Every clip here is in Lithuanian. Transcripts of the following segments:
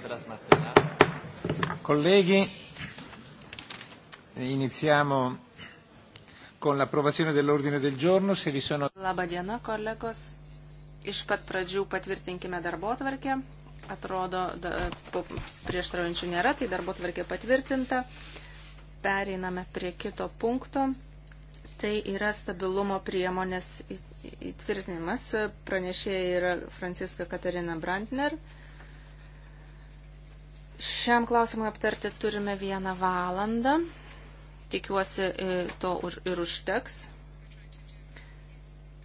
Buonasera Martina. Colleghi, iniziamo con l'approvazione dell'ordine del giorno. Se vi sono... Labą dieną, kolegos. Iš pat pradžių patvirtinkime darbo atvarkę. Atrodo, da, prieštravinčių nėra, tai darbo atvarkė patvirtinta. Pereiname prie kito punkto. Tai yra stabilumo priemonės įtvirtinimas. Pranešėja yra Franciska Katarina Brandner. Šiam klausimui aptarti turime vieną valandą. Tikiuosi, e, to ir užteks.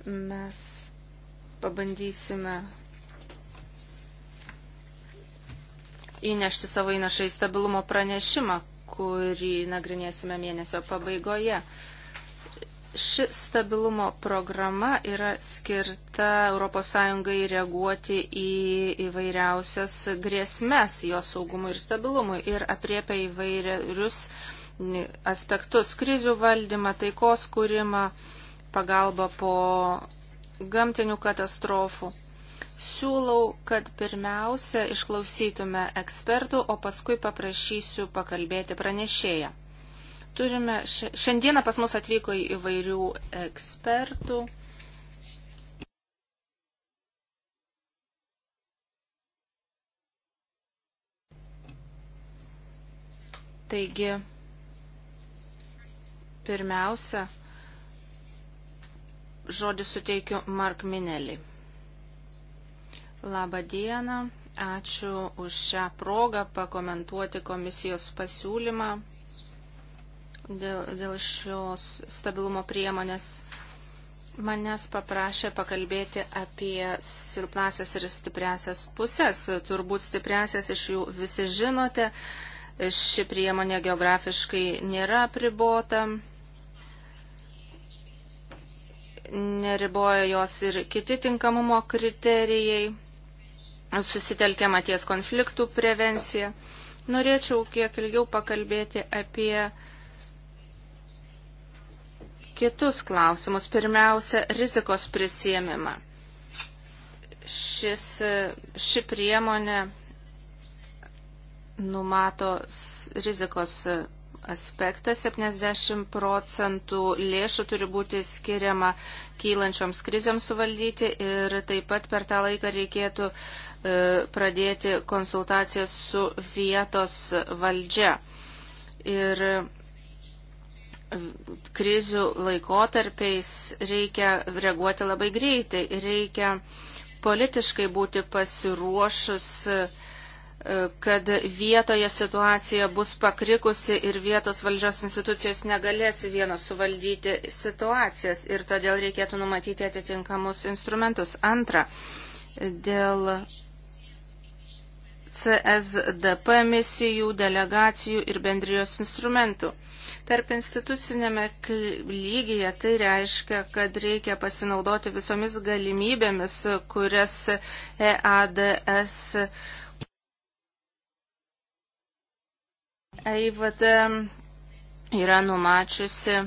Mes pabandysime įnešti savo įnašą į stabilumo pranešimą, kurį nagrinėsime mėnesio pabaigoje. Ši stabilumo programa yra skirta ES reaguoti į įvairiausias grėsmes jos saugumui ir stabilumui ir apriepia įvairius aspektus - krizių valdymą, taikos kūrimą, pagalbą po gamtinių katastrofų. Siūlau, kad pirmiausia išklausytume ekspertų, o paskui paprašysiu pakalbėti pranešėją. Turime, šiandieną pas mus atvyko įvairių ekspertų. Taigi, pirmiausia, žodį suteikiu Mark Minelį. Labą dieną, ačiū už šią progą pakomentuoti komisijos pasiūlymą dėl, dėl šios stabilumo priemonės manęs paprašė pakalbėti apie silpnasias ir stipresias pusės. Turbūt stipresias iš jų visi žinote. Ši priemonė geografiškai nėra pribota. Neriboja jos ir kiti tinkamumo kriterijai. Susitelkiama ties konfliktų prevencija. Norėčiau kiek ilgiau pakalbėti apie kitus klausimus. Pirmiausia, rizikos prisėmimą. Šis, ši priemonė numato rizikos aspektą 70 procentų lėšų turi būti skiriama kylančioms krizėms suvaldyti ir taip pat per tą laiką reikėtų e, pradėti konsultacijas su vietos valdžia. Ir krizių laikotarpiais reikia reaguoti labai greitai, reikia politiškai būti pasiruošus, e, kad vietoje situacija bus pakrikusi ir vietos valdžios institucijos negalės vienos suvaldyti situacijas ir todėl reikėtų numatyti atitinkamus instrumentus. Antra, dėl CSDP misijų, delegacijų ir bendrijos instrumentų. Tarp institucinėme lygyje tai reiškia, kad reikia pasinaudoti visomis galimybėmis, kurias EADS. EIVD yra numačiusi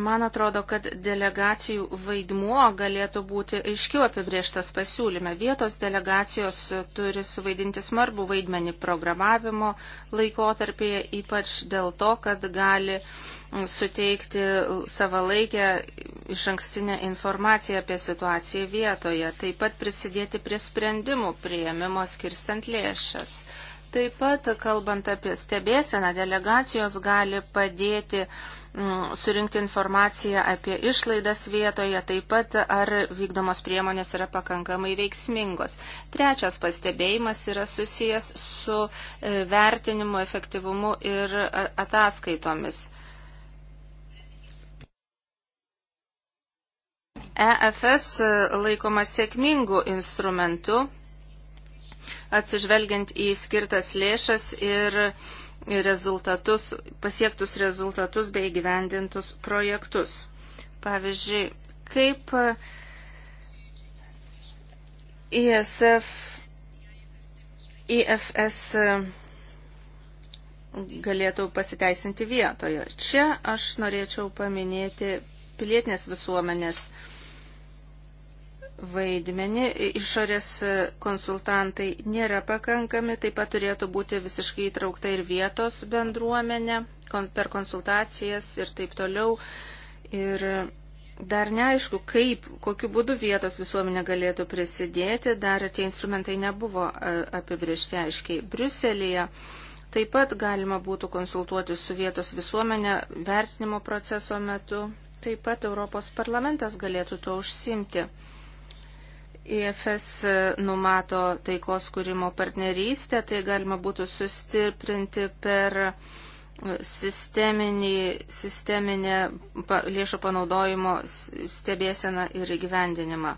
Man atrodo, kad delegacijų vaidmuo galėtų būti aiškiau apibrieštas pasiūlyme. Vietos delegacijos turi suvaidinti svarbų vaidmenį programavimo laikotarpėje, ypač dėl to, kad gali suteikti savalaikę iš ankstinę informaciją apie situaciją vietoje, taip pat prisidėti prie sprendimų prieimimo skirstant lėšas. Taip pat, kalbant apie stebėseną, delegacijos gali padėti surinkti informaciją apie išlaidas vietoje, taip pat ar vykdomos priemonės yra pakankamai veiksmingos. Trečias pastebėjimas yra susijęs su e, vertinimu, efektyvumu ir e, ataskaitomis. EFS e, laikomas sėkmingu instrumentu, atsižvelgiant į skirtas lėšas ir uh, rezultatus, pasiektus rezultatus bei gyvendintus projektus. Pavyzdžiui, kaip e, ISF, IFS galėtų pasiteisinti vietoje. Čia aš norėčiau paminėti pilietinės visuomenės vaidmenį. Išorės konsultantai nėra pakankami, taip pat turėtų būti visiškai įtraukta ir vietos bendruomenė per konsultacijas ir taip toliau. Ir dar neaišku, kaip, kokiu būdu vietos visuomenė galėtų prisidėti, dar tie instrumentai nebuvo apibriežti aiškiai. Briuselėje taip pat galima būtų konsultuoti su vietos visuomenė vertinimo proceso metu. Taip pat Europos parlamentas galėtų tuo užsimti. IFS e numato taikos kūrimo partnerystę, tai galima būtų sustiprinti per e, sisteminį, sisteminę lėšų panaudojimo stebėseną ir įgyvendinimą.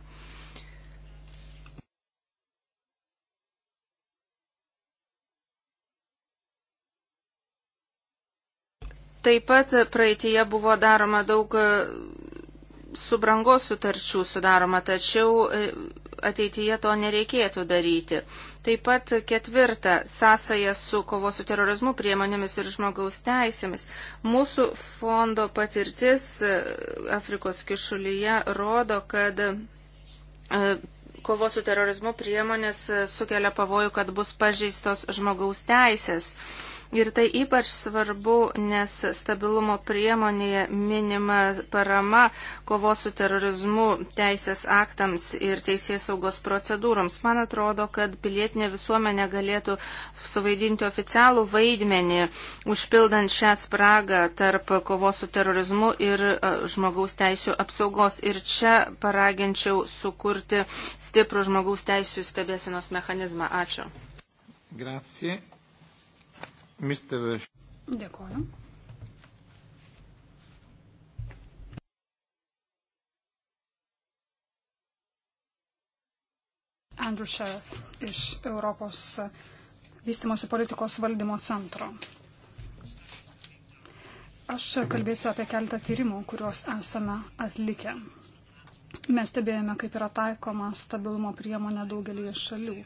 Taip pat praeitie buvo daroma daug e, su brangos sutarčių sudaroma, tačiau e, ateityje to nereikėtų daryti. Taip pat ketvirta - sąsaja su kovos su terorizmu priemonėmis ir žmogaus teisėmis. Mūsų fondo patirtis e, Afrikos kišulyje rodo, kad e, kovos su terorizmu priemonės sukelia pavojų, kad bus pažeistos žmogaus teisės. Ir tai ypač svarbu, nes stabilumo priemonėje minima parama kovos su terorizmu teisės aktams ir teisės saugos procedūroms. Man atrodo, kad pilietinė visuomenė galėtų suvaidinti oficialų vaidmenį, užpildant šią spragą tarp kovos su terorizmu ir e, žmogaus teisų apsaugos. Ir čia paraginčiau sukurti stiprų žmogaus teisų stebėsinos mechanizmą. Ačiū. Grazie. Mr. Dėkoju. Andrew Sheriff iš Europos vystimosi politikos valdymo centro. Aš kalbėsiu apie keletą tyrimų, kuriuos esame atlikę. Mes stebėjome, kaip yra taikoma stabilumo priemonė daugelį šalių.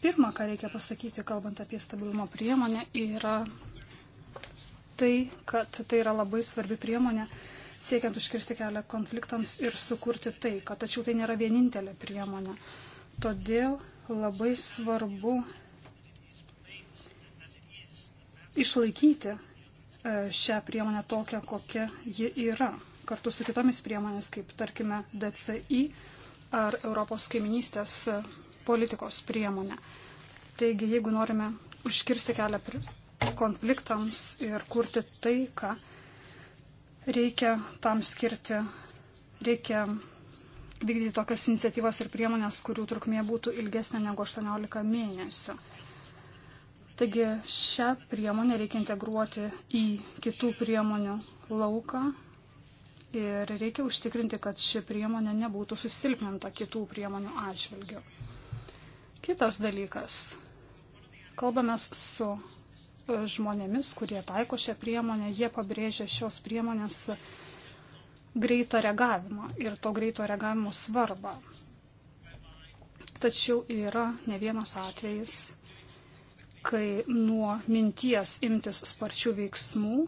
Pirma, ką reikia pasakyti, kalbant apie stabilumo priemonę, yra tai, kad tai yra labai svarbi priemonė siekiant užkirsti kelią konfliktams ir sukurti taiką. Tačiau tai nėra vienintelė priemonė. Todėl labai svarbu išlaikyti e, šią priemonę tokią, kokia ji yra, kartu su kitomis priemonės, kaip tarkime DCI ar Europos kaiminystės politikos priemonė. Taigi, jeigu norime užkirsti kelią konfliktams ir kurti taiką, reikia tam skirti, reikia vykdyti tokias iniciatyvas ir priemonės, kurių trukmė būtų ilgesnė negu 18 mėnesių. Taigi šią priemonę reikia integruoti į kitų priemonių lauką ir reikia užtikrinti, kad ši priemonė nebūtų susilpninta kitų priemonių atžvilgių. Kitas dalykas. Kalbame su e, žmonėmis, kurie taiko šią priemonę, jie pabrėžia šios priemonės greitą reagavimą ir to greito reagavimo svarbą. Tačiau yra ne vienas atvejis, kai nuo minties imtis sparčių veiksmų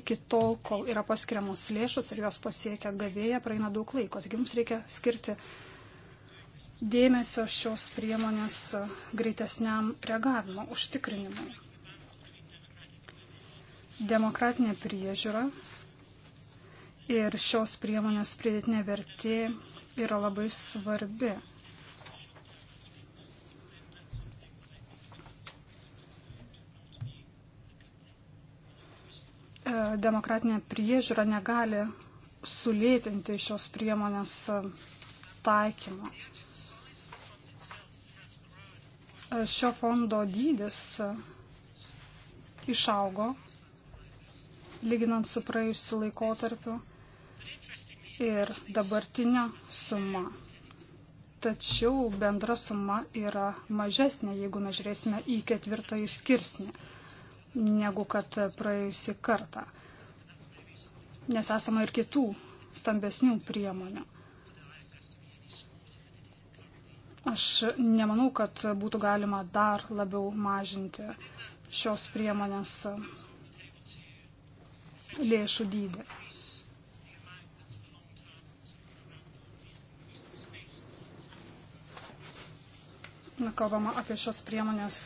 iki tol, kol yra paskiriamos lėšos ir jos pasiekia gavėją, praeina daug laiko. Taigi mums reikia skirti dėmesio šios priemonės greitesniam reagavimo užtikrinimui. Demokratinė priežiūra ir šios priemonės pridėtinė vertė yra labai svarbi. E, demokratinė priežiūra negali sulėtinti šios priemonės taikymą šio fondo dydis išaugo, lyginant su praėjusiu laikotarpiu ir dabartinė suma. Tačiau bendra suma yra mažesnė, jeigu mes žiūrėsime į ketvirtąjį skirsnį, negu kad praėjusi kartą. Nes esama ir kitų stambesnių priemonių. Aš nemanau, kad būtų galima dar labiau mažinti šios priemonės lėšų dydį. Na, kalbama apie šios priemonės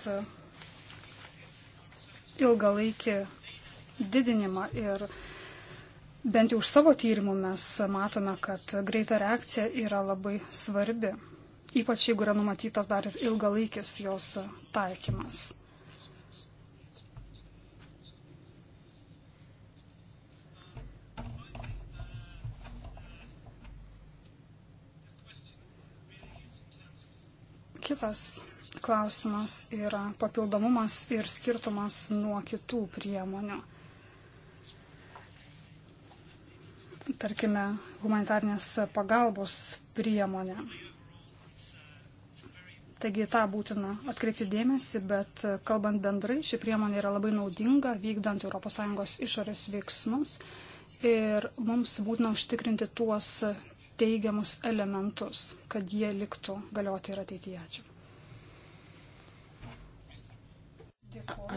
ilgalaikį didinimą ir bent jau už savo tyrimų mes matome, kad greita reakcija yra labai svarbi ypač jeigu yra numatytas dar ir ilgalaikis jos taikymas. Kitas klausimas yra papildomumas ir skirtumas nuo kitų priemonių. Tarkime, humanitarnės pagalbos priemonė Taigi tą būtina atkreipti dėmesį, bet kalbant bendrai, ši priemonė yra labai naudinga vykdant ES išorės veiksmus ir mums būtina užtikrinti tuos teigiamus elementus, kad jie liktų galioti ir ateityje. Ačiū.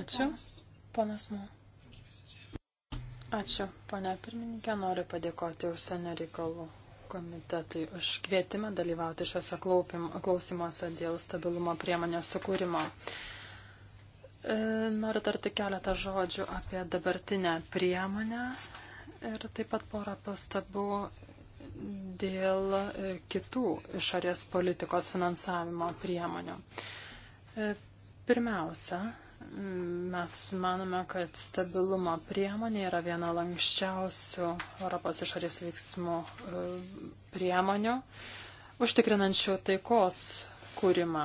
Ačiū, ponas Mū. Ačiū, ponia pirmininkė, noriu padėkoti užsienio reikalų komitetui už kvietimą dalyvauti šiuose klausimuose dėl stabilumo priemonės sukūrimo. E, noriu tarti keletą žodžių apie dabartinę priemonę ir taip pat porą pastabų dėl e, kitų išorės politikos finansavimo priemonių. E, pirmiausia, Mes manome, kad stabilumo priemonė yra viena lankščiausių Europos išorės veiksmų e, priemonių, užtikrinančių taikos kūrimą.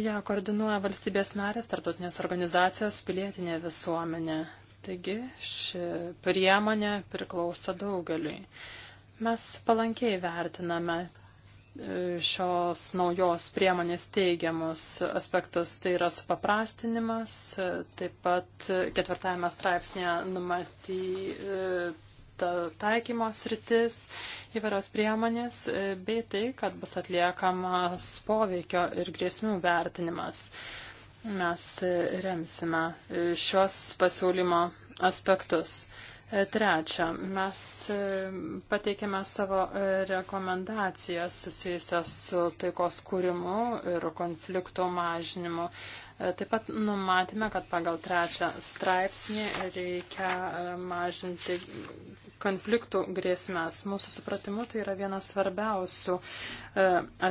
Ja koordinuoja valstybės narės, tartutinės organizacijos, pilietinė visuomenė. Taigi ši priemonė priklauso daugeliui. Mes palankiai vertiname šios naujos priemonės teigiamus aspektus. Tai yra supaprastinimas, taip pat ketvirtajame straipsnėje numatyta taikymo sritis įvairios priemonės, bei tai, kad bus atliekamas poveikio ir grėsmių vertinimas. Mes remsime šios pasiūlymo aspektus. Trečia, mes e, pateikėme savo e, rekomendacijas susijusias su taikos kūrimu ir konflikto mažinimu. E, taip pat numatėme, kad pagal trečią straipsnį reikia mažinti konfliktų grėsmės. Mūsų supratimu tai yra vienas svarbiausių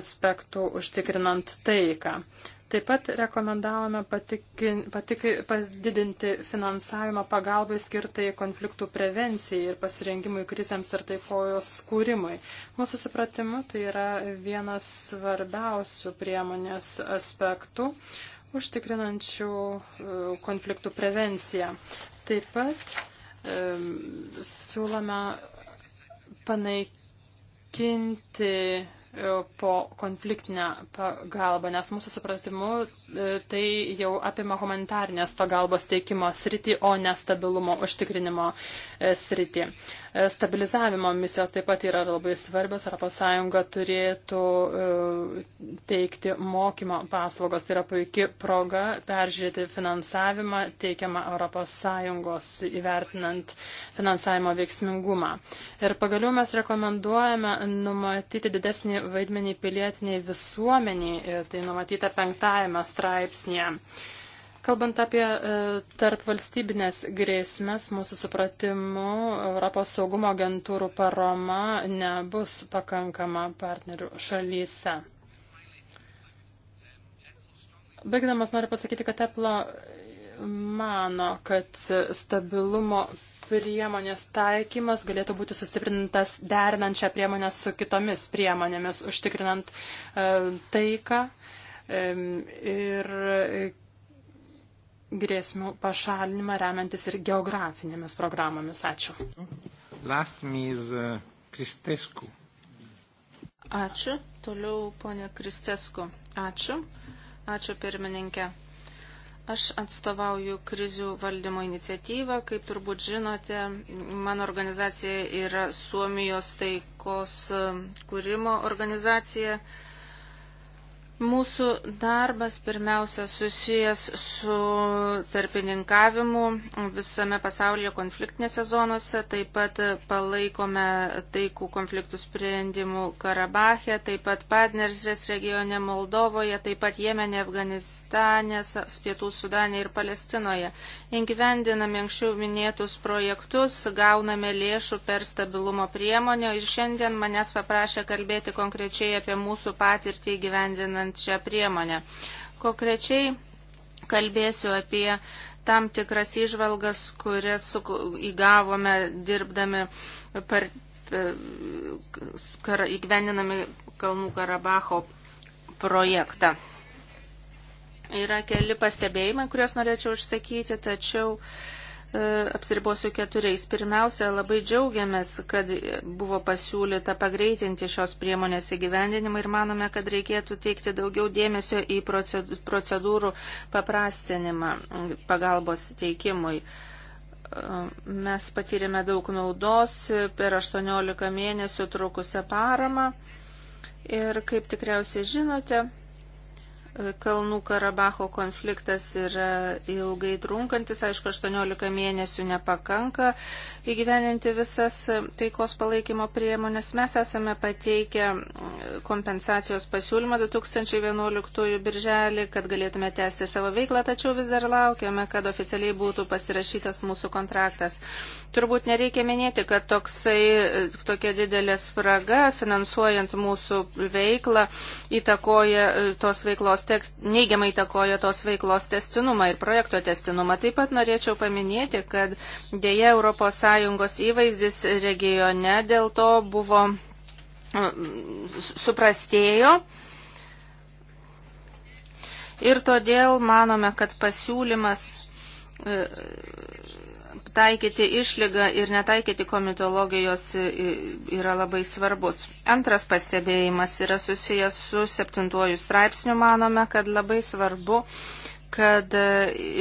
aspektų užtikrinant taiką. Taip pat rekomendavome patikin, patik, padidinti finansavimą pagalbai skirtai konfliktų prevencijai ir pasirengimui krizėms ir taikojos skūrimui. Mūsų supratimu, tai yra vienas svarbiausių priemonės aspektų užtikrinančių e, konfliktų prevenciją. Taip pat e, siūlome panaikinti po konfliktinę pagalbą, nes mūsų supratimu e, tai jau apima humanitarnės pagalbos teikimo sritį, o nestabilumo užtikrinimo e, sritį. E, stabilizavimo misijos taip pat yra labai svarbios. ES turėtų e, teikti mokymo paslaugos. Tai yra puikia proga peržiūrėti finansavimą teikiamą ES įvertinant finansavimo veiksmingumą. Ir pagaliau mes rekomenduojame numatyti didesnį vaidmenį pilietiniai visuomeniai. E, tai numatyta penktajame straipsnėje. Kalbant apie e, tarp valstybinės grėsmės, mūsų supratimu, Europos saugumo agentūrų paroma nebus pakankama partnerių šalyse. Baigdamas noriu pasakyti, kad Apple mano, kad stabilumo priemonės taikymas galėtų būti sustiprintas derinant šią priemonę su kitomis priemonėmis, užtikrinant e, taiką ir grėsmių pašalinimą remiantis ir geografinėmis programomis. Ačiū. Last is Kristesku. Uh, Ačiū. Toliau ponė Kristesku. Ačiū. Ačiū pirmininkė. Aš atstovauju krizių valdymo iniciatyvą. Kaip turbūt žinote, mano organizacija yra Suomijos taikos um, kūrimo organizacija. Mūsų darbas pirmiausia susijęs su tarpininkavimu visame pasaulyje konfliktinėse zonose, taip pat palaikome taikų konfliktų sprendimų Karabache, taip pat Padneržės regione Moldovoje, taip pat Jemenė, Afganistane, Pietų Sudane ir Palestinoje. Įgyvendiname anksčiau minėtus projektus, gauname lėšų per stabilumo priemonę ir šiandien manęs paprašė kalbėti konkrečiai apie mūsų patirtį įgyvendinant taikant šią priemonę. Konkrečiai kalbėsiu apie tam tikras išvalgas, kurias įgavome dirbdami par, e, kar, įgyveninami Kalnų Karabacho projektą. Yra keli pastebėjimai, kuriuos norėčiau išsakyti, tačiau uh, E, apsiribosiu keturiais. Pirmiausia, labai džiaugiamės, kad buvo pasiūlyta pagreitinti šios priemonės įgyvendinimą ir manome, kad reikėtų teikti daugiau dėmesio į procedūrų paprastinimą pagalbos teikimui. E, mes patyrėme daug naudos per 18 mėnesių trukusią paramą ir, kaip tikriausiai žinote, Kalnų Karabacho konfliktas yra ilgai trunkantis, aišku, 18 mėnesių nepakanka įgyveninti visas taikos palaikymo priemonės. Mes esame pateikę kompensacijos pasiūlymą 2011 birželį, kad galėtume tęsti savo veiklą, tačiau vis dar laukiame, kad oficialiai būtų pasirašytas mūsų kontraktas. Turbūt nereikia minėti, kad toksai, tokia didelė spraga finansuojant mūsų veiklą įtakoja tos veiklos veiklos tekst, neigiamai įtakoja tos veiklos testinumą ir projekto testinumą. Taip pat norėčiau paminėti, kad dėja ES įvaizdis regione dėl to buvo suprastėjo. Ir todėl manome, kad pasiūlymas e, taikyti išlygą ir netaikyti komitologijos yra labai svarbus. Antras pastebėjimas yra susijęs su septintuoju straipsniu. Manome, kad labai svarbu, kad e,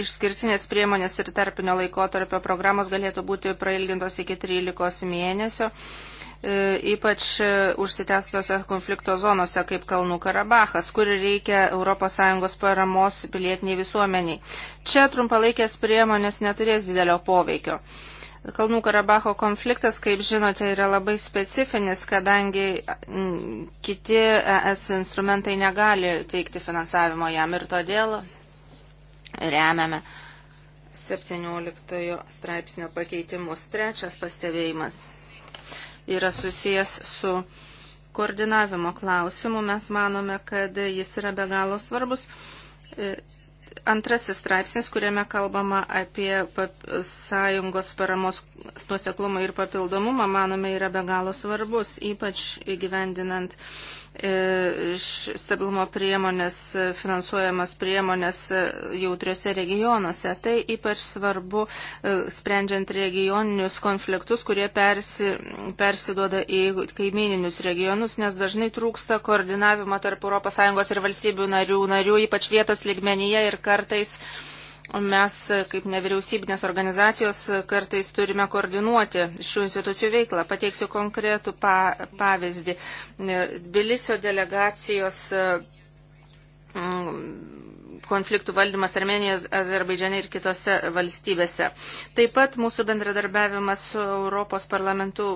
išskirtinės priemonės ir tarpinio laikotarpio programos galėtų būti prailgintos iki 13 mėnesio E, ypač e, užsitęsusiose konflikto zonose, kaip Kalnų Karabachas, kur reikia ES paramos pilietiniai visuomeniai. Čia trumpalaikės priemonės neturės didelio poveikio. Kalnų Karabacho konfliktas, kaip žinote, yra labai specifinis, kadangi kiti ES instrumentai negali teikti finansavimo jam ir todėl remiame 17 straipsnio pakeitimus. Trečias pastebėjimas yra susijęs su koordinavimo klausimu. Mes manome, kad jis yra be galo svarbus. E, antrasis straipsnis, kuriame kalbama apie sąjungos paramos nuoseklumą ir papildomumą, manome, yra be galo svarbus, ypač įgyvendinant E, iš stabilumo priemonės e, finansuojamas priemonės e, jautriuose regionuose. Tai ypač svarbu sprendžiant regioninius konfliktus, kurie persi, persiduoda į kaimininius regionus, nes dažnai trūksta koordinavimo tarp ES ir valstybių narių, narių ypač vietos ligmenyje ir kartais uh, Mes, kaip nevyriausybinės organizacijos, kartais turime koordinuoti šių institucijų veiklą. Pateiksiu konkretų pa, pavyzdį. Bilisio delegacijos mm, konfliktų valdymas Armenijos, Azerbaidžiane ir kitose valstybėse. Taip pat mūsų bendradarbiavimas su Europos parlamentu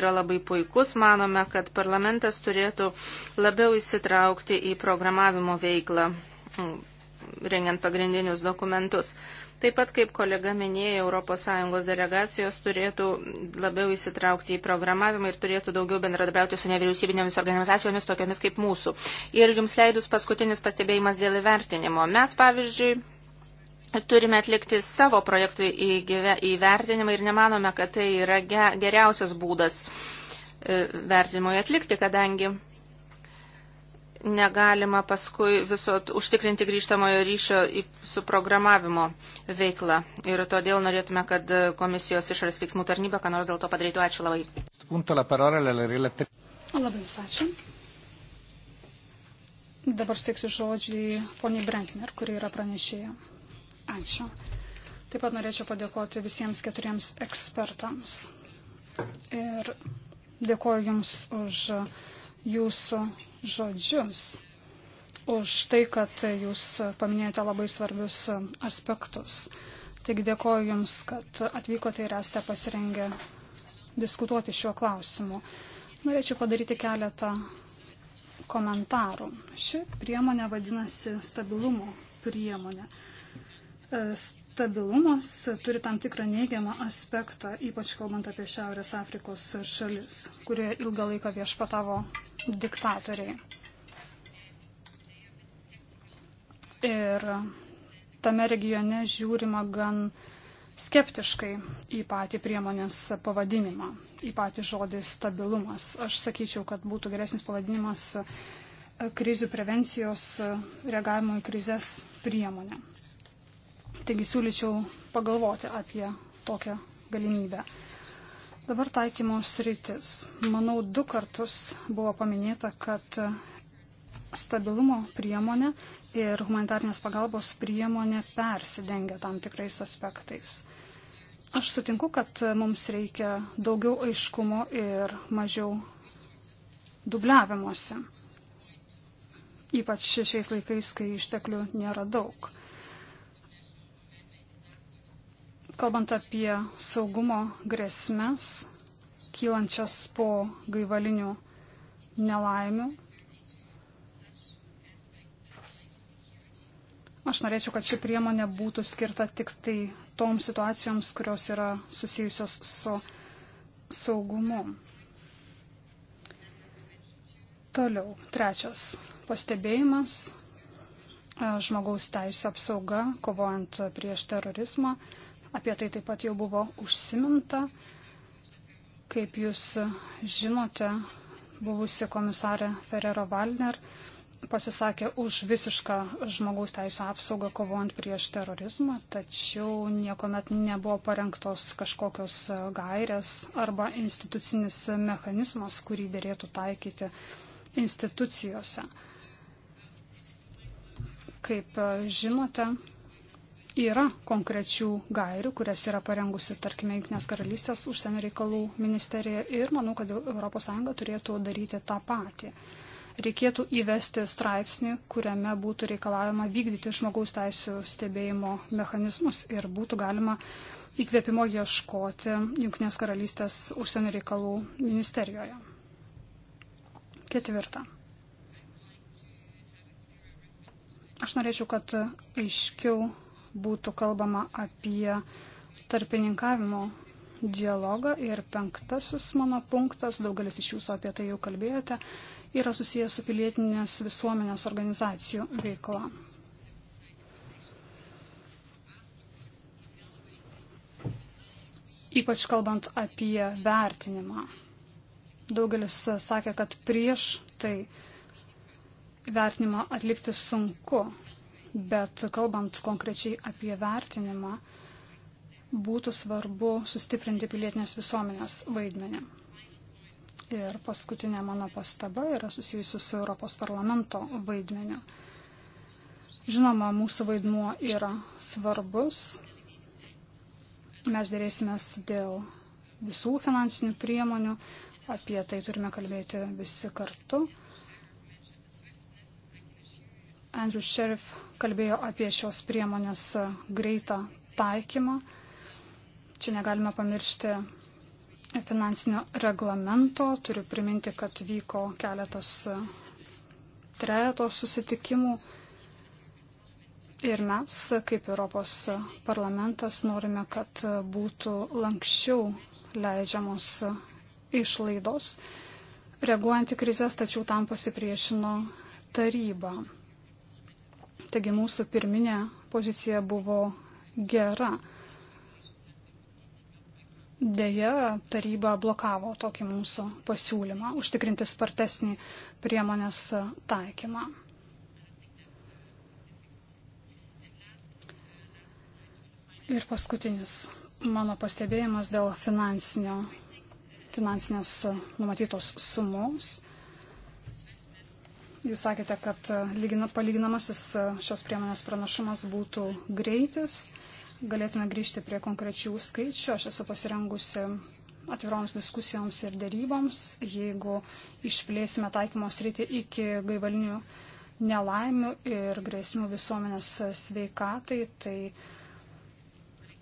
yra labai puikus. Manome, kad parlamentas turėtų labiau įsitraukti į programavimo veiklą mm rengiant pagrindinius dokumentus. Taip pat, kaip kolega minėjo, ES delegacijos turėtų labiau įsitraukti į programavimą ir turėtų daugiau bendradarbiauti su nevyriausybinėmis organizacijomis, tokiamis kaip mūsų. Ir jums leidus paskutinis pastebėjimas dėl įvertinimo. Mes, pavyzdžiui, Turime atlikti savo projektų įvertinimą ir nemanome, kad tai yra geriausias būdas e, vertinimui atlikti, kadangi negalima paskui viso užtikrinti grįžtamojo ryšio su programavimo veikla. Ir todėl norėtume, kad komisijos išorės veiksmų tarnyba, ką nors dėl to padarytų. Ačiū labai. Labai jums ačiū. Dabar steiksiu žodžiai poniai Brenkner, kuri yra pranešėja. Ačiū. Taip pat norėčiau padėkoti visiems keturiems ekspertams. Ir dėkoju Jums už Jūsų žodžius, už tai, kad jūs paminėjote labai svarbius aspektus. Taigi dėkoju Jums, kad atvykote ir esate pasirengę diskutuoti šiuo klausimu. Norėčiau padaryti keletą komentarų. Ši priemonė vadinasi stabilumo priemonė. St e, stabilumas turi tam tikrą neigiamą aspektą, ypač kalbant apie Šiaurės Afrikos šalis, kurie ilgą laiką viešpatavo diktatoriai. Ir tame regione žiūrima gan skeptiškai į patį priemonės pavadinimą, į patį žodį stabilumas. Aš sakyčiau, kad būtų geresnis pavadinimas krizių prevencijos reagavimo į krizės priemonė. Taigi siūlyčiau pagalvoti apie tokią galimybę. Dabar taikymos rytis. Manau, du kartus buvo paminėta, kad stabilumo priemonė ir humanitarnės pagalbos priemonė persidengia tam tikrais aspektais. Aš sutinku, kad mums reikia daugiau aiškumo ir mažiau dubliavimuose. Ypač šiais laikais, kai išteklių nėra daug. Kalbant apie saugumo grėsmes, kylančias po gaivalinių nelaimių, Aš norėčiau, kad ši priemonė būtų skirta tik tai toms situacijoms, kurios yra susijusios su saugumu. Toliau, trečias pastebėjimas - žmogaus teisų apsauga, kovojant prieš terorizmą. Apie tai taip pat jau buvo užsiminta. Kaip jūs žinote, buvusi komisarė Ferrero Valner pasisakė už visišką žmogaus teisų apsaugą kovojant prieš terorizmą, tačiau niekuomet nebuvo parengtos kažkokios gairės arba institucinis mechanizmas, kurį dėlėtų taikyti institucijose. Kaip žinote, yra konkrečių gairių, kurias yra parengusi, tarkime, Junktinės karalystės užsienio reikalų ministerija ir manau, kad ES turėtų daryti tą patį. Reikėtų įvesti straipsnį, kuriame būtų reikalavima vykdyti žmogaus teisų stebėjimo mechanizmus ir būtų galima įkvėpimo ieškoti Junktinės karalystės užsienio reikalų ministerijoje. Ketvirta. Aš norėčiau, kad aiškiau būtų kalbama apie tarpininkavimo dialogą. Ir penktasis mano punktas, daugelis iš jūsų apie tai jau kalbėjote, yra susijęs su pilietinės visuomenės organizacijų veikla. Ypač kalbant apie vertinimą. Daugelis sakė, kad prieš tai vertinimą atlikti sunku, Bet kalbant konkrečiai apie vertinimą, būtų svarbu sustiprinti pilietinės visuomenės vaidmenį. Ir paskutinė mano pastaba yra susijusi su Europos parlamento vaidmeniu. Žinoma, mūsų vaidmuo yra svarbus. Mes dėrėsimės dėl visų finansinių priemonių, apie tai turime kalbėti visi kartu. Andrew Sheriff kalbėjo apie šios priemonės greitą taikymą. Čia negalime pamiršti finansinio reglamento. Turiu priminti, kad vyko keletas trejato susitikimų. Ir mes, kaip Europos parlamentas, norime, kad būtų lankščiau leidžiamos išlaidos, reaguojant į krizės, tačiau tam pasipriešino taryba. Taigi mūsų pirminė pozicija buvo gera. Deja, taryba blokavo tokį mūsų pasiūlymą užtikrinti spartesnį priemonės taikymą. Ir paskutinis mano pastebėjimas dėl finansinės numatytos sumos. Jūs sakėte, kad e, palyginamasis e, šios priemonės pranašumas būtų greitis. Galėtume grįžti prie konkrečių skaičių. Aš esu pasirengusi atviroms diskusijoms ir dėryboms, jeigu išplėsime taikymos rytį iki gaivalinių nelaimių ir grėsmių visuomenės sveikatai, tai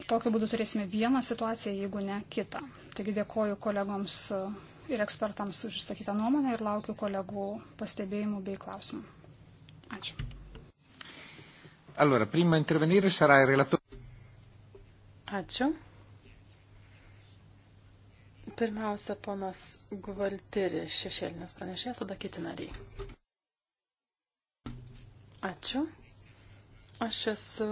tokiu būdu turėsime vieną situaciją, jeigu ne kitą. Taigi dėkoju kolegoms ir ekspertams už išsakytą nuomonę ir laukiu kolegų pastebėjimų bei klausimų. Ačiū. Allora, prima intervenire sarà il relatore. Ačiū. Pirmiausia, ponas Guvaltiri, šešėlinis pranešėjas, tada kiti nariai. Ačiū. Aš esu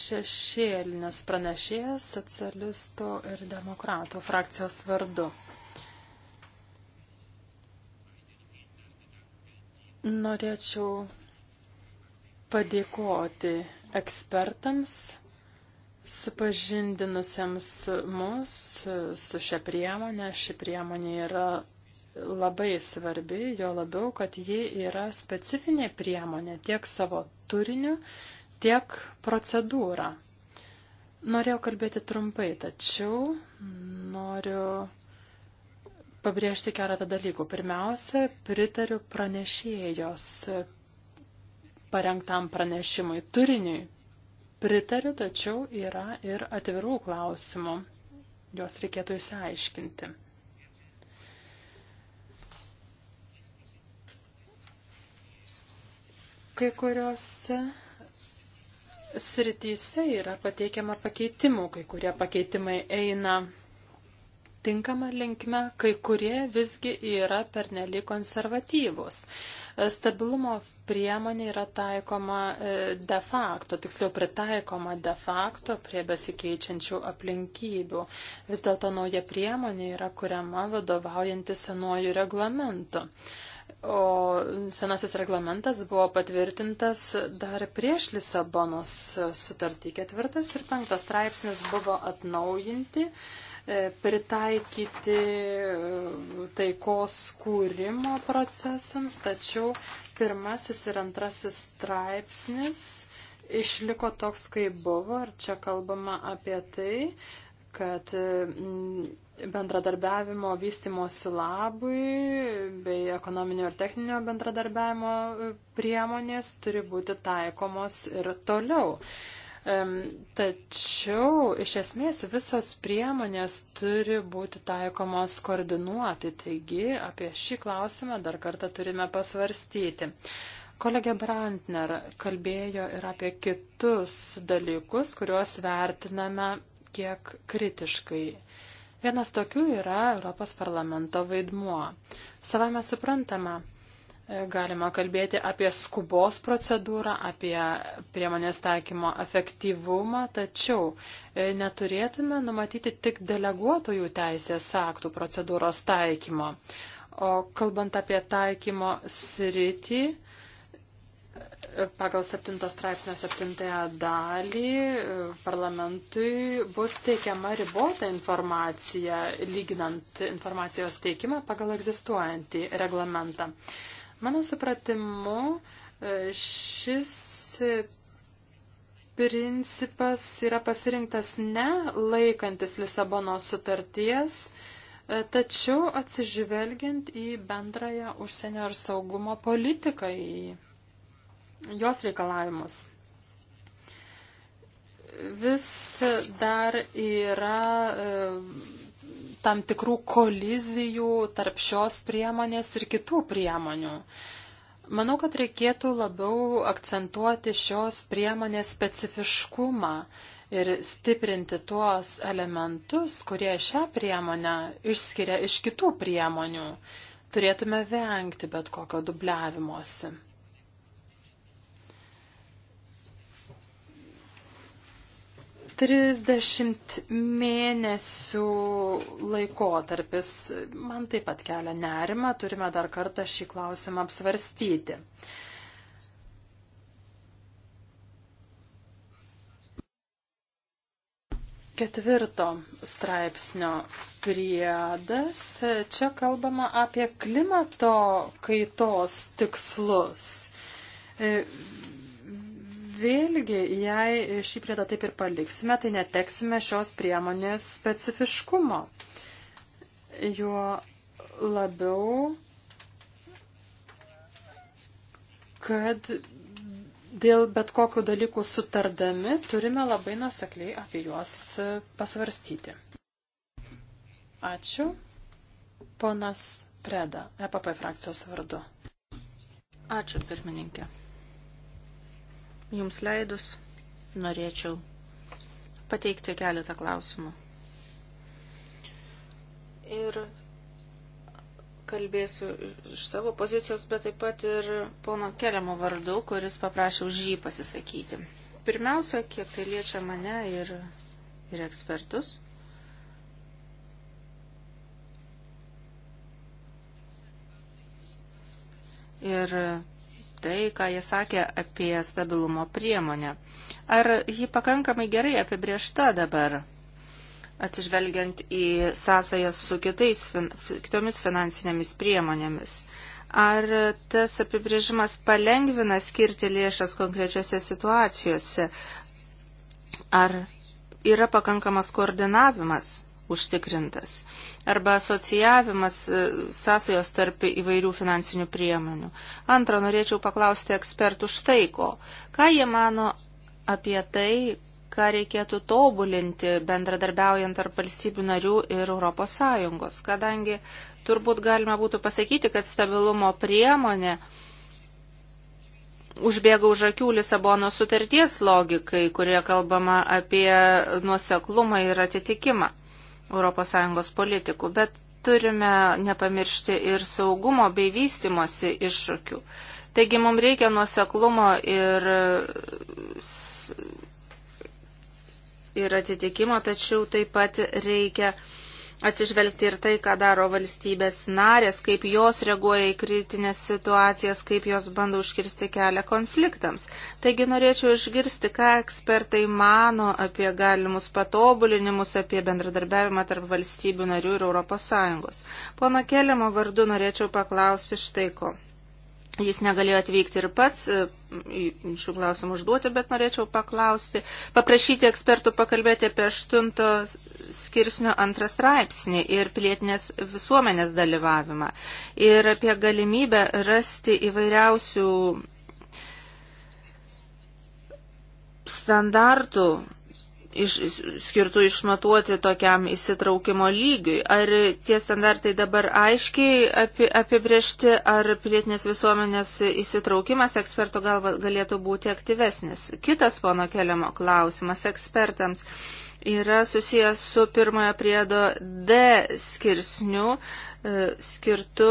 šešėlinis pranešėjas socialistų ir demokratų frakcijos vardu. Norėčiau padėkoti ekspertams, supažindinusiems mus su šia priemonė. Ši priemonė yra labai svarbi, jo labiau, kad ji yra specifinė priemonė tiek savo turiniu, tiek procedūra. Norėjau kalbėti trumpai, tačiau noriu pabrėžti keletą dalykų. Pirmiausia, pritariu pranešėjos parengtam pranešimui turiniui. Pritariu, tačiau yra ir atvirų klausimų. Juos reikėtų išsiaiškinti. Kai kuriuose srityse yra pateikiama pakeitimų, kai kurie pakeitimai eina tinkama linkme, kai kurie visgi yra pernelyg konservatyvūs. E, stabilumo priemonė yra taikoma e, de facto, tiksliau pritaikoma de facto prie besikeičiančių aplinkybių. Vis dėlto nauja priemonė yra kuriama vadovaujanti senuoju reglamentu. O senasis reglamentas buvo patvirtintas dar prieš Lisabonos sutartį. Ketvirtas ir penktas straipsnis buvo atnaujinti E, pritaikyti e, taikos kūrimo procesams, tačiau pirmasis ir antrasis straipsnis išliko toks, kaip buvo, ir čia kalbama apie tai, kad e, bendradarbiavimo vystimosi labui bei ekonominio ir techninio bendradarbiavimo priemonės turi būti taikomos ir toliau. Tačiau iš esmės visos priemonės turi būti taikomos koordinuoti, taigi apie šį klausimą dar kartą turime pasvarstyti. Kolegė Brantner kalbėjo ir apie kitus dalykus, kuriuos vertiname kiek kritiškai. Vienas tokių yra Europos parlamento vaidmuo. Savame suprantama, Galima kalbėti apie skubos procedūrą, apie priemonės taikymo efektyvumą, tačiau e, neturėtume numatyti tik deleguotojų teisės aktų procedūros taikymo. O kalbant apie taikymo sritį, e, pagal 7 straipsnio 7 dalį e, parlamentui bus teikiama ribota informacija, lyginant informacijos teikimą pagal egzistuojantį reglamentą. Mano supratimu, e, šis principas yra pasirinktas ne laikantis Lisabono sutarties, e, tačiau atsižvelgiant į bendrąją užsienio ir saugumo politiką, į jos reikalavimus. Vis dar yra e, tam tikrų kolizijų tarp šios priemonės ir kitų priemonių. Manau, kad reikėtų labiau akcentuoti šios priemonės specifiškumą ir stiprinti tuos elementus, kurie šią priemonę išskiria iš kitų priemonių. Turėtume vengti bet kokio dubliavimuose. 30 mėnesių laikotarpis man taip pat kelia nerima, turime dar kartą šį klausimą apsvarstyti. Ketvirto straipsnio priedas. Čia kalbama apie klimato kaitos tikslus Vėlgi, jei šį priedą taip ir paliksime, tai neteksime šios priemonės specifiškumo. Juo labiau, kad dėl bet kokių dalykų sutardami turime labai nusakliai apie juos pasvarstyti. Ačiū. Ponas Preda, EPP frakcijos vardu. Ačiū, pirmininkė. Jums leidus norėčiau pateikti keletą klausimų. Ir kalbėsiu iš savo pozicijos, bet taip pat ir pono Keliamo vardu, kuris paprašė už jį pasisakyti. Pirmiausia, kiek tai liečia mane ir, ir ekspertus. Ir tai, ką jie sakė apie stabilumo priemonę. Ar ji pakankamai gerai apibriešta dabar, atsižvelgiant į sąsajas su kitais, kitomis finansinėmis priemonėmis? Ar tas apibrėžimas palengvina skirti lėšas konkrečiose situacijose? Ar yra pakankamas koordinavimas? užtikrintas. Arba asocijavimas e, sąsajos tarp įvairių finansinių priemonių. Antra, norėčiau paklausti ekspertų štai ko. Ką jie mano apie tai, ką reikėtų tobulinti bendradarbiaujant tarp valstybių narių ir ES, kadangi turbūt galima būtų pasakyti, kad stabilumo priemonė užbėga už akių Lisabono sutarties logikai, kurie kalbama apie nuoseklumą ir atitikimą. ES politikų, bet turime nepamiršti ir saugumo bei vystimosi iššūkių. Taigi mums reikia nuoseklumo ir, ir atitikimo, tačiau taip pat reikia atsižvelgti ir tai, ką daro valstybės narės, kaip jos reaguoja į kritinės situacijas, kaip jos bando užkirsti kelią konfliktams. Taigi norėčiau išgirsti, ką ekspertai mano apie galimus patobulinimus, apie bendradarbiavimą tarp valstybių narių ir ES. Pono Keliamo vardu norėčiau paklausti štai ko. Jis negalėjo atvykti ir pats, e, šių klausimų užduoti, bet norėčiau paklausti, paprašyti ekspertų pakalbėti apie 8 skirsnio antrą straipsnį ir pilietinės visuomenės dalyvavimą ir apie galimybę rasti įvairiausių standartų iš, skirtų išmatuoti tokiam įsitraukimo lygiui. Ar tie standartai dabar aiškiai api, apibriešti, ar pilietinės visuomenės įsitraukimas eksperto galva galėtų būti aktyvesnis? Kitas pono keliamo klausimas ekspertams yra susijęs su pirmojo priedo D skirsniu e, skirtu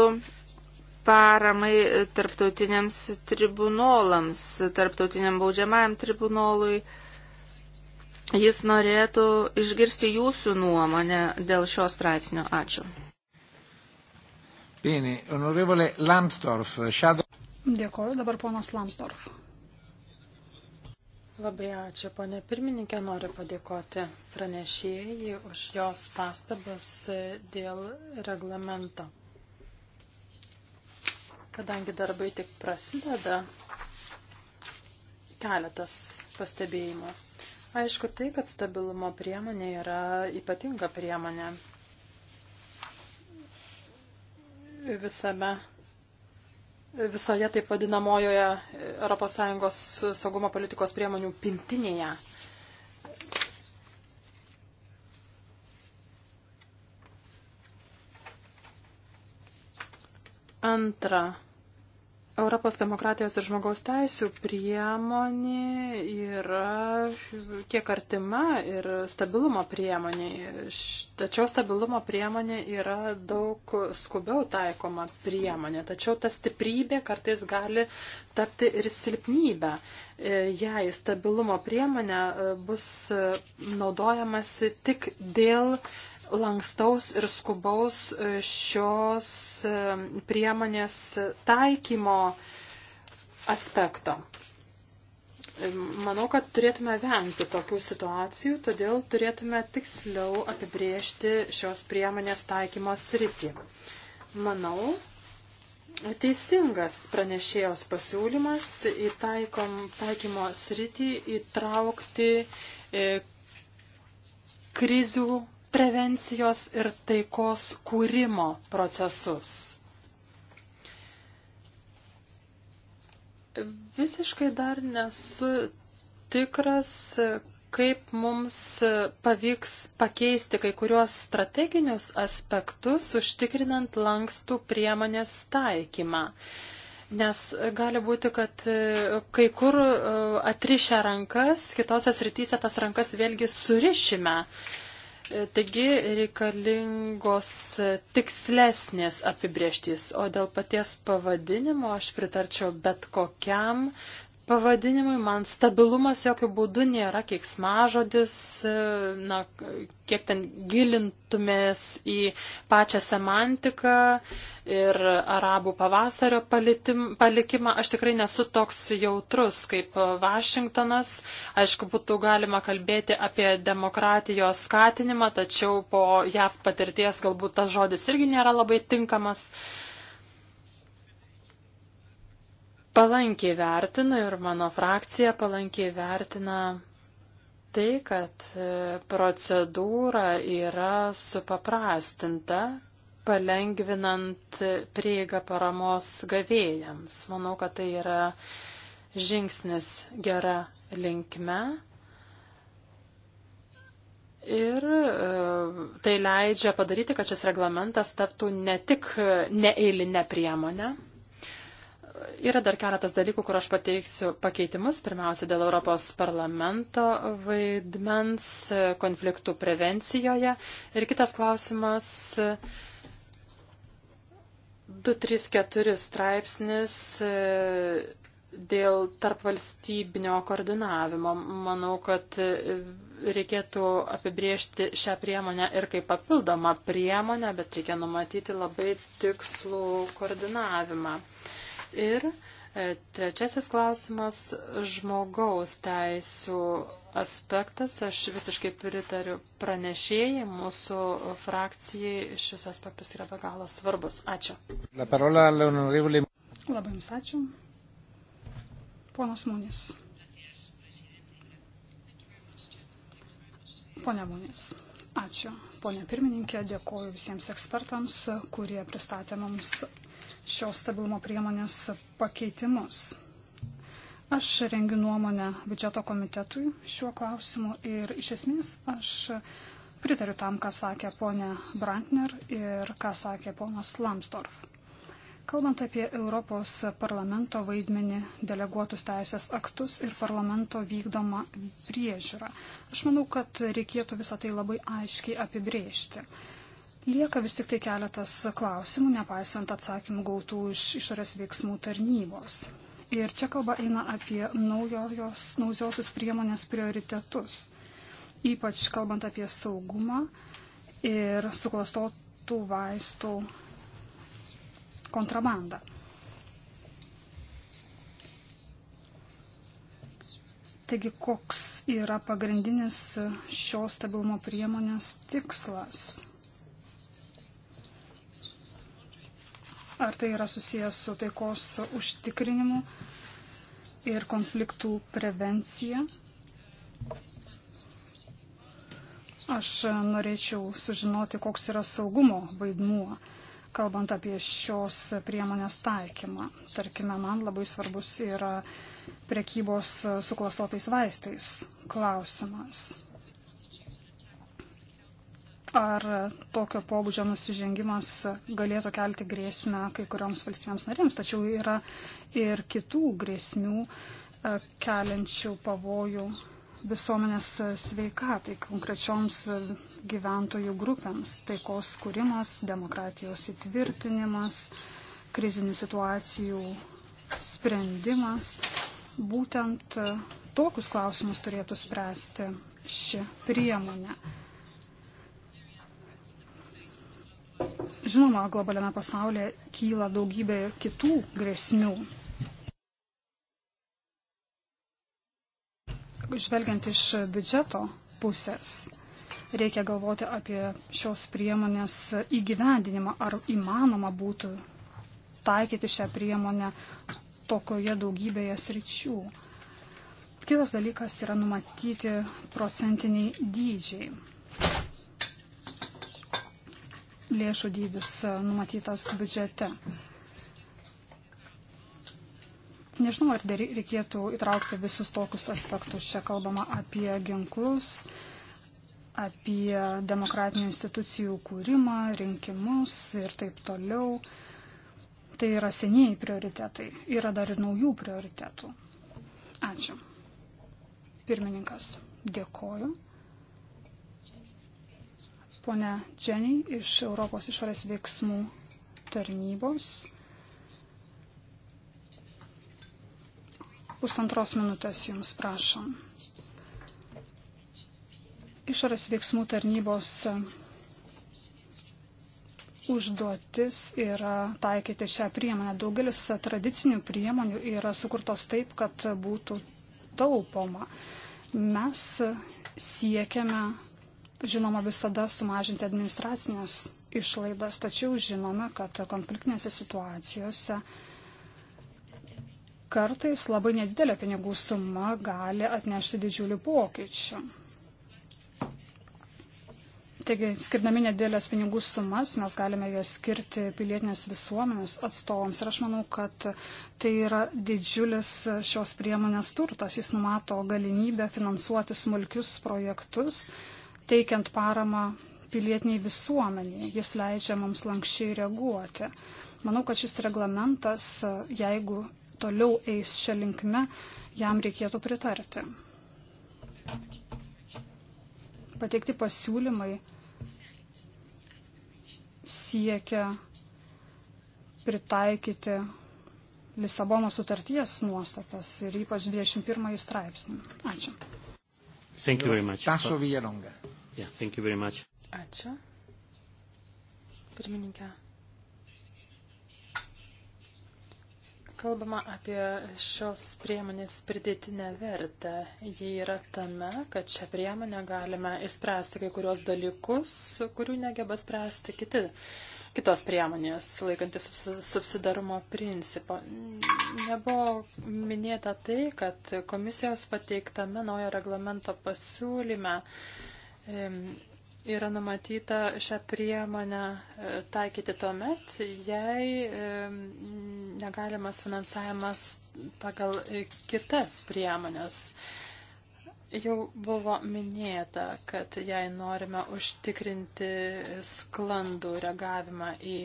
paramai tarptautiniams tribunolams, tarptautiniam baudžiamajam tribunolui Jis norėtų išgirsti jūsų nuomonę dėl šio straipsnio. Ačiū. Bene, onorevole Lambsdorff, shadow... Dėkoju, dabar ponas Lambsdorff. Labai ačiū, ponė pirmininkė, noriu padėkoti pranešėjai už jos pastabas dėl reglamento. Kadangi darbai tik prasideda, keletas pastebėjimų. Aišku, tai, kad stabilumo priemonė yra ypatinga priemonė visame, visoje taip vadinamojoje ES saugumo politikos priemonių pintinėje. Antra, Europos demokratijos ir žmogaus teisų priemonė yra kiek artima ir stabilumo priemonė. Tačiau stabilumo priemonė yra daug skubiau taikoma priemonė. Tačiau ta stiprybė kartais gali tapti ir silpnybę. Jei stabilumo priemonė bus naudojamasi tik dėl uh, lankstaus ir skubaus e, šios e, priemonės taikymo aspekto. E, manau, kad turėtume vengti tokių situacijų, todėl turėtume tiksliau apibriežti šios priemonės taikymo sritį. Manau, teisingas pranešėjos pasiūlymas į taikom, taikymo sritį įtraukti e, krizių prevencijos ir taikos kūrimo procesus. Visiškai dar nesu tikras, kaip mums pavyks pakeisti kai kuriuos strateginius aspektus, užtikrinant lankstų priemonės taikymą. Nes gali būti, kad e, kai kur e, atrišę rankas, kitose srityse tas rankas vėlgi surišime. Uh, Taigi reikalingos tikslesnės apibrieštys, o dėl paties pavadinimo aš pritarčiau bet kokiam pavadinimui. Man stabilumas jokių būdų nėra keiksmažodis, e, na, kiek ten gilintumės į pačią semantiką ir arabų pavasario palitim, palikimą. Aš tikrai nesu toks jautrus kaip Vašingtonas. Aišku, būtų galima kalbėti apie demokratijos skatinimą, tačiau po JAV patirties galbūt tas žodis irgi nėra labai tinkamas. Uh, palankiai vertinu ir mano frakcija palankiai vertina tai, kad e, procedūra yra supaprastinta, palengvinant prieigą paramos gavėjams. Manau, kad tai yra žingsnis gera linkme. Ir e, tai leidžia padaryti, kad šis reglamentas taptų ne tik neeilinę priemonę, yra dar keletas dalykų, kur aš pateiksiu pakeitimus. Pirmiausia, dėl Europos parlamento vaidmens konfliktų prevencijoje. Ir kitas klausimas. 234 straipsnis e, dėl tarpvalstybinio koordinavimo. Manau, kad e, reikėtų apibriežti šią priemonę ir kaip papildomą priemonę, bet reikia numatyti labai tikslų koordinavimą. Uh, Ir e, trečiasis klausimas - žmogaus teisų aspektas. Aš visiškai pritariu pranešėjai, mūsų frakcijai šis aspektas yra be galo svarbus. Ačiū. Parola, Labai jums ačiū. Ponas Mūnis. Pone Mūnis. Ačiū. Pone pirmininkė, dėkoju visiems ekspertams, kurie pristatė mums šios stabilumo priemonės pakeitimus. Aš rengiu nuomonę biudžeto komitetui šiuo klausimu ir iš esmės aš pritariu tam, ką sakė ponė Brantner ir ką sakė ponas Lamsdorf. Kalbant apie Europos parlamento vaidmenį, deleguotus teisės aktus ir parlamento vykdomą priežiūrą, aš manau, kad reikėtų visą tai labai aiškiai apibrėžti. Lieka vis tik tai keletas klausimų, nepaisant atsakymų gautų iš išorės veiksmų tarnybos. Ir čia kalba eina apie naujos, naujosios priemonės prioritetus, ypač kalbant apie saugumą ir suklastotų vaistų kontrabandą. Taigi, koks yra pagrindinis šios stabilumo priemonės tikslas? ar tai yra susijęs su taikos užtikrinimu ir konfliktų prevencija. Aš norėčiau sužinoti, koks yra saugumo vaidmuo, kalbant apie šios priemonės taikymą. Tarkime, man labai svarbus yra prekybos suklastotais vaistais klausimas ar tokio pobūdžio nusižengimas galėtų kelti grėsmę kai kurioms valstybėms narėms. Tačiau yra ir kitų grėsmių e, keliančių pavojų visuomenės sveikatai, konkrečioms gyventojų grupėms - taikos skūrimas, demokratijos įtvirtinimas, krizinių situacijų sprendimas. Būtent tokius klausimus turėtų spręsti ši priemonė. Žinoma, globaliame pasaulyje kyla daugybė kitų grėsmių. Žvelgiant iš biudžeto pusės, reikia galvoti apie šios priemonės įgyvendinimą, ar įmanoma būtų taikyti šią priemonę tokioje daugybėje sričių. Kitas dalykas yra numatyti procentiniai dydžiai lėšų dydis e, numatytas biudžete. Nežinau, ar dar reikėtų įtraukti visus tokius aspektus. Čia kalbama apie ginklus, apie demokratinių institucijų kūrimą, rinkimus ir taip toliau. Tai yra senieji prioritetai. Yra dar ir naujų prioritetų. Ačiū. Pirmininkas, dėkoju. Pone Dženiai iš Europos išorės veiksmų tarnybos. Pusantros minutės jums prašom. Išorės veiksmų tarnybos užduotis yra taikyti šią priemonę. Daugelis tradicinių priemonių yra sukurtos taip, kad būtų taupoma. Mes siekiame žinoma, visada sumažinti administracinės išlaidas, tačiau žinome, kad konfliktinėse situacijose kartais labai nedidelė pinigų suma gali atnešti didžiulių pokyčių. Taigi, skirdami nedėlės pinigų sumas, mes galime jas skirti pilietinės visuomenės atstovams. Ir aš manau, kad tai yra didžiulis šios priemonės turtas. Jis numato galimybę finansuoti smulkius projektus, teikiant paramą pilietiniai visuomeniai. Jis leidžia mums lankščiai reaguoti. Manau, kad šis reglamentas, jeigu toliau eis šią linkme, jam reikėtų pritarti. Pateikti pasiūlymai siekia pritaikyti Lisabono sutarties nuostatas ir ypač 21 straipsnį. Ačiū. Taso Villalonga. Yeah, thank you very much. Ačiū. Pirmininkė. Kalbama apie šios priemonės pridėtinę vertę. Jie yra tame, kad šią priemonę galime įspręsti kai kurios dalykus, kurių negeba spręsti kiti, kitos priemonės, laikantis subsidarumo principo. Nebuvo minėta tai, kad komisijos pateiktame naujo reglamento pasiūlyme yra numatyta šią priemonę e, taikyti tuomet, jei negalimas finansavimas pagal e, kitas priemonės. Jau buvo minėta, kad jei norime užtikrinti sklandų reagavimą į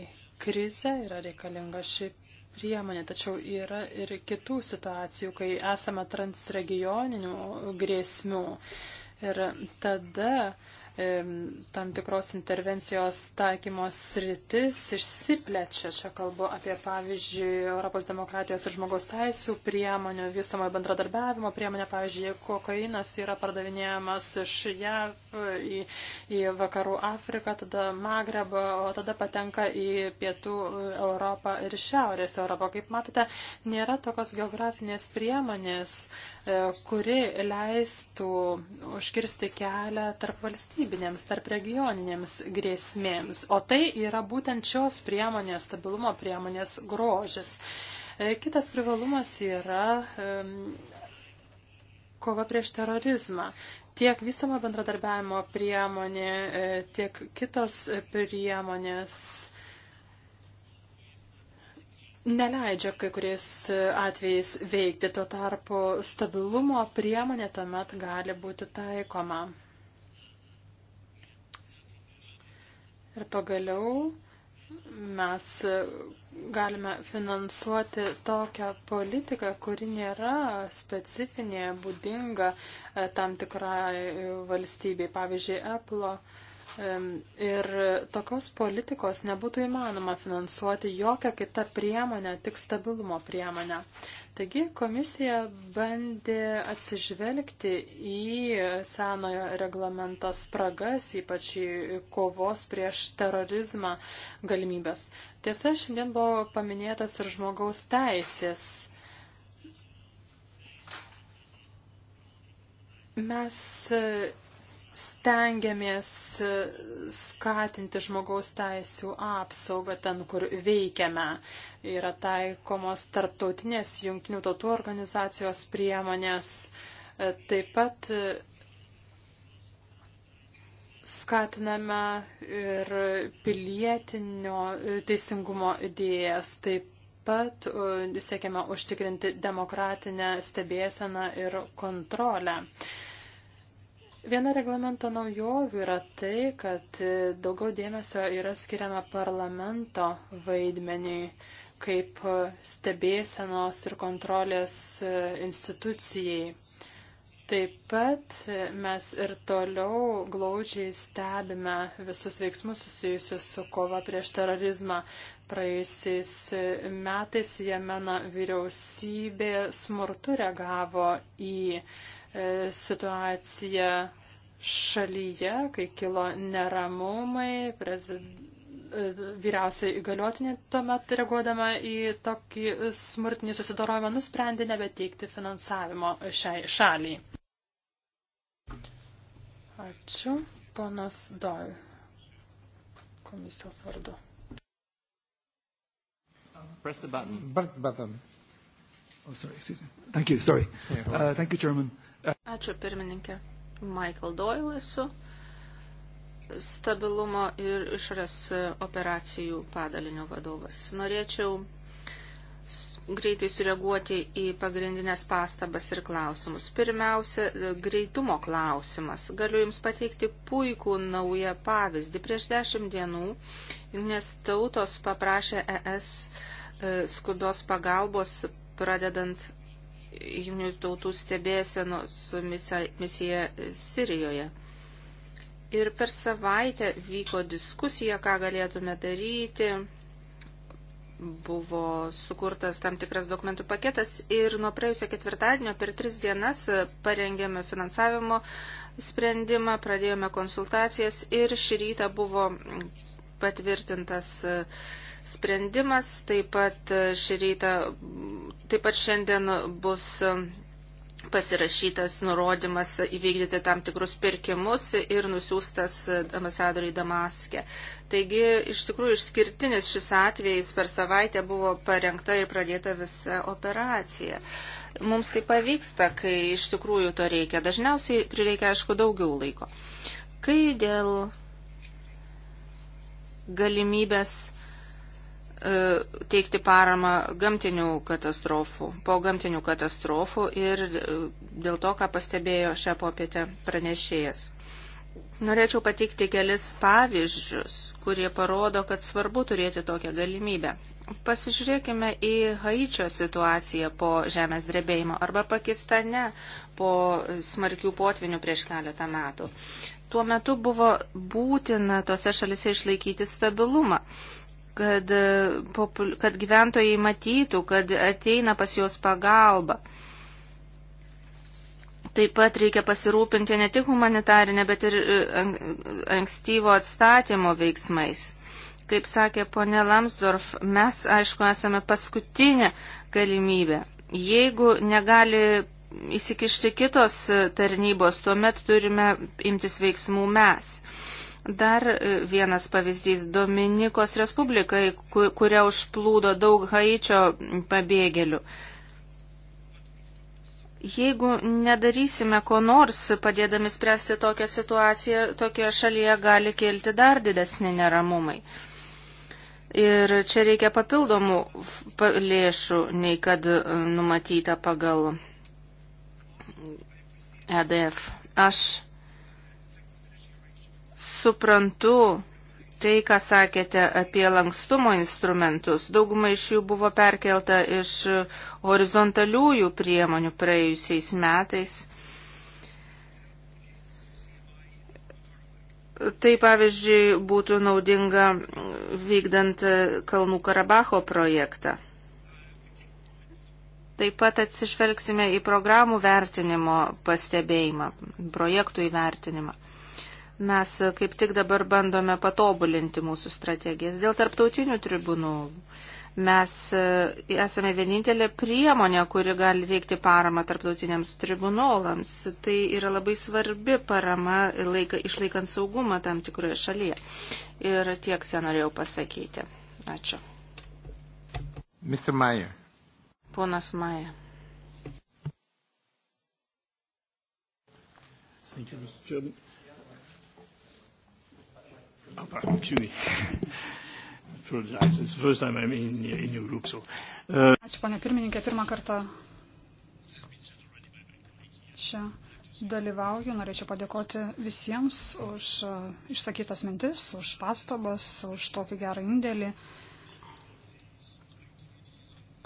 krizę, yra reikalinga ši priemonė, tačiau yra ir kitų situacijų, kai esame transregioninių grėsmių. Ir tada tam tikros intervencijos taikymos sritis išsiplečia. Čia kalbu apie, pavyzdžiui, Europos demokratijos ir žmogaus teisų priemonių, vystomojo bendradarbiavimo priemonę. Pavyzdžiui, kokainas yra pardavinėjamas iš JAV į, į vakarų Afriką, tada Magrebą, o tada patenka į pietų Europą ir šiaurės Europą. Kaip matote, nėra tokios geografinės priemonės, e, kuri leistų užkirsti kelią tarp valstybių tarpvalstybinėms, tarp regioninėms grėsmėms. O tai yra būtent šios priemonės, stabilumo priemonės grožis. E, kitas privalumas yra kova prieš terorizmą tiek vystamo bendradarbiavimo priemonė, e, tiek kitos priemonės neleidžia kai kuriais atvejais veikti, tuo tarpu stabilumo priemonė tuomet gali būti taikoma. Ir pagaliau mes galime finansuoti tokią politiką, kuri nėra specifinė, būdinga e, tam tikrai valstybei. Pavyzdžiui, Apple Ir tokios politikos nebūtų įmanoma finansuoti jokią kitą priemonę, tik stabilumo priemonę. Taigi komisija bandė atsižvelgti į senojo reglamento spragas, ypač į kovos prieš terorizmą galimybės. Tiesa, šiandien buvo paminėtas ir žmogaus teisės. Mes stengiamės e, skatinti žmogaus teisų apsaugą ten, kur veikiame. Yra taikomos tarptautinės jungtinių tautų organizacijos priemonės. E, taip pat e, skatiname ir pilietinio teisingumo idėjas. Taip pat siekiame užtikrinti demokratinę stebėseną ir kontrolę. Uh, Viena reglamento naujovių yra tai, kad daugiau dėmesio yra skiriama parlamento vaidmeniui kaip stebėsenos ir kontrolės institucijai. Taip pat mes ir toliau glaudžiai stebime visus veiksmus susijusius su kova prieš terorizmą. Praėjusiais metais Jemeno vyriausybė smurtu reagavo į uh, E, situaciją šalyje, kai kilo neramumai, prezid... E, vyriausiai įgaliotinė tuomet reaguodama į tokį smurtinį susidarojimą nusprendė nebeteikti finansavimo šiai šaliai. Ačiū, ponas Doj, komisijos vardu. Press the button. Button. Oh, sorry, excuse me. Thank you, sorry. Uh, thank you, Chairman. Uh, Ačiū pirmininkė. Michael Doyle esu stabilumo ir išras operacijų padalinio vadovas. Norėčiau greitai sureaguoti į pagrindinės pastabas ir klausimus. Pirmiausia, greitumo klausimas. Galiu Jums pateikti puikų naują pavyzdį. Prieš dešimt dienų jungtinės tautos paprašė ES e, skubios pagalbos pradedant jungtinių tautų stebėsenos misija Sirijoje. Ir per savaitę vyko diskusija, ką galėtume daryti. Buvo sukurtas tam tikras dokumentų paketas ir nuo praėjusio ketvirtadienio per tris dienas parengėme finansavimo sprendimą, pradėjome konsultacijas ir šį rytą buvo patvirtintas uh, sprendimas. Taip pat e, šį rytą, taip pat šiandien bus e, pasirašytas nurodymas įvykdyti tam tikrus pirkimus ir nusiųstas e, ambasadoriui Damaskė. Taigi, iš tikrųjų, išskirtinis šis atvejis per savaitę buvo parengta ir pradėta visa operacija. Mums tai pavyksta, kai iš tikrųjų to reikia. Dažniausiai prireikia, aišku, daugiau laiko. Kai dėl galimybės E, teikti paramą gamtinių katastrofų, po gamtinių katastrofų ir e, dėl to, ką pastebėjo šią popietę pranešėjas. Norėčiau pateikti kelis pavyzdžius, kurie parodo, kad svarbu turėti tokią galimybę. Pasižiūrėkime į Haičio situaciją po žemės drebėjimo arba Pakistane po smarkių potvinių prieš keletą metų. Tuo metu buvo būtina tose šalise išlaikyti stabilumą kad, e, kad gyventojai matytų, kad ateina pas juos pagalba. Taip pat reikia pasirūpinti ne tik humanitarinė, bet ir e, ankstyvo atstatymo veiksmais. Kaip sakė ponė Lamsdorf, mes, aišku, esame paskutinė galimybė. Jeigu negali įsikišti kitos e, tarnybos, tuomet turime imtis veiksmų mes. Dar e, vienas pavyzdys - Dominikos Respublikai, kuria užplūdo daug haičio pabėgėlių. Jeigu nedarysime ko nors, padėdami spręsti tokią situaciją, tokioje šalyje gali kilti dar didesni neramumai. Ir čia reikia papildomų lėšų, nei kad e, numatyta pagal EDF. Aš suprantu tai, ką sakėte apie lankstumo instrumentus. Dauguma iš jų buvo perkelta iš horizontaliųjų priemonių praėjusiais metais. Tai pavyzdžiui būtų naudinga vykdant Kalnų Karabacho projektą. Taip pat atsižvelgsime į programų vertinimo pastebėjimą, projektų įvertinimą. Mes kaip tik dabar bandome patobulinti mūsų strategijas. Dėl tarptautinių tribunų mes e, esame vienintelė priemonė, kuri gali teikti paramą tarptautiniams tribunolams. Tai yra labai svarbi parama laika, išlaikant saugumą tam tikroje šalyje. Ir tiek ten norėjau pasakyti. Ačiū. Mr. Mayer. Ponas Mayer. Thank you, Mr. Chairman. Oh, pardon, excuse me. Apologize. It's the first time I'm in, in your group, so. Uh... Ačiū, ponė pirmininkė, pirmą kartą čia dalyvauju. Norėčiau padėkoti visiems už uh, išsakytas mintis, už pastabas, už tokį gerą indėlį.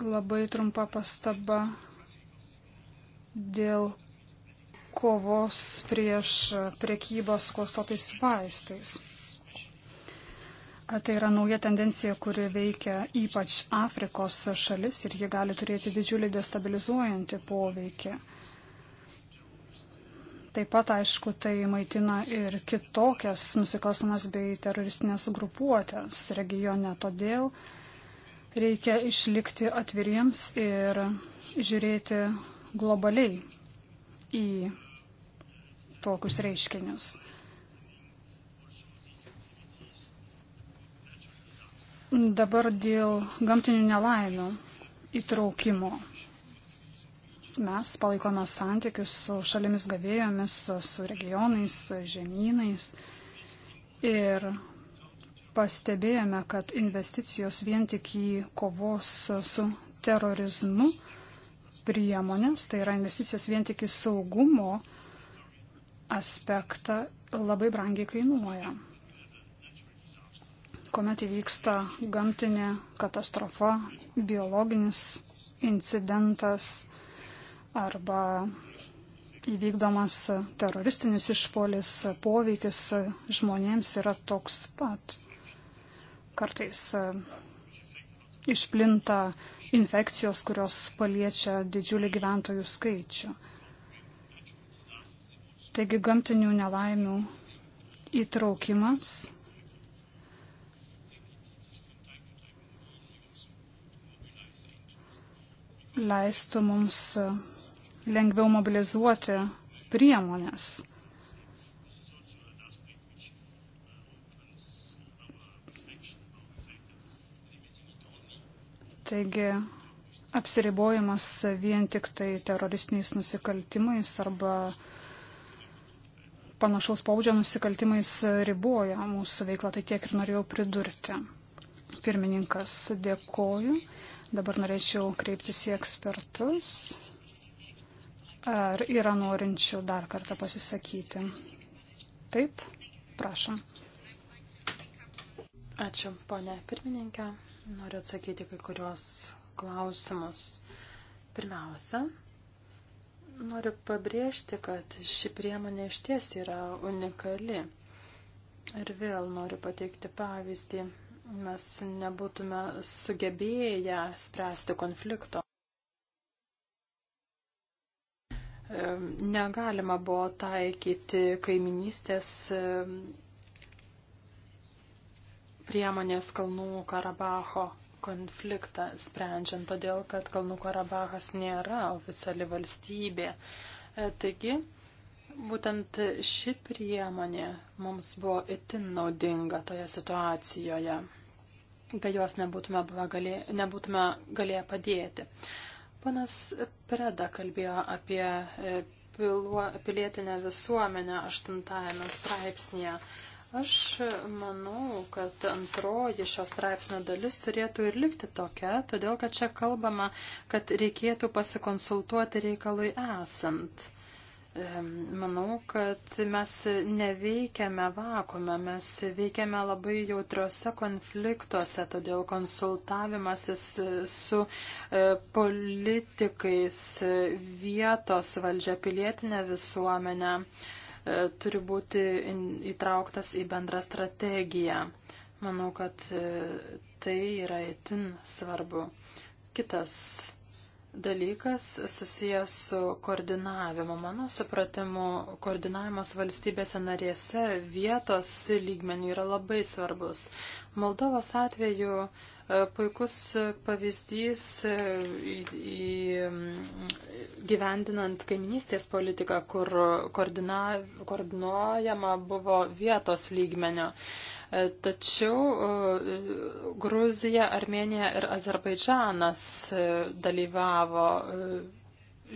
Labai trumpa pastaba dėl kovos prieš uh, priekybos klastotais vaistais. Tai yra nauja tendencija, kuri veikia ypač Afrikos šalis ir ji gali turėti didžiulį destabilizuojantį poveikį. Taip pat, aišku, tai maitina ir kitokias nusikalstamas bei teroristinės grupuotės regione. Todėl reikia išlikti atviriems ir žiūrėti globaliai į tokius reiškinius. Dabar dėl gamtinių nelaimių įtraukimo. Mes palaikome santykius su šalimis gavėjomis, su regionais, žemynais ir pastebėjome, kad investicijos vien tik į kovos su terorizmu priemonės, tai yra investicijos vien tik į saugumo aspektą, labai brangiai kainuoja kuomet įvyksta gamtinė katastrofa, biologinis incidentas arba įvykdomas teroristinis išpolis, poveikis žmonėms yra toks pat. Kartais e, išplinta infekcijos, kurios paliečia didžiulį gyventojų skaičių. Taigi gamtinių nelaimių įtraukimas leistų mums lengviau mobilizuoti priemonės. Taigi apsiribojimas vien tik tai teroristiniais nusikaltimais arba panašaus paudžio nusikaltimais riboja mūsų veiklą, tai tiek ir norėjau pridurti. Pirmininkas, dėkoju. Dabar norėčiau kreiptis į ekspertus. Ar yra norinčių dar kartą pasisakyti? Taip, prašom. Ačiū, ponė pirmininkė. Noriu atsakyti kai kurios klausimus. Pirmiausia, noriu pabrėžti, kad ši priemonė iš ties yra unikali. Ir vėl noriu pateikti pavyzdį mes nebūtume sugebėję spręsti konflikto. Negalima buvo taikyti kaiminystės priemonės Kalnų Karabaho konfliktą sprendžiant, todėl kad Kalnų Karabahas nėra oficiali valstybė. E, taigi, Būtent ši priemonė mums buvo itin naudinga toje situacijoje be jos nebūtume, galė, nebūtume galėję padėti. Panas Preda kalbėjo apie e, piluo, pilietinę visuomenę aštuntajame straipsnėje. Aš manau, kad antroji šios straipsnio dalis turėtų ir likti tokia, todėl kad čia kalbama, kad reikėtų pasikonsultuoti reikalui esant. Manau, kad mes neveikiame vakume, mes veikiame labai jautriuose konfliktuose, todėl konsultavimasis su e, politikais, vietos valdžia, pilietinė visuomenė e, turi būti įtrauktas į bendrą strategiją. Manau, kad e, tai yra itin svarbu. Kitas dalykas susijęs su koordinavimu. Mano supratimu, koordinavimas valstybėse narėse vietos lygmenių yra labai svarbus. Moldovos atveju e, puikus pavyzdys e, gyvendinant kaiminystės politiką, kur koordinuojama buvo vietos lygmenio. E, tačiau e, Gruzija, Armenija ir Azerbaidžanas e, dalyvavo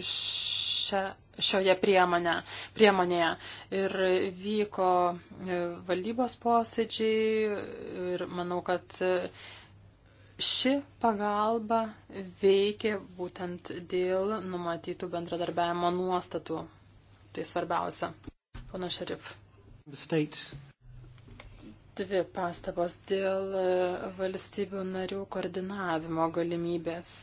šia, šioje priemonė, priemonėje. Ir vyko valdybos posėdžiai ir manau, kad ši pagalba veikė būtent dėl numatytų bendradarbiavimo nuostatų. Tai svarbiausia. Pana Šerif. Dvi pastabos dėl e, valstybių narių koordinavimo galimybės.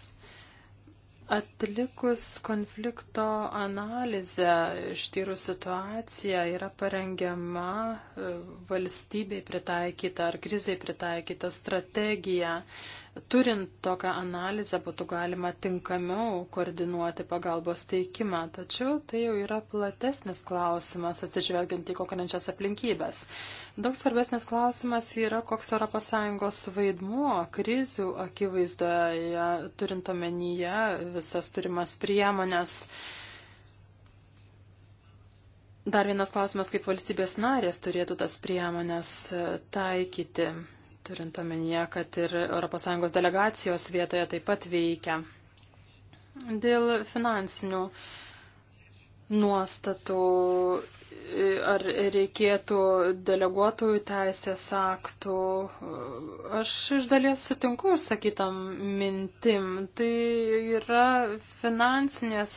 Atlikus konflikto analizę, ištyrus situaciją, yra parengiama e, valstybei pritaikyta ar krizai pritaikyta strategija. Turint tokią analizę būtų galima tinkamiau koordinuoti pagalbos teikimą, tačiau tai jau yra platesnis klausimas atsižvelgiant į konkrečias aplinkybės. Daug svarbesnis klausimas yra, koks ES vaidmuo krizių akivaizdoje, turint omenyje visas turimas priemonės. Dar vienas klausimas, kaip valstybės narės turėtų tas priemonės taikyti turint omenyje, kad ir ES delegacijos vietoje taip pat veikia. Dėl finansinių nuostatų ar reikėtų deleguotojų teisės aktų. Aš iš dalies sutinku išsakytam mintim. Tai yra finansinės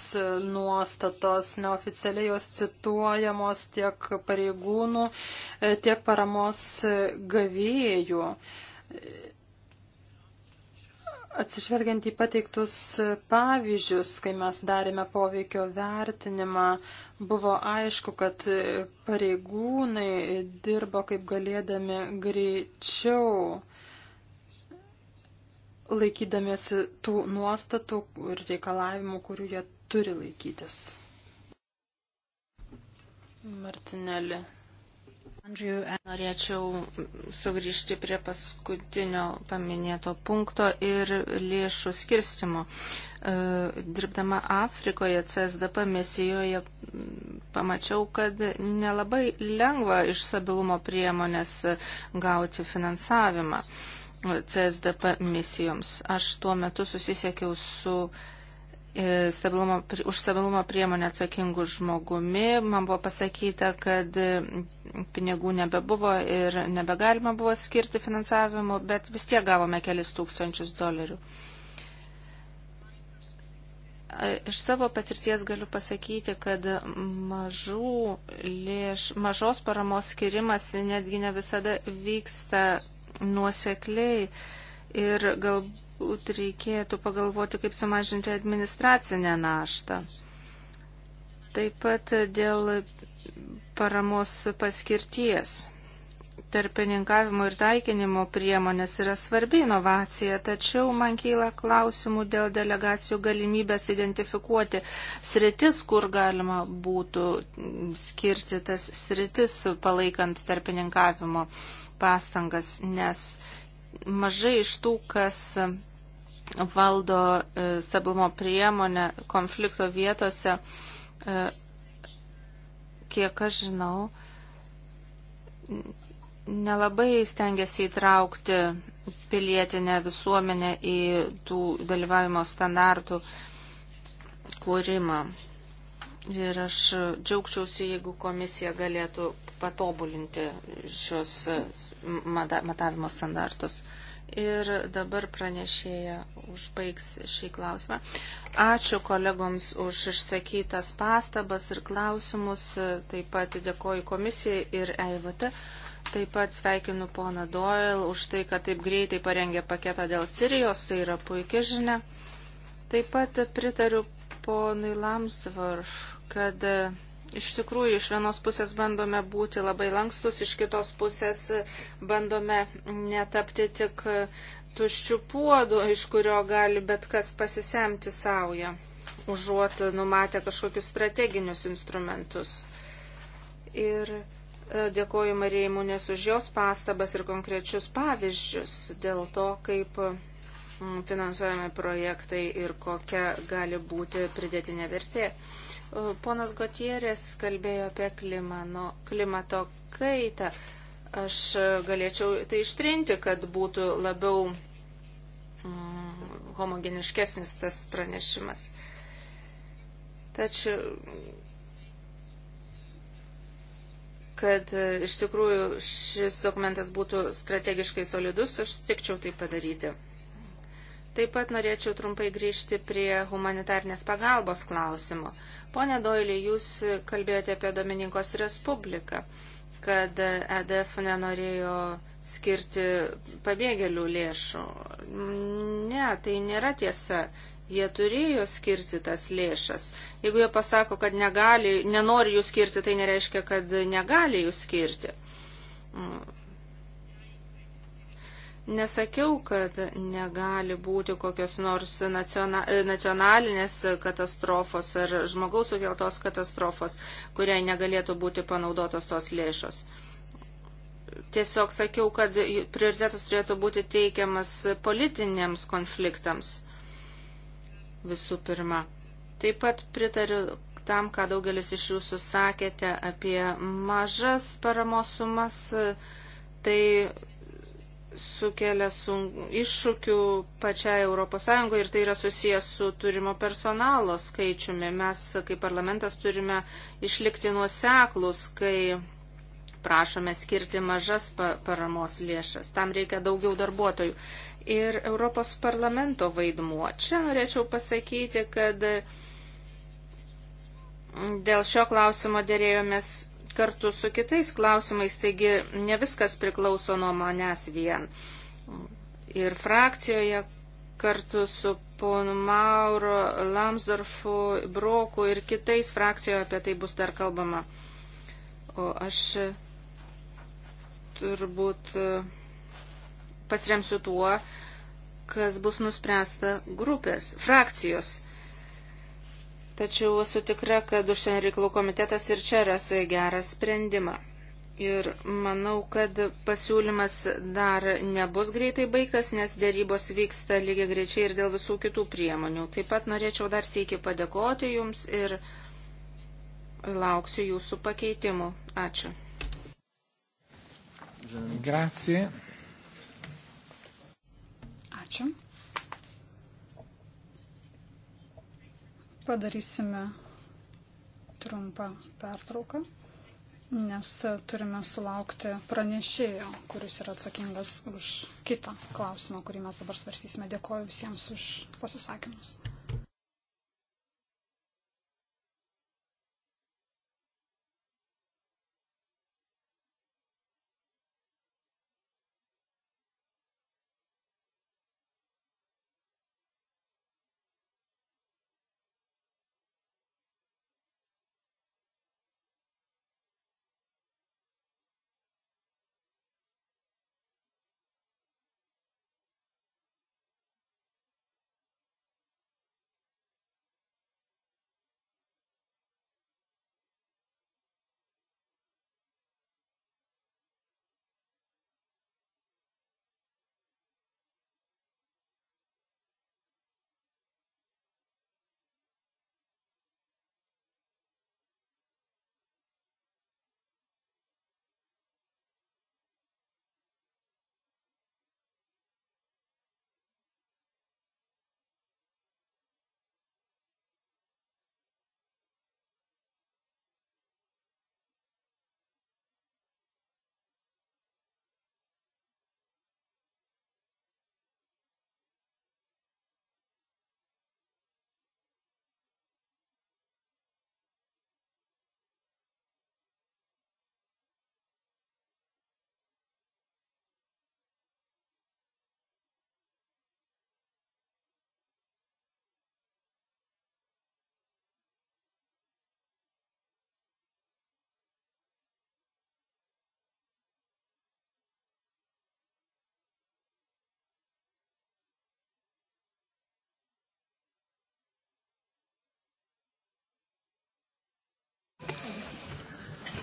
nuostatos, neoficialiai jos cituojamos tiek pareigūnų, tiek paramos gavėjų. Atsižvelgiant į pateiktus pavyzdžius, kai mes darėme poveikio vertinimą, buvo aišku, kad pareigūnai dirbo kaip galėdami greičiau, laikydamėsi tų nuostatų ir reikalavimų, kurių jie turi laikytis. Martinelė. Andrew, norėčiau sugrįžti prie paskutinio paminėto punkto ir lėšų skirstimo. E, dirbdama Afrikoje CSDP misijoje pamačiau, kad nelabai lengva iš stabilumo priemonės gauti finansavimą e, CSDP misijoms. Aš tuo metu susisiekiau su E, stabilumo, už stabilumo priemonę atsakingų žmogumi. Man buvo pasakyta, kad e, pinigų nebebuvo ir nebegalima buvo skirti finansavimu, bet vis tiek gavome kelis tūkstančius dolerių. Iš savo patirties galiu pasakyti, kad mažų lėš, mažos paramos skirimas netgi ne visada vyksta nuosekliai ir galbūt galbūt reikėtų pagalvoti, kaip sumažinti administracinę naštą. Taip pat dėl paramos paskirties. Tarpininkavimo ir taikinimo priemonės yra svarbi inovacija, tačiau man keila klausimų dėl delegacijų galimybės identifikuoti sritis, kur galima būtų skirti tas sritis palaikant tarpininkavimo pastangas, nes uh, mažai iš tų, kas valdo e, stabilumo priemonę konflikto vietose, e, kiek aš žinau, nelabai stengiasi įtraukti pilietinę visuomenę į tų dalyvavimo standartų kūrimą. Ir aš džiaugčiausi, jeigu komisija galėtų patobulinti šios e, matavimo standartus. Ir dabar pranešėja užbaigs šį klausimą. Ačiū kolegoms už išsakytas pastabas ir klausimus. Taip pat dėkoju komisijai ir EIVT. Taip pat sveikinu poną Doyle už tai, kad taip greitai parengė paketą dėl Sirijos. Tai yra puikia žinia. Taip pat pritariu ponui Lamsvarf kad e, iš tikrųjų iš vienos pusės bandome būti labai lankstus, iš kitos pusės e, bandome netapti tik e, tuščių puodų, iš kurio gali bet kas pasisemti savoje, užuot numatę kažkokius strateginius instrumentus. Ir dėkoju Marijai Mūnės už jos pastabas ir konkrečius pavyzdžius dėl to, kaip mm, finansuojami projektai ir kokia gali būti pridėtinė vertė. Ponas Gotierės kalbėjo apie klimano, klimato kaitą. Aš galėčiau tai ištrinti, kad būtų labiau mm, homogeniškesnis tas pranešimas. Tačiau, kad e, iš tikrųjų šis dokumentas būtų strategiškai solidus, aš tikčiau tai padaryti. Taip pat norėčiau trumpai grįžti prie humanitarnės pagalbos klausimo. Pone Doilį, jūs kalbėjote apie Dominikos Respubliką, kad EDF nenorėjo skirti pabėgėlių lėšų. Ne, tai nėra tiesa. Jie turėjo skirti tas lėšas. Jeigu jie pasako, kad negali, nenori jų skirti, tai nereiškia, kad negali jų skirti. Mm. Nesakiau, kad negali būti kokios nors nacionalinės katastrofos ar žmogaus sukeltos katastrofos, kuriai negalėtų būti panaudotos tos lėšos. Tiesiog sakiau, kad prioritetas turėtų būti teikiamas politiniams konfliktams visų pirma. Taip pat pritariu tam, ką daugelis iš jūsų sakėte apie mažas paramos sumas. Tai sukelia iššūkių pačiai ES ir tai yra susijęs su turimo personalo skaičiumi. Mes kaip parlamentas turime išlikti nuoseklus, kai prašome skirti mažas paramos lėšas. Tam reikia daugiau darbuotojų. Ir Europos parlamento vaidmuo. Čia norėčiau pasakyti, kad dėl šio klausimo dėrėjomės kartu su kitais klausimais, taigi ne viskas priklauso nuo manęs vien. Ir frakcijoje kartu su ponu Mauro, Lamsdorfu, Broku ir kitais frakcijoje apie tai bus dar kalbama. O aš turbūt e, pasiremsiu tuo, kas bus nuspręsta grupės, frakcijos Tačiau esu tikra, kad užsienio reikalų komitetas ir čia ras gerą sprendimą. Ir manau, kad pasiūlymas dar nebus greitai baigtas, nes dėrybos vyksta lygiai greičiai ir dėl visų kitų priemonių. Taip pat norėčiau dar sėki padėkoti Jums ir lauksiu Jūsų pakeitimų. Ačiū. Grazie. Ačiū. Padarysime trumpą pertrauką, nes turime sulaukti pranešėjo, kuris yra atsakingas už kitą klausimą, kurį mes dabar svarstysime. Dėkoju visiems už pasisakymus.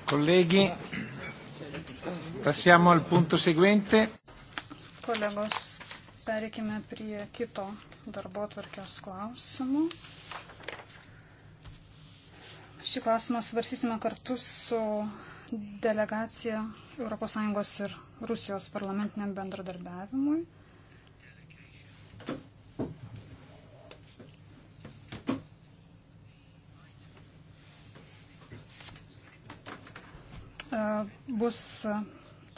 Colleghi, passiamo al punto seguente. Kolegos, pereikime prie kito darbo tvarkės klausimų. Šį klausimą svarsysime kartu su delegacija ES ir Rusijos parlamentiniam bendradarbiavimui. E, bus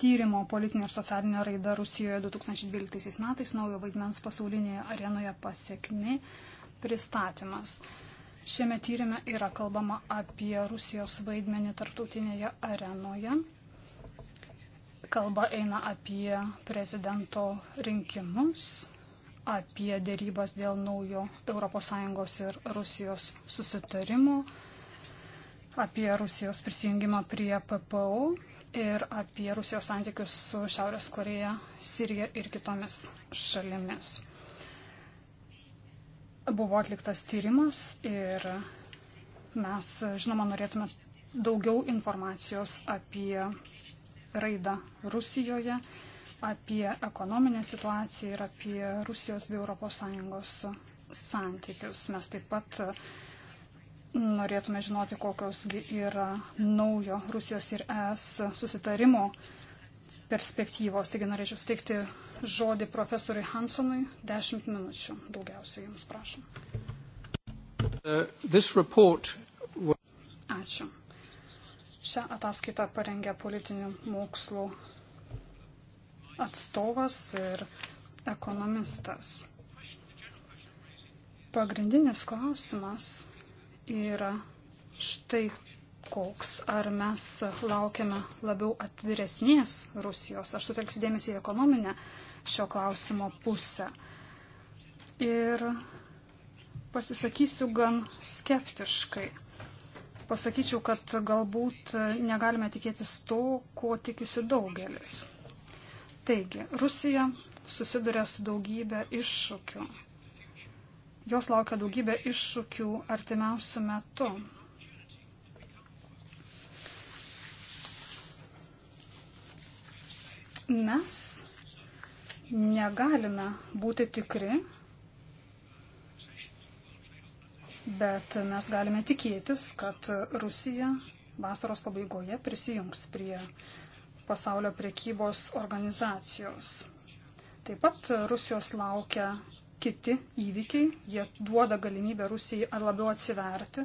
tyrimo politinė ir socialinė raida Rusijoje 2012 metais naujo vaidmens pasaulinėje arenoje pasiekmi pristatymas. Šiame tyrimė yra kalbama apie Rusijos vaidmenį tarptautinėje arenoje. Kalba eina apie prezidento rinkimus, apie dėrybas dėl naujo ES ir Rusijos susitarimo apie Rusijos prisijungimą prie PPO ir apie Rusijos santykius su Šiaurės Koreja, Sirija ir kitomis šalimis. Buvo atliktas tyrimas ir mes, žinoma, norėtume daugiau informacijos apie raidą Rusijoje, apie ekonominę situaciją ir apie Rusijos bei ES santykius. Mes taip pat Norėtume žinoti, kokios yra naujo Rusijos ir ES susitarimo perspektyvos. Taigi norėčiau steikti žodį profesoriui Hansonui. Dešimt minučių daugiausiai jums prašom. Uh, Ačiū. Šią ataskaitą parengė politinių mokslų atstovas ir ekonomistas. Pagrindinis klausimas yra štai koks. Ar mes laukiame labiau atviresnės Rusijos? Aš sutelksiu dėmesį į ekonominę šio klausimo pusę. Ir pasisakysiu gan skeptiškai. Pasakyčiau, kad galbūt negalime tikėtis to, ko tikisi daugelis. Taigi, Rusija susiduria su daugybė iššūkių jos laukia daugybė iššūkių artimiausių metų. Mes negalime būti tikri, bet mes galime tikėtis, kad Rusija vasaros pabaigoje prisijungs prie pasaulio priekybos organizacijos. Taip pat Rusijos laukia kiti įvykiai, jie duoda galimybę Rusijai labiau atsiverti.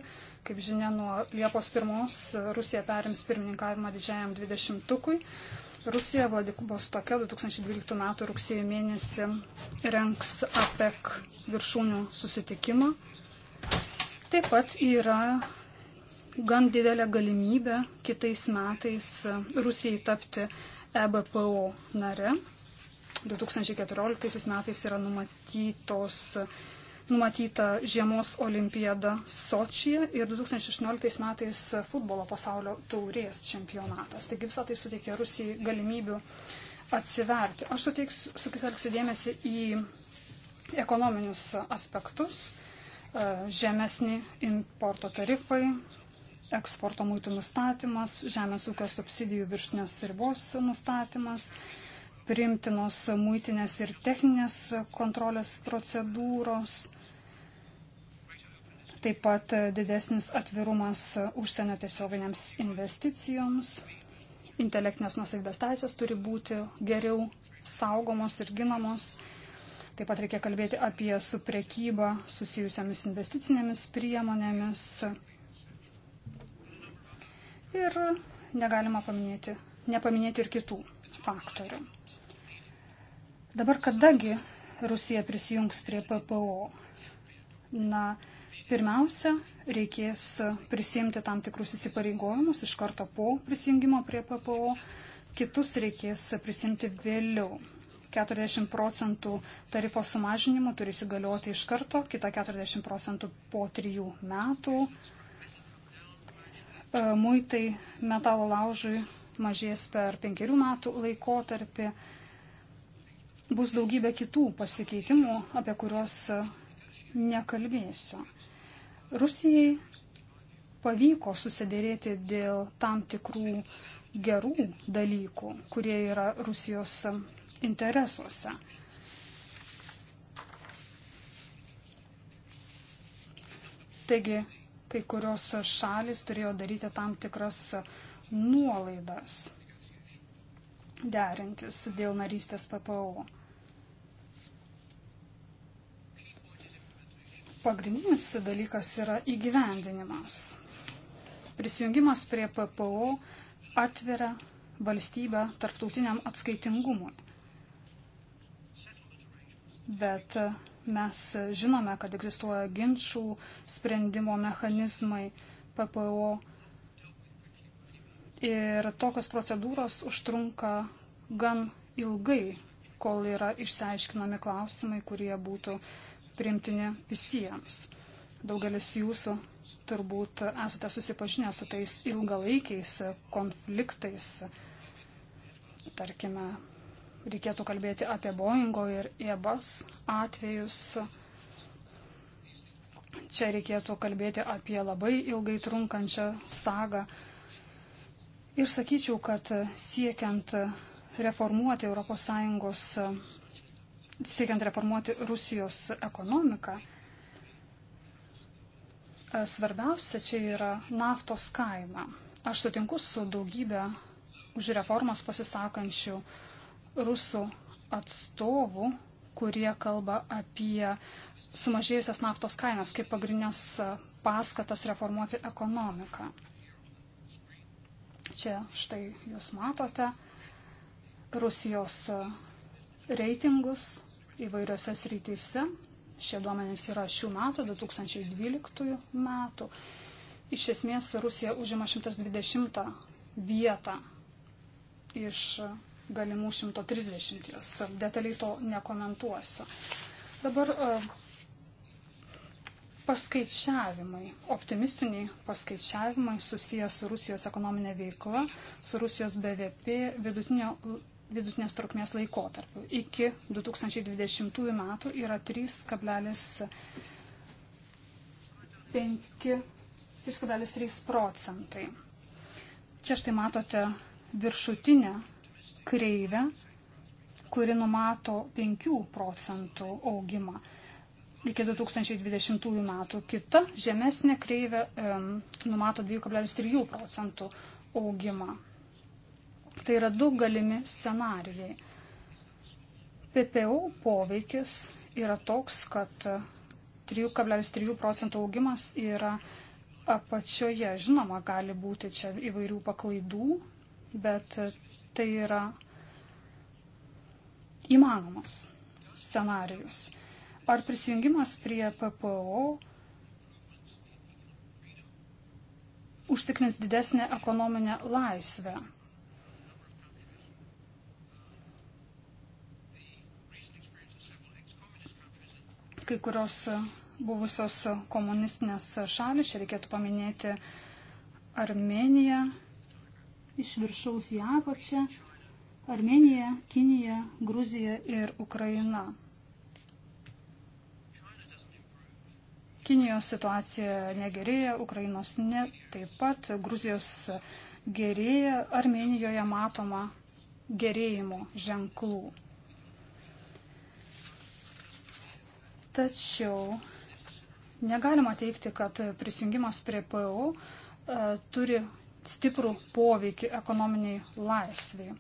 Kaip žinia, nuo Liepos 1 Rusija perims pirmininkavimą didžiajam 20-ukui. Rusija Vladivostoke 2012 m. rugsėjo mėnesį renks APEC viršūnių susitikimą. Taip pat yra gan didelė galimybė kitais metais Rusijai tapti EBPO nare. 2014 metais yra numatytos numatyta žiemos olimpiada Sočyje ir 2016 metais futbolo pasaulio taurės čempionatas. Taigi visą tai suteikia Rusijai galimybių atsiverti. Aš suteiksiu, sutelksiu dėmesį į ekonominius aspektus, e, žemesni importo tarifai, eksporto mūtų nustatymas, žemės ūkio subsidijų viršinės ribos nustatymas, primtinos muitinės ir techninės kontrolės procedūros, taip pat didesnis atvirumas užsienio tiesioginiams investicijoms, intelektinės nusavybės teisės turi būti geriau saugomos ir ginamos, taip pat reikia kalbėti apie su priekyba susijusiamis investicinėmis priemonėmis ir negalima paminėti, nepaminėti ir kitų faktorių. Dabar kadangi Rusija prisijungs prie PPO? Na, pirmiausia, reikės prisimti tam tikrus įsipareigojimus iš karto po prisijungimo prie PPO, kitus reikės prisimti vėliau. 40 procentų tarifo sumažinimo turi įsigalioti iš karto, kita 40 procentų po trijų metų. E, muitai metalo laužui mažės per penkerių metų laikotarpį bus daugybė kitų pasikeitimų, apie kuriuos nekalbėsiu. Rusijai pavyko susidėrėti dėl tam tikrų gerų dalykų, kurie yra Rusijos interesuose. Taigi, kai kurios šalis turėjo daryti tam tikras nuolaidas derintis dėl narystės PPO. pagrindinis dalykas yra įgyvendinimas. Prisijungimas prie PPO atveria valstybę tarptautiniam atskaitingumui. Bet mes žinome, kad egzistuoja ginčių sprendimo mechanizmai PPO ir tokios procedūros užtrunka gan ilgai, kol yra išsiaiškinami klausimai, kurie būtų uh, priimtini visiems. Daugelis jūsų turbūt esate susipažinę su tais ilgalaikiais konfliktais. Tarkime, reikėtų kalbėti apie Boeingo ir Ebas atvejus. Čia reikėtų kalbėti apie labai ilgai trunkančią sagą. Ir sakyčiau, kad siekiant reformuoti ES siekiant reformuoti Rusijos ekonomiką, e, svarbiausia čia yra naftos kaina. Aš sutinku su daugybė už reformas pasisakančių rusų atstovų, kurie kalba apie sumažėjusias naftos kainas kaip pagrindinės paskatas reformuoti ekonomiką. Čia štai jūs matote Rusijos reitingus įvairiose srityse. Šie duomenys yra šių metų, 2012 metų. Iš esmės Rusija užima 120 vietą iš galimų 130. Detaliai to nekomentuosiu. Dabar e, paskaičiavimai, optimistiniai paskaičiavimai susijęs su Rusijos ekonominė veikla, su Rusijos BVP vidutinio vidutinės trukmės laikotarpiu. Iki 2020 metų yra 3,3 procentai. Čia štai matote viršutinę kreivę, kuri numato 5 procentų augimą. Iki 2020 metų kita žemesnė kreivė um, numato 2,3 procentų augimą. Tai yra du galimi scenarijai. PPU poveikis yra toks, kad 3,3 procentų augimas yra apačioje. Žinoma, gali būti čia įvairių paklaidų, bet tai yra įmanomas scenarius. Ar prisijungimas prie PPO užtikrins didesnę ekonominę laisvę? kai kurios buvusios komunistinės šalis, čia reikėtų paminėti Armeniją, iš viršaus į apačią, Armenija, Kinija, Gruzija ir Ukraina. Kinijos situacija negerėja, Ukrainos ne, taip pat Gruzijos gerėja, Armenijoje matoma gerėjimo ženklų. Tačiau negalima teikti, kad prisijungimas prie PAU e, turi stiprų poveikį ekonominiai laisviai.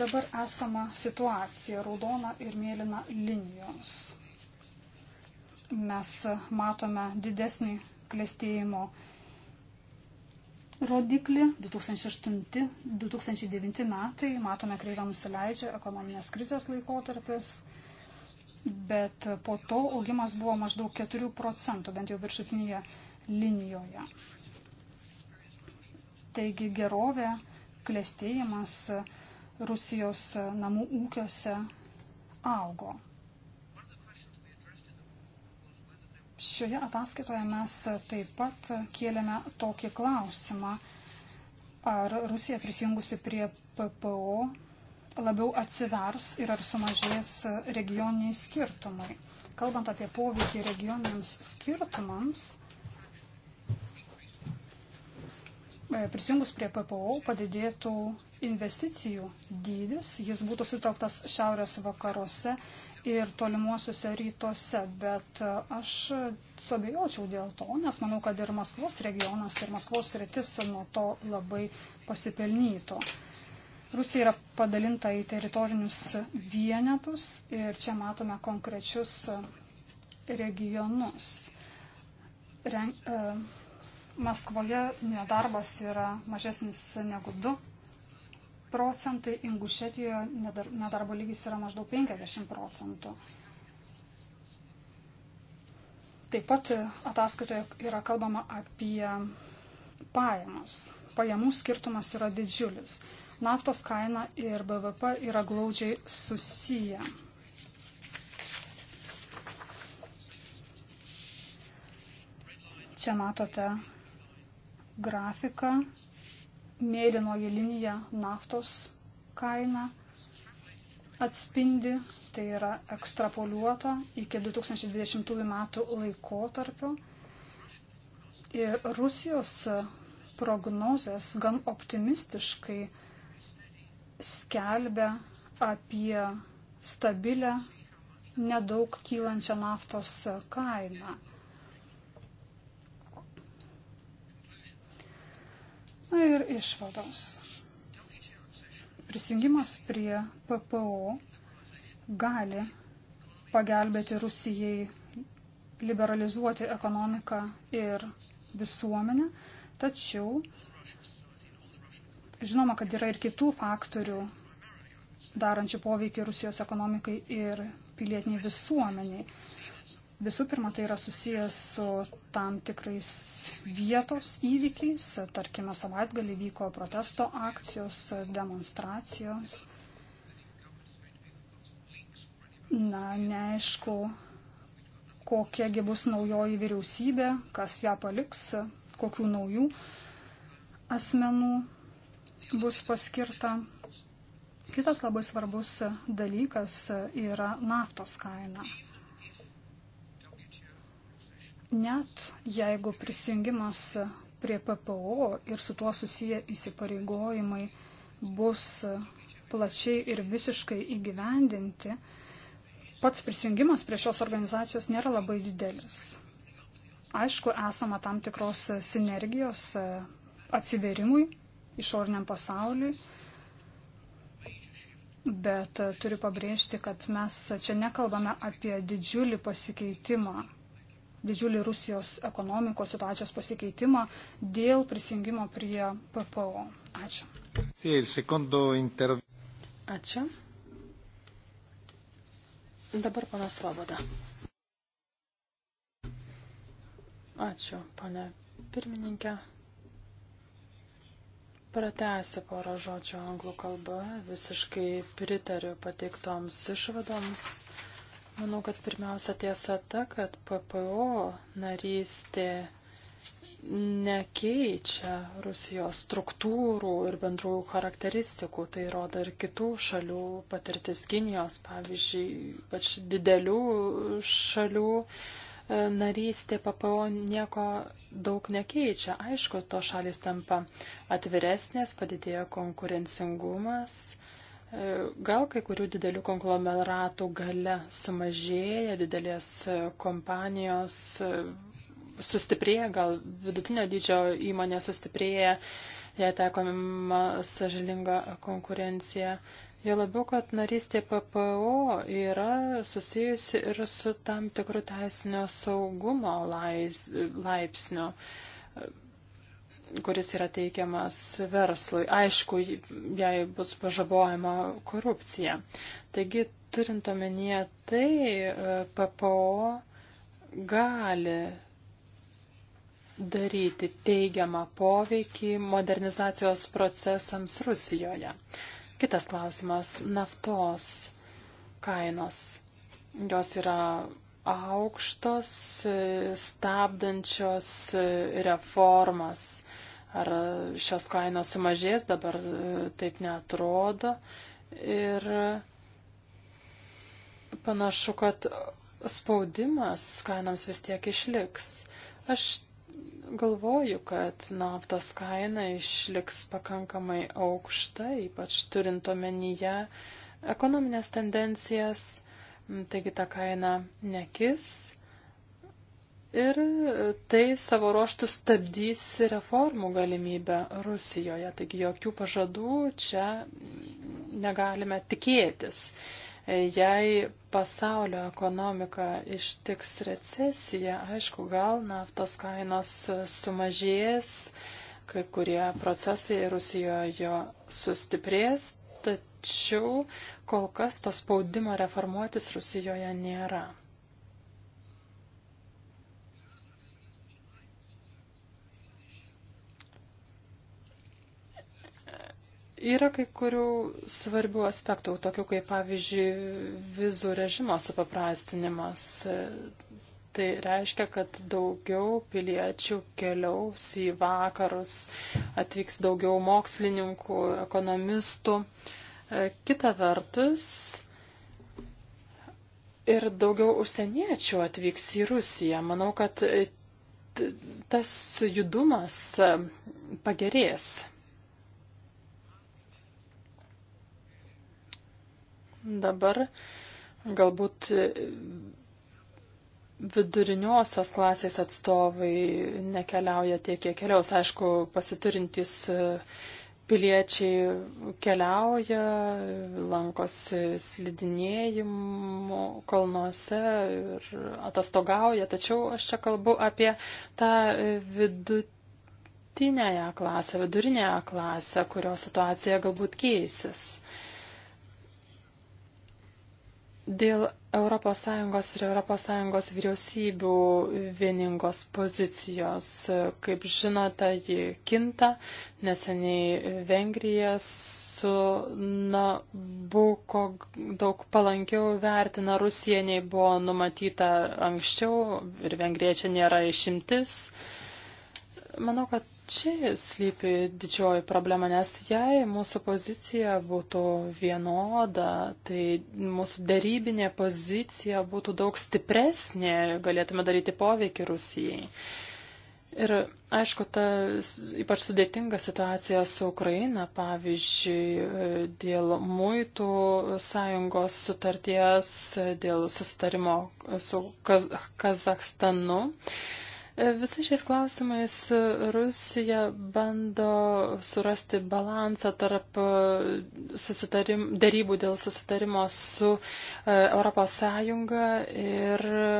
Dabar esama situacija raudona ir mėlyna linijos. Mes matome didesnį klėstėjimo rodiklį 2008-2009 metai, matome kreivą nusileidžia ekonominės krizės laikotarpis bet po to augimas buvo maždaug 4 procentų, bent jau viršutinėje linijoje. Taigi gerovė, klėstėjimas Rusijos namų ūkiuose augo. Šioje ataskaitoje mes taip pat kėlėme tokį klausimą, ar Rusija prisijungusi prie PPO labiau atsivers ir ar sumažės regioniniai skirtumai. Kalbant apie poveikį regioniniams skirtumams, e, prisijungus prie PPO padidėtų investicijų dydis, jis būtų sutelktas šiaurės vakaruose ir tolimuosiuose rytuose, bet e, aš suabejočiau dėl to, nes manau, kad ir Maskvos regionas, ir Maskvos rytis nuo to labai pasipelnytų. Rusija yra padalinta į teritorinius vienetus ir čia matome konkrečius regionus. Ren, e, Maskvoje nedarbas yra mažesnis negu 2 procentai, Ingušetijoje nedar, nedarbo lygis yra maždaug 50 procentų. Taip pat ataskaitoje yra kalbama apie pajamas. Pajamų skirtumas yra didžiulis. Naftos kaina ir BVP yra glaudžiai susiję. Čia matote grafiką, mėlynoji linija naftos kaina atspindi, tai yra ekstrapoliuota iki 2020 metų laikotarpio. Ir Rusijos prognozės gan optimistiškai skelbia apie stabilę, nedaug kylančią naftos kainą. Na ir išvados. Prisijungimas prie PPO gali pagelbėti Rusijai liberalizuoti ekonomiką ir visuomenę, tačiau Žinoma, kad yra ir kitų faktorių darančių poveikį Rusijos ekonomikai ir pilietiniai visuomeniai. Visų pirma, tai yra susijęs su tam tikrais vietos įvykiais. Tarkime, savaitgalį vyko protesto akcijos, demonstracijos. Na, neaišku, kokiegi bus naujoji vyriausybė, kas ją paliks, kokių naujų asmenų bus paskirta. Kitas labai svarbus dalykas yra naftos kaina. Net jeigu prisijungimas prie PPO ir su tuo susiję įsipareigojimai bus plačiai ir visiškai įgyvendinti, pats prisijungimas prie šios organizacijos nėra labai didelis. Aišku, esama tam tikros sinergijos atsiverimui išorniam pasauliui. Bet turiu pabrėžti, kad mes čia nekalbame apie didžiulį pasikeitimą, didžiulį Rusijos ekonomikos situacijos pasikeitimą dėl prisijungimo prie PPO. Ačiū. Ačiū. Dabar pana Svoboda. Ačiū, pane pirmininkė. Pratęsiu porą žodžių anglų kalba, visiškai pritariu pateiktoms išvadoms. Manau, kad pirmiausia tiesa ta, kad PPO narystė nekeičia Rusijos struktūrų ir bendrųjų charakteristikų. Tai rodo ir kitų šalių patirtis Kinijos, pavyzdžiui, pač didelių šalių. Uh, E, narystė PPO nieko daug nekeičia. Aišku, to šalis tampa atviresnės, padidėjo konkurencingumas. E, gal kai kurių didelių konglomeratų gale sumažėja, didelės e, kompanijos sustiprėja, gal vidutinio dydžio įmonė sustiprėja, jei taikoma sažininga konkurencija. Jo labiau, kad narystė PPO yra susijusi ir su tam tikru teisinio saugumo lais, laipsniu, kuris yra teikiamas verslui. Aišku, jei bus pažabojama korupcija. Taigi, turint omenyje tai, PPO gali daryti teigiamą poveikį modernizacijos procesams Rusijoje. Kitas klausimas - naftos kainos. Jos yra aukštos, stabdančios reformas. Ar šios kainos sumažės, dabar e, taip netrodo. Ir panašu, kad spaudimas kainams vis tiek išliks. Aš galvoju, kad naftos kaina išliks pakankamai aukšta, ypač turint omenyje ekonominės tendencijas, taigi ta kaina nekis. Ir tai savo ruoštų stabdys reformų galimybę Rusijoje, taigi jokių pažadų čia negalime tikėtis. Jei pasaulio ekonomika ištiks recesija, aišku, gal naftos kainos sumažės, kai kurie procesai Rusijoje sustiprės, tačiau kol kas to spaudimo reformuotis Rusijoje nėra. Yra kai kurių svarbių aspektų, tokių kaip pavyzdžiui vizų režimo supaprastinimas. Tai reiškia, kad daugiau piliečių keliaus į vakarus, atvyks daugiau mokslininkų, ekonomistų. Kita vertus, ir daugiau užsieniečių atvyks į Rusiją. Manau, kad tas judumas pagerės Dabar galbūt viduriniosios klasės atstovai nekeliauja tiek, kiek keliaus. Aišku, pasiturintys piliečiai keliauja, lankosi slidinėjimų kalnuose ir atostogauja, tačiau aš čia kalbu apie tą vidutinę klasę, vidurinę klasę, kurio situacija galbūt keisis. Dėl ES ir ES vyriausybių vieningos pozicijos, kaip žinote, ji kinta. Neseniai Vengrija su Nabuko daug palankiau vertina Rusija, nei buvo numatyta anksčiau ir Vengrija čia nėra išimtis. Manau, kad čia slypi didžioji problema, nes jei mūsų pozicija būtų vienoda, tai mūsų darybinė pozicija būtų daug stipresnė, galėtume daryti poveikį Rusijai. Ir aišku, ta ypač sudėtinga situacija su Ukraina, pavyzdžiui, dėl muitų sąjungos sutarties, dėl sustarimo su Kaz Kazakstanu. Uh, Visai šiais klausimais Rusija bando surasti balansą tarp e, susitarim, darybų dėl susitarimo su ES ir e,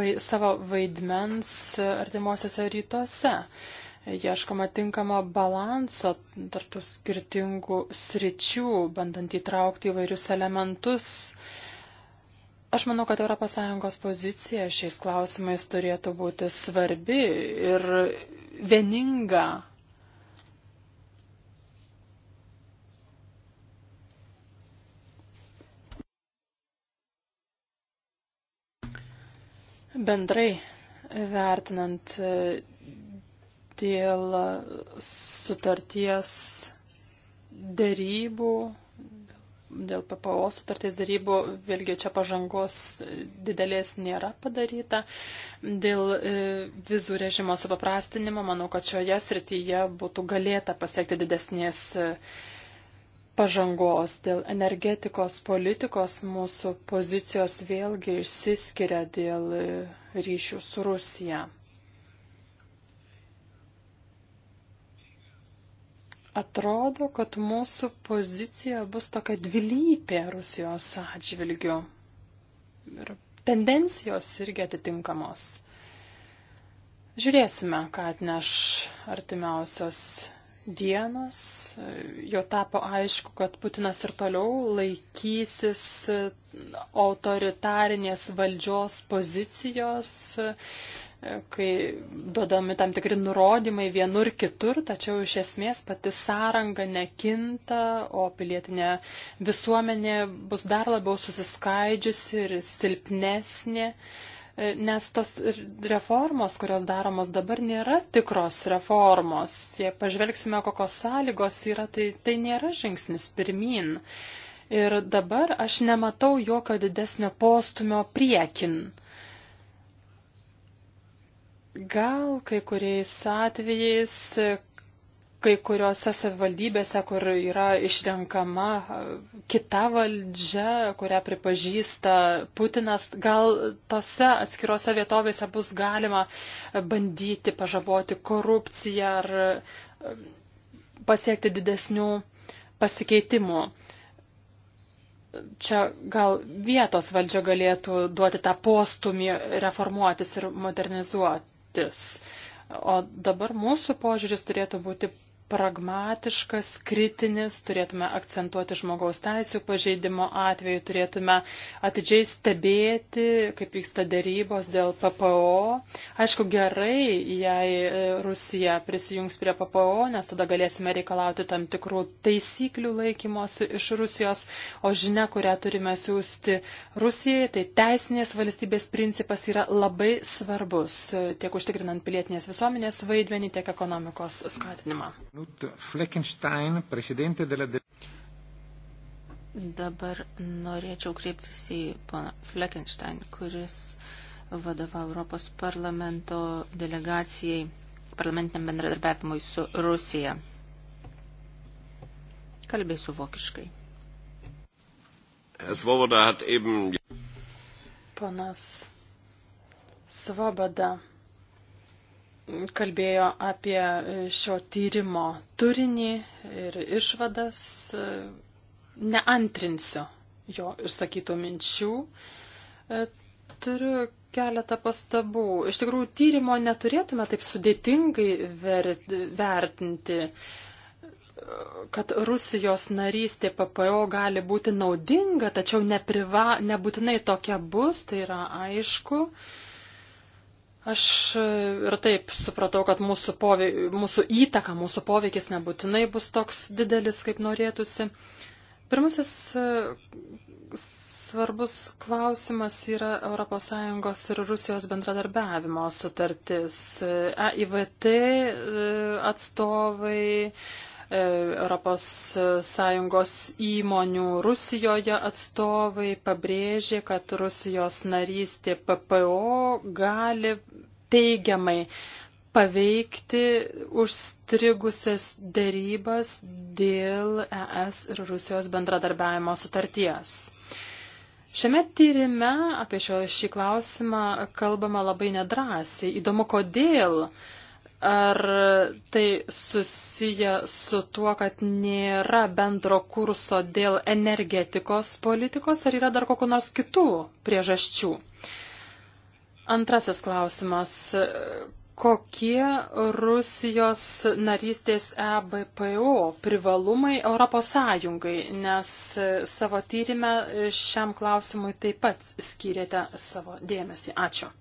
vai, savo vaidmens artimuosiuose rytuose. Ieškoma tinkamo balanso tarp skirtingų sričių, bandant įtraukti įvairius elementus Aš manau, kad ES pozicija šiais klausimais turėtų būti svarbi ir vieninga. Bendrai vertinant dėl sutarties dėrybų dėl PPO sutarties darybų, vėlgi čia pažangos didelės nėra padaryta. Dėl e, vizų režimo supaprastinimo, manau, kad šioje srityje būtų galėta pasiekti didesnės e, pažangos. Dėl energetikos politikos mūsų pozicijos vėlgi išsiskiria dėl e, ryšių su Rusija. atrodo, kad mūsų pozicija bus tokia dvilypė Rusijos atžvilgiu. Ir tendencijos irgi atitinkamos. Žiūrėsime, ką atneš artimiausios dienos. Jo tapo aišku, kad Putinas ir toliau laikysis autoritarinės valdžios pozicijos kai duodami tam tikri nurodymai vienur kitur, tačiau iš esmės pati sąranga nekinta, o pilietinė visuomenė bus dar labiau susiskaidžiusi ir silpnesnė. E, nes tos reformos, kurios daromos dabar, nėra tikros reformos. Jei pažvelgsime, kokios sąlygos yra, tai tai nėra žingsnis pirmin. Ir dabar aš nematau jokio didesnio postumio priekin. Gal kai kuriais atvejais, kai kuriuose savivaldybėse, kur yra išrenkama kita valdžia, kurią pripažįsta Putinas, gal tose atskirose vietovėse bus galima bandyti pažaboti korupciją ar pasiekti didesnių pasikeitimų. Čia gal vietos valdžia galėtų duoti tą postumį reformuotis ir modernizuoti mintis. O dabar mūsų požiūris turėtų būti pragmatiškas, kritinis, turėtume akcentuoti žmogaus teisų pažeidimo atveju, turėtume atidžiai stebėti, kaip vyksta dėrybos dėl PPO. Aišku, gerai, jei Rusija prisijungs prie PPO, nes tada galėsime reikalauti tam tikrų taisyklių laikymosi iš Rusijos, o žinia, kurią turime siūsti Rusijai, tai teisinės valstybės principas yra labai svarbus tiek užtikrinant pilietinės visuomenės vaidmenį, tiek ekonomikos skatinimą. Knut Fleckenstein, prezidentė della... Dabar norėčiau kreiptis į poną Fleckenstein, kuris vadovavo Europos parlamento delegacijai parlamentiniam bendradarbiavimui su Rusija. Kalbėsiu vokiškai. Svoboda hat eben. Ponas Svoboda kalbėjo apie šio tyrimo turinį ir išvadas. Neantrinsiu jo išsakytų minčių. E, turiu keletą pastabų. Iš tikrųjų, tyrimo neturėtume taip sudėtingai vertinti, e, kad Rusijos narystė PPO gali būti naudinga, tačiau nepriva, nebūtinai tokia bus, tai yra aišku. Uh, Aš e, ir taip supratau, kad mūsų, povei, mūsų įtaka, mūsų poveikis nebūtinai bus toks didelis, kaip norėtųsi. Pirmasis e, svarbus klausimas yra ES ir Rusijos bendradarbiavimo sutartis. EIVT e, atstovai, ES įmonių Rusijoje atstovai pabrėžė, kad Rusijos narystė PPO gali teigiamai paveikti užstrigusias dėrybas dėl ES ir Rusijos bendradarbiavimo sutarties. Šiame tyrime apie šio, šį klausimą kalbama labai nedrasiai. Įdomu, kodėl uh, Ar tai susiję su tuo, kad nėra bendro kurso dėl energetikos politikos, ar yra dar kokiu nors kitų priežasčių? Antrasis klausimas. Kokie Rusijos narystės EBPO privalumai Europos Sąjungai? Nes savo tyrimę šiam klausimui taip pat skyrėte savo dėmesį. Ačiū.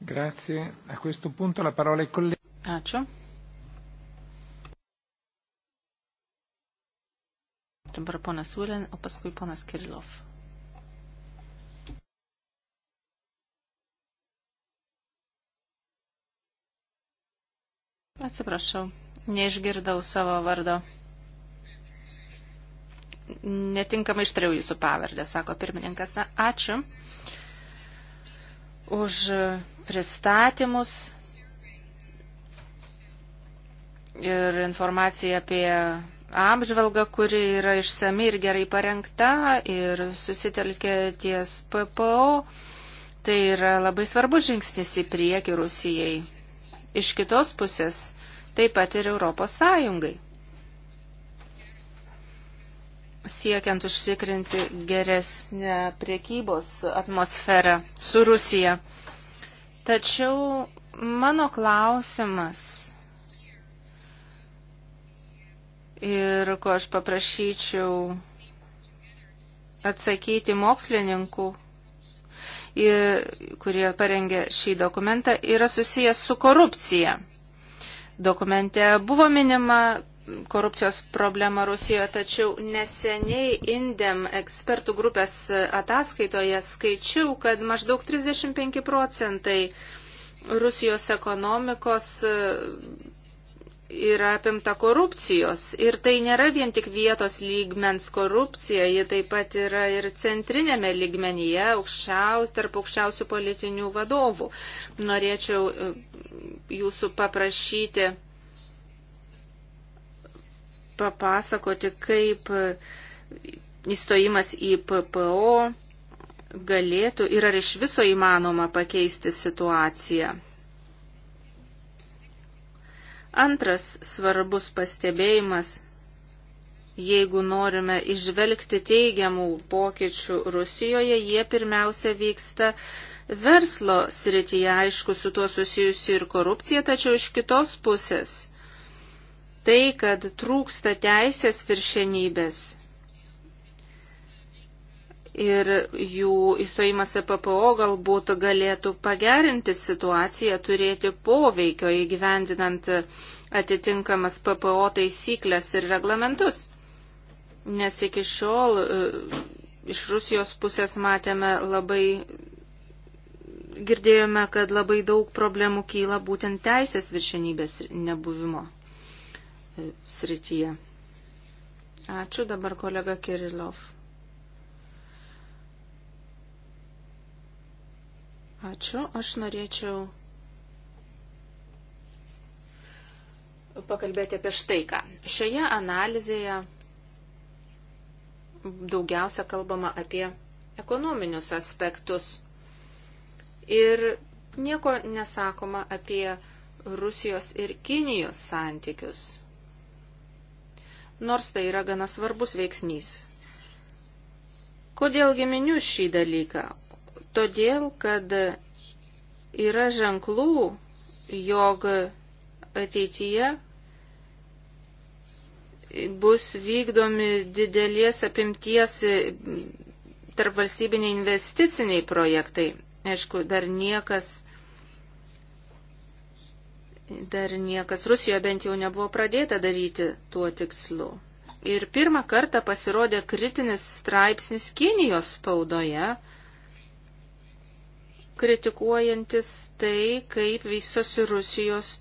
Grazie. A questo punto la parola ai colleghi. Ačiū. Dabar ponas Ulin, o paskui ponas Kirilov. Atsiprašau, neišgirdau savo vardo. Netinkamai ištariau jūsų pavardę, sako pirmininkas. Ačiū už pristatymus ir informacija apie apžvalgą, kuri yra išsami ir gerai parengta ir susitelkė ties PPO. Tai yra labai svarbus žingsnis į priekį Rusijai. Iš kitos pusės taip pat ir Europos Sąjungai. Siekiant užtikrinti geresnę priekybos atmosferą su Rusija. Tačiau mano klausimas ir ko aš paprašyčiau atsakyti mokslininkų, kurie parengė šį dokumentą, yra susijęs su korupcija. Dokumente buvo minima korupcijos problema Rusijoje, tačiau neseniai Indem ekspertų grupės ataskaitoje skaičiau, kad maždaug 35 procentai Rusijos ekonomikos yra apimta korupcijos. Ir tai nėra vien tik vietos lygmens korupcija, ji taip pat yra ir centrinėme lygmenyje, aukščiaus, tarp aukščiausių politinių vadovų. Norėčiau e, jūsų paprašyti papasakoti, kaip e, įstojimas į PPO galėtų ir ar iš viso įmanoma pakeisti situaciją. Antras svarbus pastebėjimas, jeigu norime išvelgti teigiamų pokyčių Rusijoje, jie pirmiausia vyksta verslo srityje, aišku, su tuo susijusi ir korupcija, tačiau iš kitos pusės tai, kad trūksta teisės viršenybės ir jų įstojimas į PPO galbūt galėtų pagerinti situaciją, turėti poveikio įgyvendinant atitinkamas PPO taisyklės ir reglamentus. Nes iki šiol e, iš Rusijos pusės matėme labai, girdėjome, kad labai daug problemų kyla būtent teisės viršenybės nebuvimo e, srityje. Ačiū dabar kolega Kirilov. Ačiū. Aš norėčiau pakalbėti apie štai ką. Šioje analizėje daugiausia kalbama apie ekonominius aspektus ir nieko nesakoma apie Rusijos ir Kinijos santykius. Nors tai yra gana svarbus veiksnys. Kodėl giminių šį dalyką? Todėl, kad yra ženklų, jog ateityje bus vykdomi didelės apimties tarpvalstybiniai investiciniai projektai. Aišku, dar niekas, dar niekas Rusijoje bent jau nebuvo pradėta daryti tuo tikslu. Ir pirmą kartą pasirodė kritinis straipsnis Kinijos spaudoje, kritikuojantis tai, kaip vystosi Rusijos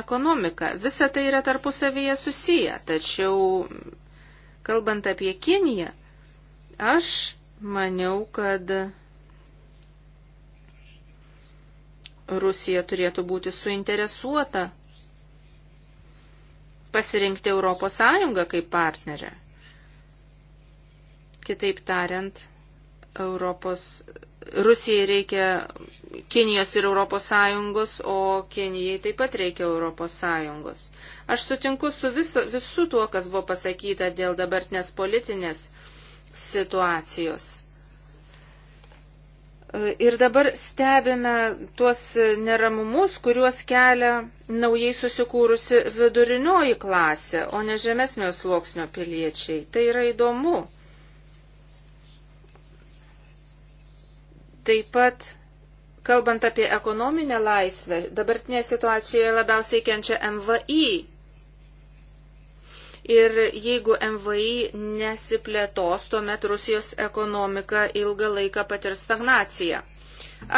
ekonomika. Visa tai yra tarpusavyje susiję, tačiau kalbant apie Kiniją, aš maniau, kad Rusija turėtų būti suinteresuota pasirinkti Europos Sąjungą kaip partnerę. Kitaip tariant, Europos Rusijai reikia Kinijos ir Europos Sąjungos, o Kinijai taip pat reikia Europos Sąjungos. Aš sutinku su visu, visu tuo, kas buvo pasakyta dėl dabartinės politinės situacijos. Ir dabar stebime tuos neramumus, kuriuos kelia naujai susikūrusi vidurinioji klasė, o ne žemesnio sluoksnio piliečiai. Tai yra įdomu. Taip pat, kalbant apie ekonominę laisvę, dabartinė situacijoje labiausiai kenčia MVI. Ir jeigu MVI nesiplėtos, tuomet Rusijos ekonomika ilgą laiką patirs stagnaciją.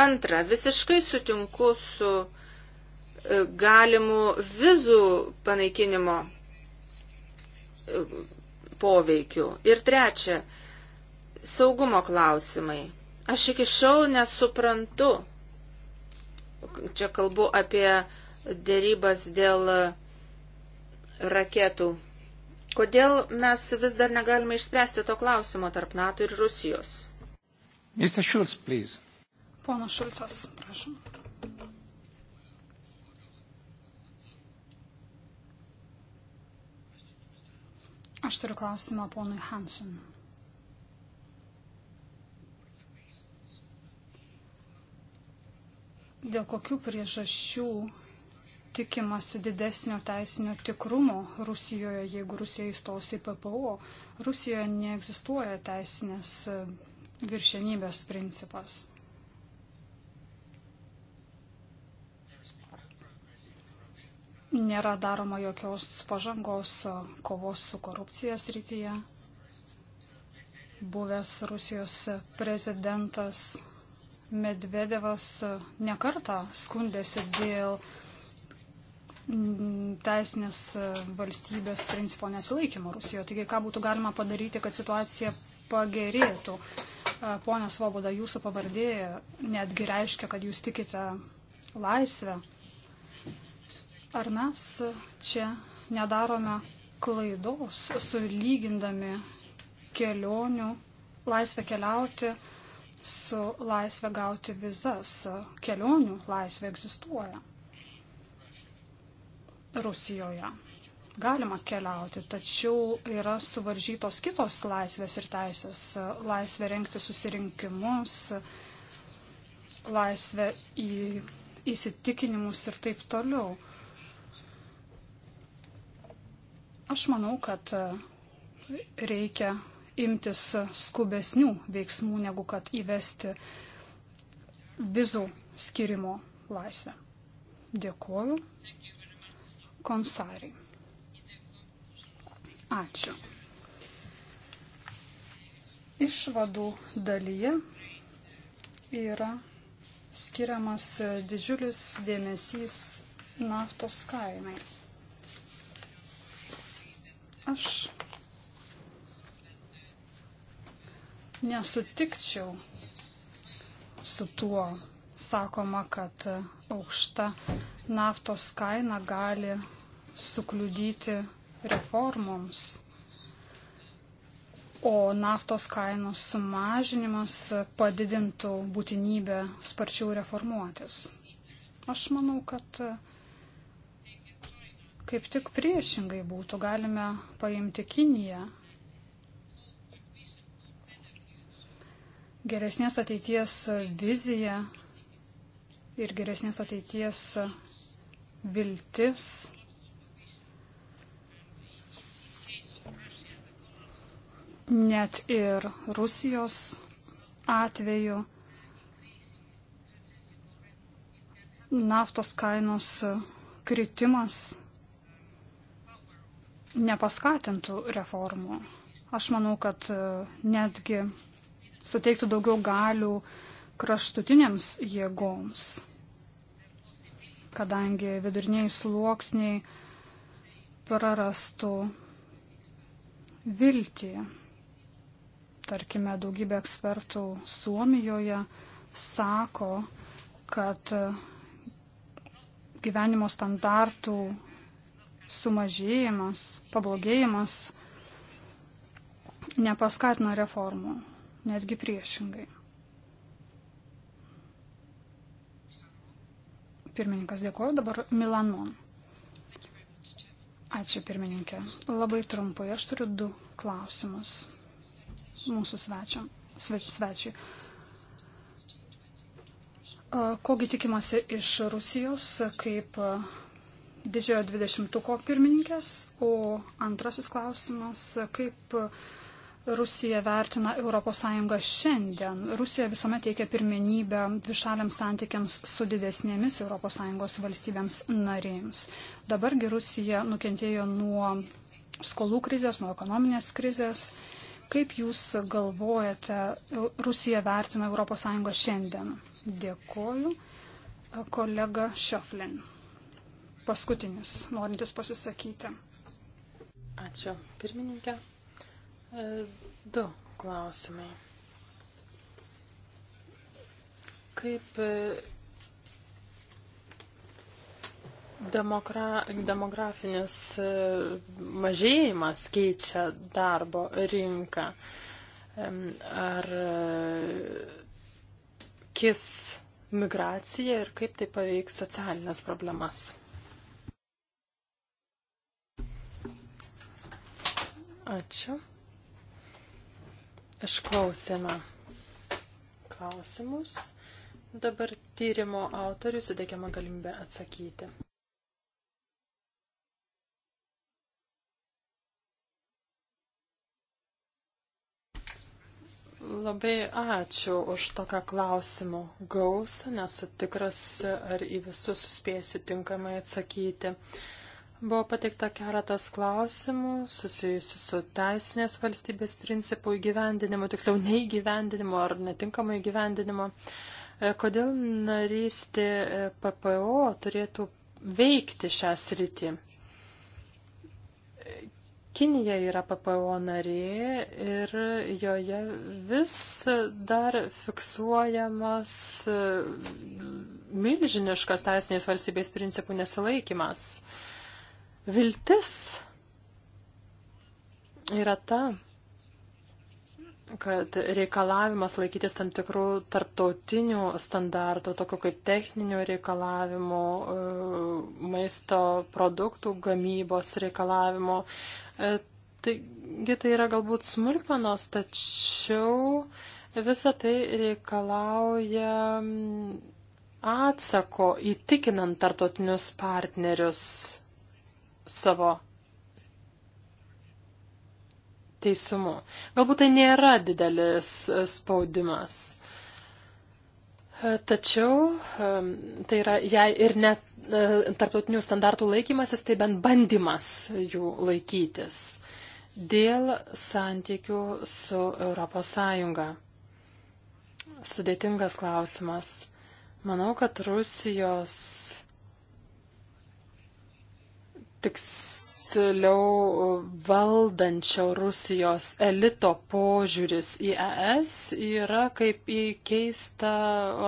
Antra, visiškai sutinku su e, galimų vizų panaikinimo e, poveikiu. Ir trečia, saugumo klausimai. Aš iki šiol nesuprantu, čia kalbu apie dėrybas dėl raketų. Kodėl mes vis dar negalime išspręsti to klausimo tarp NATO ir Rusijos? Mr. Schulz, please. Ponas Šulcas, prašom. Aš turiu klausimą ponui Hansen. dėl kokių priežasčių tikimasi didesnio teisinio tikrumo Rusijoje, jeigu Rusija įstos į PPO. Rusijoje neegzistuoja teisinės e, viršenybės principas. Nėra daroma jokios pažangos e, kovos su korupcija srityje. Buvęs Rusijos prezidentas Medvedevas nekarta skundėsi dėl teisinės valstybės principo nesilaikymo Rusijoje. Taigi, ką būtų galima padaryti, kad situacija pagerėtų? Pone Svoboda, jūsų pavardė netgi reiškia, kad jūs tikite laisvę. Ar mes čia nedarome klaidos, sulygindami kelionių, laisvę keliauti? su laisvė gauti vizas. Kelionių laisvė egzistuoja Rusijoje. Galima keliauti, tačiau yra suvaržytos kitos laisvės ir teisės. Laisvė renkti susirinkimus, laisvė į įsitikinimus ir taip toliau. Aš manau, kad reikia imtis skubesnių veiksmų, negu kad įvesti vizų skirimo laisvę. Dėkuoju. Konsariai. Ačiū. Išvadų dalyje yra skiriamas didžiulis dėmesys naftos kainai. Aš nesutikčiau su tuo. Sakoma, kad aukšta naftos kaina gali sukliudyti reformoms, o naftos kainos sumažinimas padidintų būtinybę sparčiau reformuotis. Aš manau, kad kaip tik priešingai būtų galime paimti Kiniją geresnės ateities viziją ir geresnės ateities viltis. Net ir Rusijos atveju naftos kainos kritimas nepaskatintų reformų. Aš manau, kad netgi suteiktų daugiau galių kraštutinėms jėgoms, kadangi viduriniai sluoksniai prarastų viltį. Tarkime, daugybė ekspertų Suomijoje sako, kad gyvenimo standartų sumažėjimas, pablogėjimas nepaskatino reformų netgi priešingai. Pirmininkas dėkoju, dabar Milan Mon. Ačiū pirmininkė. Labai trumpai, aš turiu du klausimus mūsų svečiam, sve, svečiui. Kogi tikimasi iš Rusijos kaip didžiojo dvidešimtuko pirmininkės? O antrasis klausimas, kaip Rusija vertina ES šiandien. Rusija visuomet teikia pirmenybę dvišaliams santykiams su didesnėmis ES valstybėms narėms. Dabargi Rusija nukentėjo nuo skolų krizės, nuo ekonominės krizės. Kaip Jūs galvojate, Rusija vertina ES šiandien? Dėkoju. Kolega Šioflin. Paskutinis, norintis pasisakyti. Ačiū, pirmininkė. E, du klausimai. Kaip e, Demokra demografinis e, mažėjimas keičia darbo rinką. Ar kis migracija ir kaip tai paveiks socialinės problemas? Ačiū. Išklausėme klausimus. Dabar tyrimo autoriui sudėkiama galimybė atsakyti. Labai ačiū už tokią klausimų gausą, nesu tikras, ar į visus suspėsiu tinkamai atsakyti. Uh, Buvo pateikta keletas klausimų susijusių su teisinės valstybės principų įgyvendinimu, tiksliau neįgyvendinimu ar netinkamu įgyvendinimu. E, kodėl narystė e, PPO turėtų veikti šią sritį? Kinija yra PPO narė ir joje vis dar fiksuojamas e, milžiniškas teisinės valstybės principų nesilaikimas. Viltis yra ta, kad reikalavimas laikytis tam tikrų tarptautinių standartų, tokių kaip techninių reikalavimų, e, maisto produktų gamybos reikalavimų. E, taigi tai yra galbūt smulkmenos, tačiau visa tai reikalauja mm, atsako įtikinant tarptautinius partnerius savo teisumu. Galbūt tai nėra didelis e, spaudimas. E, tačiau e, tai yra, jei ir net tarptautinių standartų laikymasis, tai bent bandymas jų laikytis dėl santykių su ES. Sudėtingas klausimas. Manau, kad Rusijos tiksliau valdančio Rusijos elito požiūris į ES yra kaip į keistą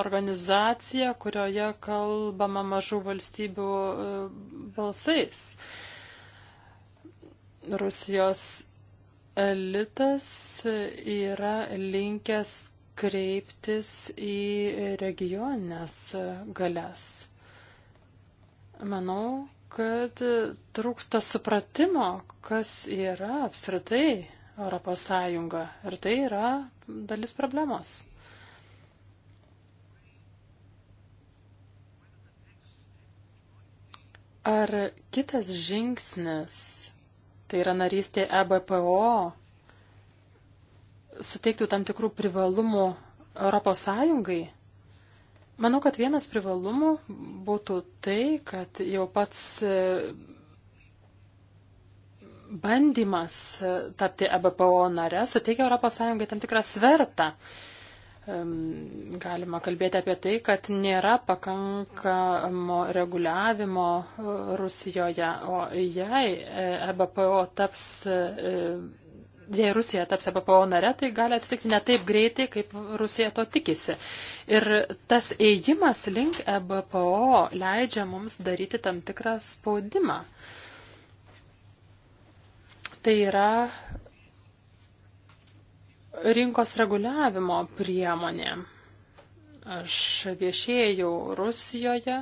organizaciją, kurioje kalbama mažų valstybių e, balsais. Rusijos elitas yra linkęs kreiptis į regioninės galias. Manau, kad trūksta supratimo, kas yra apskritai Europos Sąjunga. Ir tai yra dalis problemos. Ar kitas žingsnis, tai yra narystė EBPO, suteiktų tam tikrų privalumų Europos Sąjungai? Manau, kad vienas privalumų būtų tai, kad jau pats e, bandymas e, tapti EBPO nare suteikia ES tam tikrą svertą. Galima kalbėti apie tai, kad nėra pakankamo reguliavimo e, Rusijoje, o jei EBPO taps jei Rusija taps EBPO nare, tai gali atsitikti ne taip greitai, kaip Rusija to tikisi. Ir tas ėjimas link EBPO leidžia mums daryti tam tikrą spaudimą. Tai yra rinkos reguliavimo priemonė. Aš viešėjau Rusijoje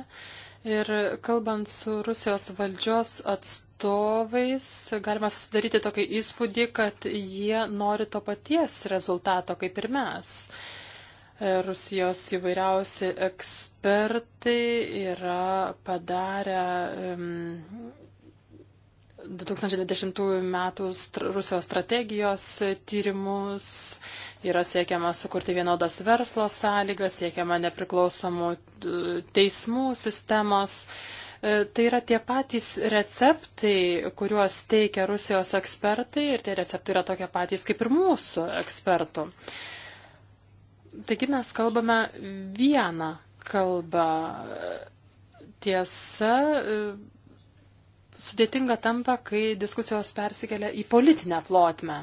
ir kalbant su Rusijos valdžios atstovais, atstovais galima susidaryti tokį įspūdį, kad jie nori to paties rezultato kaip ir mes. Rusijos įvairiausi ekspertai yra padarę um, 2020 m. Rusijos strategijos tyrimus, yra siekiama sukurti vienodas verslo sąlygas, siekiama nepriklausomų teismų sistemos. Uh, E, tai yra tie patys receptai, kuriuos teikia Rusijos ekspertai ir tie receptai yra tokie patys kaip ir mūsų ekspertų. Taigi mes kalbame vieną kalbą. Tiesa, e, sudėtinga tampa, kai diskusijos persikelia į politinę plotmę.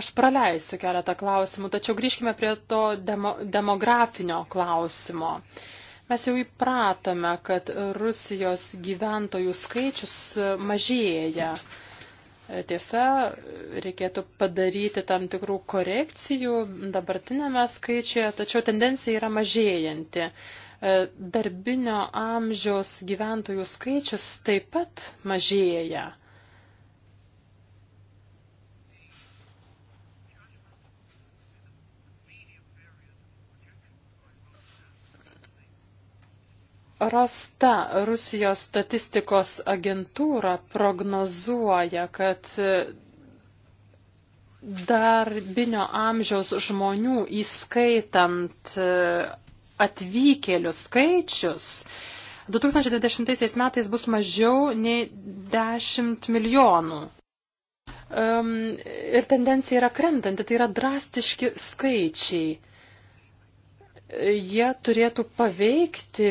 Aš praleisiu keletą klausimų, tačiau grįžkime prie to demo, demografinio klausimo. Uh, Mes jau įpratome, kad Rusijos gyventojų skaičius mažėja. Tiesa, reikėtų padaryti tam tikrų korekcijų dabartinėme skaičiuje, tačiau tendencija yra mažėjanti. E, darbinio amžiaus gyventojų skaičius taip pat mažėja. rasta Rusijos statistikos agentūra prognozuoja, kad darbinio amžiaus žmonių įskaitant e, atvykėlių skaičius 2020 metais bus mažiau nei 10 milijonų. Um, ir tendencija yra krentanti, tai yra drastiški skaičiai jie turėtų paveikti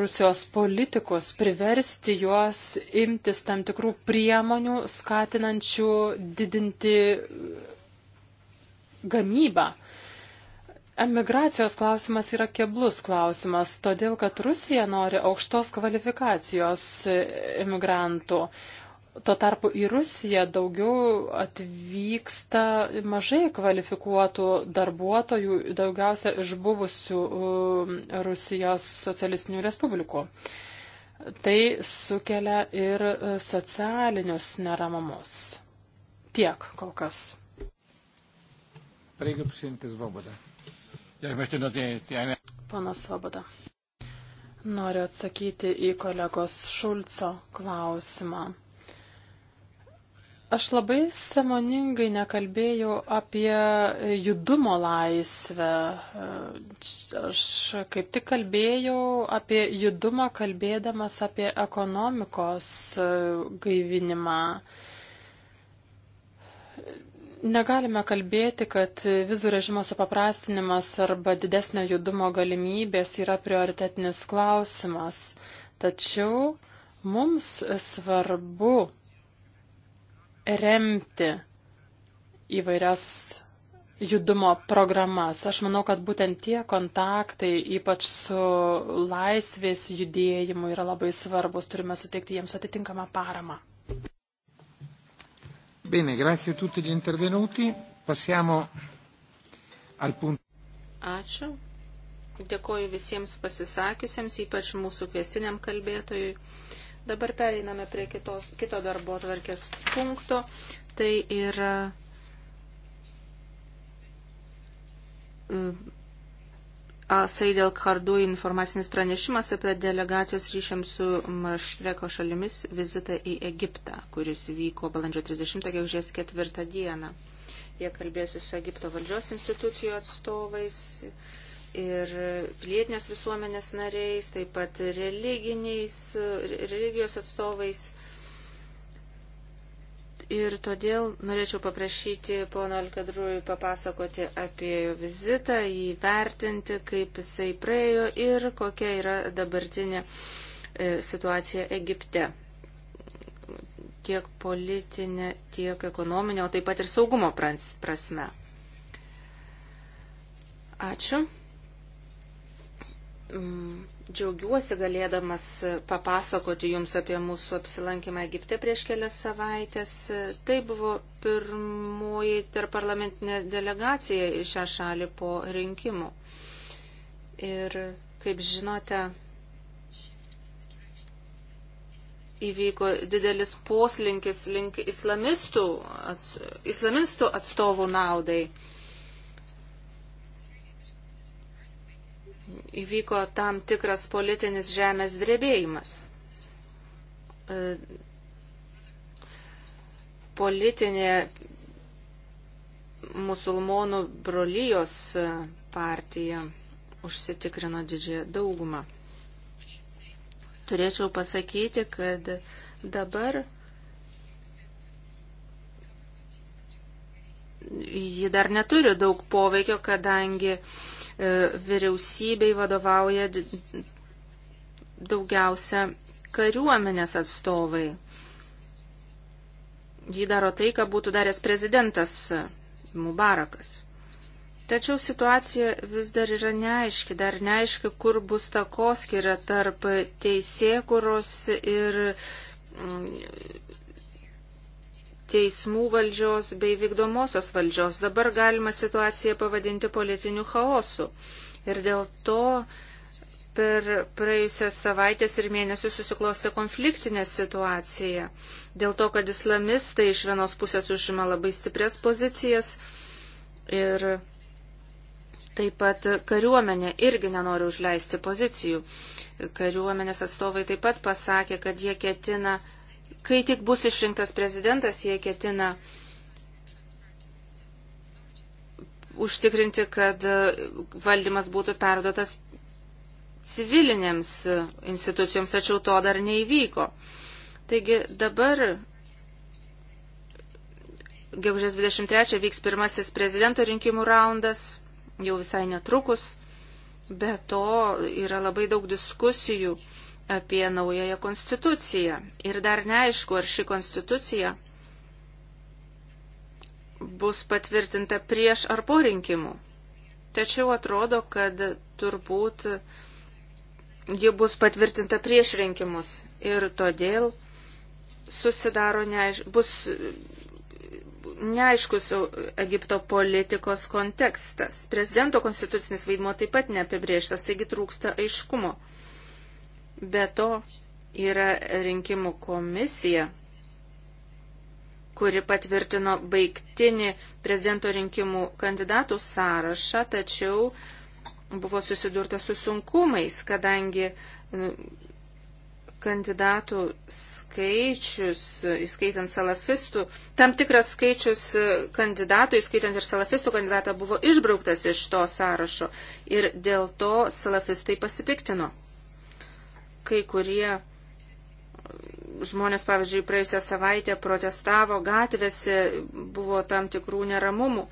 Rusijos politikus, priversti juos imtis tam tikrų priemonių, skatinančių didinti gamybą. Emigracijos klausimas yra keblus klausimas, todėl kad Rusija nori aukštos kvalifikacijos emigrantų. E, Tuo tarpu į Rusiją daugiau atvyksta mažai kvalifikuotų darbuotojų, daugiausia iš buvusių um, Rusijos socialistinių respublikų. Tai sukelia ir e, socialinius neramumus. Tiek kol kas. Reikia prisimti Svobodą. Panas Svoboda. Noriu atsakyti į kolegos Šulco klausimą. Aš labai samoningai nekalbėjau apie judumo laisvę. Aš kaip tik kalbėjau apie judumą, kalbėdamas apie ekonomikos gaivinimą. Negalime kalbėti, kad vizų režimo supaprastinimas arba didesnio judumo galimybės yra prioritetinis klausimas. Tačiau mums svarbu remti įvairias judumo programas. Aš manau, kad būtent tie kontaktai, ypač su laisvės judėjimu, yra labai svarbus. Turime suteikti jiems atitinkamą paramą. Bene, grazie a tutti gli intervenuti. Passiamo al punto. Ačiū. Dėkoju visiems pasisakiusiems, ypač mūsų kvestiniam kalbėtojui. Dabar pereiname prie kitos, kito darbo atvarkės punkto. Tai yra e, Saidel Kardu informacinis pranešimas apie delegacijos ryšiams su Mašreko šalimis vizitą į Egiptą, kuris vyko balandžio 30 gegužės 4 dieną. Jie kalbėjosi su Egipto valdžios institucijų atstovais ir pilietinės visuomenės nariais, taip pat religiniais, religijos atstovais. Ir todėl norėčiau paprašyti pono Alkadrui papasakoti apie jo vizitą, įvertinti, kaip jisai praėjo ir kokia yra dabartinė e, situacija Egipte. Tiek politinė, tiek ekonominė, o taip pat ir saugumo prasme. Ačiū. Mm, džiaugiuosi galėdamas papasakoti Jums apie mūsų apsilankymą Egipte prieš kelias savaitės. Tai buvo pirmoji tarparlamentinė delegacija į šią šalį po rinkimų. Ir, kaip žinote, įvyko didelis poslinkis link islamistų, ats, islamistų atstovų naudai. įvyko tam tikras politinis žemės drebėjimas. E, politinė musulmonų brolyjos partija užsitikrino didžiąją daugumą. Turėčiau pasakyti, kad dabar ji dar neturi daug poveikio, kadangi uh, E, vyriausybei vadovauja daugiausia kariuomenės atstovai. Jį daro tai, ką būtų daręs prezidentas Mubarakas. Tačiau situacija vis dar yra neaiški, dar neaiški, kur bus takoskira tarp teisėkuros ir mm, teismų valdžios bei vykdomosios valdžios. Dabar galima situaciją pavadinti politiniu chaosu. Ir dėl to per praėjusias savaitės ir mėnesius susiklostė konfliktinė situacija. Dėl to, kad islamistai iš vienos pusės užima labai stiprias pozicijas ir taip pat kariuomenė irgi nenori užleisti pozicijų. Kariuomenės atstovai taip pat pasakė, kad jie ketina Kai tik bus išrinktas prezidentas, jie ketina užtikrinti, kad e, valdymas būtų perduotas civilinėms e, institucijoms, tačiau to dar neįvyko. Taigi dabar gegužės 23 vyks pirmasis prezidento rinkimų raundas, jau visai netrukus. Be to yra labai daug diskusijų apie naująją konstituciją. Ir dar neaišku, ar ši konstitucija bus patvirtinta prieš ar po rinkimų. Tačiau atrodo, kad turbūt ji bus patvirtinta prieš rinkimus. Ir todėl susidaro neaiš, bus neaiškus Egipto politikos kontekstas. Prezidento konstitucinis vaidmo taip pat neapibrieštas, taigi trūksta aiškumo. Be to yra rinkimų komisija, kuri patvirtino baigtinį prezidento rinkimų kandidatų sąrašą, tačiau buvo susidurta su sunkumais, kadangi e, kandidatų skaičius, įskaitant salafistų, tam tikras skaičius e, kandidatų, įskaitant ir salafistų kandidatą, buvo išbrauktas iš to sąrašo ir dėl to salafistai pasipiktino. Kai kurie žmonės, pavyzdžiui, praėjusią savaitę protestavo gatvėse, buvo tam tikrų neramumų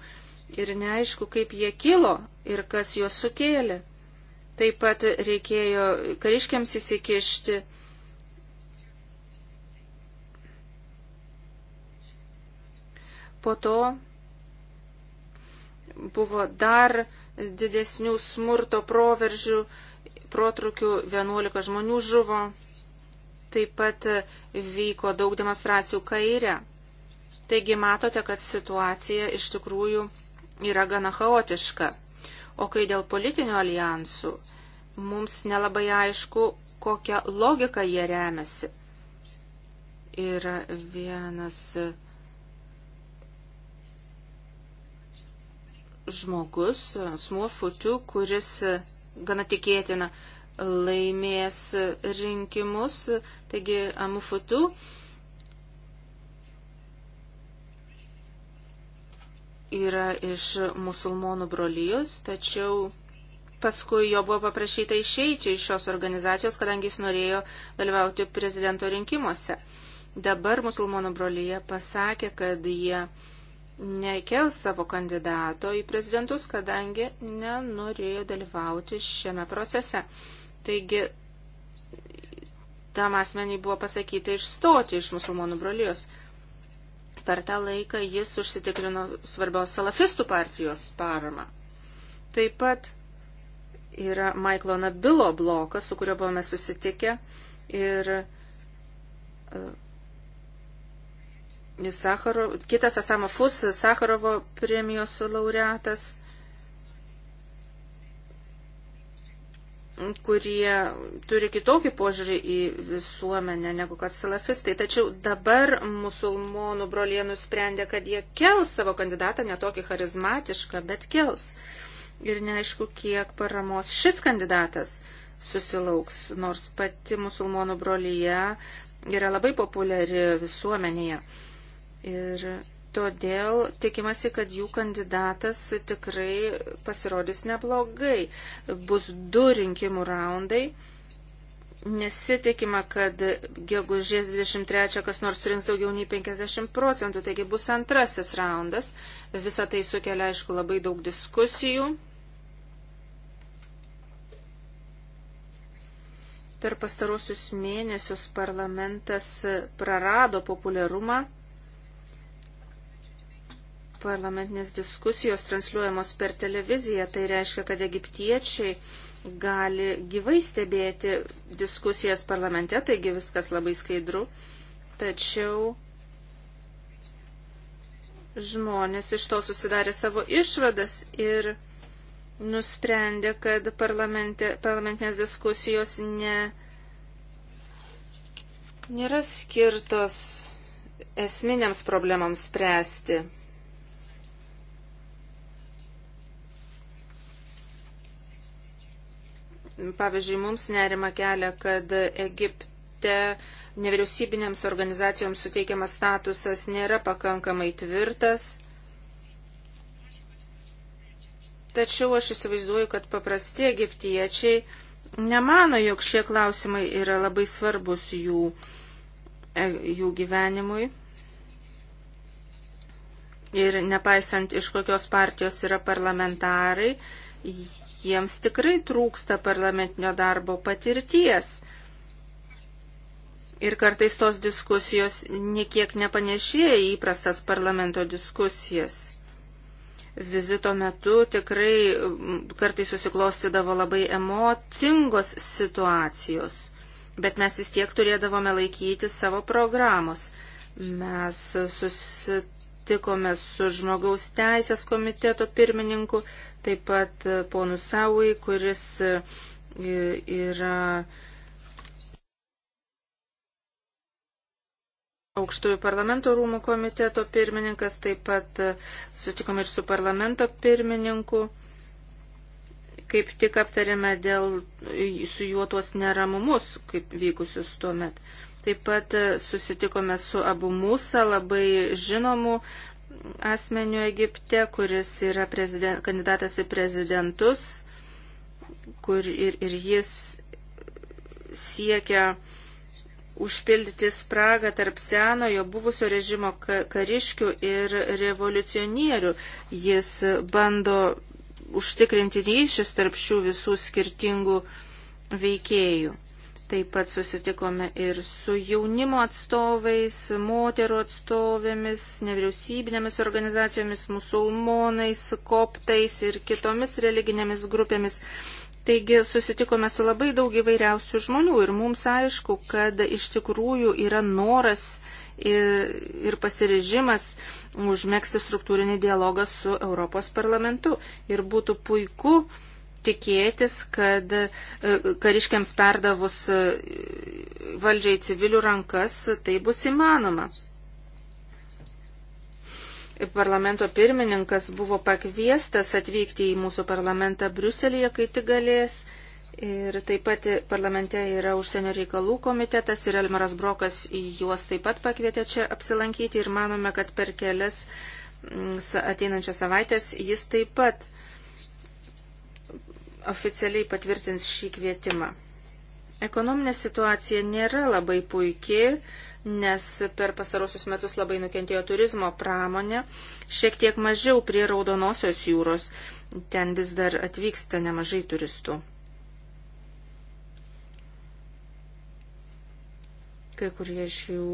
ir neaišku, kaip jie kilo ir kas juos sukėlė. Taip pat reikėjo kariškiams įsikišti. Po to buvo dar didesnių smurto proveržių protrukių 11 žmonių žuvo, taip pat vyko daug demonstracijų kairė. Taigi matote, kad situacija iš tikrųjų yra gana chaotiška. O kai dėl politinių alijansų, mums nelabai aišku, kokią logiką jie remiasi. Yra vienas žmogus, asmuo futiu, kuris gana tikėtina, laimės rinkimus, taigi Amufutu. Yra iš musulmonų brolyjos, tačiau paskui jo buvo paprašyta išeiti iš šios organizacijos, kadangi jis norėjo dalyvauti prezidento rinkimuose. Dabar musulmonų brolyje pasakė, kad jie nekels savo kandidato į prezidentus, kadangi nenorėjo dalyvauti šiame procese. Taigi, tam asmeniai buvo pasakyta išstoti iš musulmonų brolijos. Per tą laiką jis užsitikrino svarbios salafistų partijos paramą. Taip pat yra Maiklo Nabilo blokas, su kuriuo buvome susitikę ir e, Sakaro, kitas Asamofus, Sakarovo premijos laureatas, kurie turi kitokį požiūrį į visuomenę negu kad salafistai. Tačiau dabar musulmonų brolie nusprendė, kad jie kels savo kandidatą, netokį charizmatišką, bet kels. Ir neaišku, kiek paramos šis kandidatas susilauks, nors pati musulmonų brolyje yra labai populiari visuomenėje. Ir Todėl tikimasi, kad jų kandidatas tikrai pasirodys neblogai. Bus du rinkimų raundai. Nesitikima, kad gegužės 23 kas nors turins daugiau nei 50 procentų, taigi bus antrasis raundas. Visą tai sukelia, aišku, labai daug diskusijų. Per pastarosius mėnesius parlamentas prarado populiarumą parlamentinės diskusijos transliuojamos per televiziją, tai reiškia, kad egiptiečiai gali gyvai stebėti diskusijas parlamente, taigi viskas labai skaidru, tačiau žmonės iš to susidarė savo išvadas ir nusprendė, kad parlamentinės diskusijos ne, nėra skirtos esminiams problemams spręsti. Pavyzdžiui, mums nerima kelia, kad Egipte nevyriausybinėms organizacijoms suteikiamas statusas nėra pakankamai tvirtas. Tačiau aš įsivaizduoju, kad paprasti egiptiečiai nemano, jog šie klausimai yra labai svarbus jų, e, jų gyvenimui. Ir nepaisant, iš kokios partijos yra parlamentarai, jiems tikrai trūksta parlamentinio darbo patirties. Ir kartais tos diskusijos niekiek nepanešėja į įprastas parlamento diskusijas. Vizito metu tikrai kartais susiklostydavo labai emocingos situacijos, bet mes vis tiek turėdavome laikyti savo programos. Mes susitikome susitikome su žmogaus teisės komiteto pirmininku, taip pat e, ponu Savui, kuris e, yra aukštųjų parlamento rūmų komiteto pirmininkas, taip pat e, sutikome ir su parlamento pirmininku. Kaip tik aptarėme dėl su juo tuos neramumus, kaip vykusius tuo metu. Taip pat e, susitikome su Abu Musa, labai žinomu asmeniu Egipte, kuris yra prezident, kandidatas į prezidentus, kur ir, ir jis siekia užpildyti spragą tarp senojo buvusio režimo kariškių ir revoliucionierių. Jis bando užtikrinti ryšius tarp šių visų skirtingų veikėjų. Taip pat susitikome ir su jaunimo atstovais, moterų atstovėmis, nevyriausybinėmis organizacijomis, musulmonais, koptais ir kitomis religinėmis grupėmis. Taigi susitikome su labai daug įvairiausių žmonių ir mums aišku, kad iš tikrųjų yra noras ir pasirežimas užmėgsti struktūrinį dialogą su Europos parlamentu. Ir būtų puiku tikėtis, kad e, kariškiams perdavus e, valdžiai civilių rankas tai bus įmanoma. Parlamento pirmininkas buvo pakviestas atvykti į mūsų parlamentą Briuselėje, kai tik galės. Ir taip pat parlamente yra užsienio reikalų komitetas ir Elmaras Brokas juos taip pat pakvietė čia apsilankyti ir manome, kad per kelias mm, ateinančias savaitės jis taip pat oficialiai patvirtins šį kvietimą. Ekonominė situacija nėra labai puikiai, nes per pasarosius metus labai nukentėjo turizmo pramonė, šiek tiek mažiau prie Raudonosios jūros, ten vis dar atvyksta nemažai turistų. Kai kurie iš jų,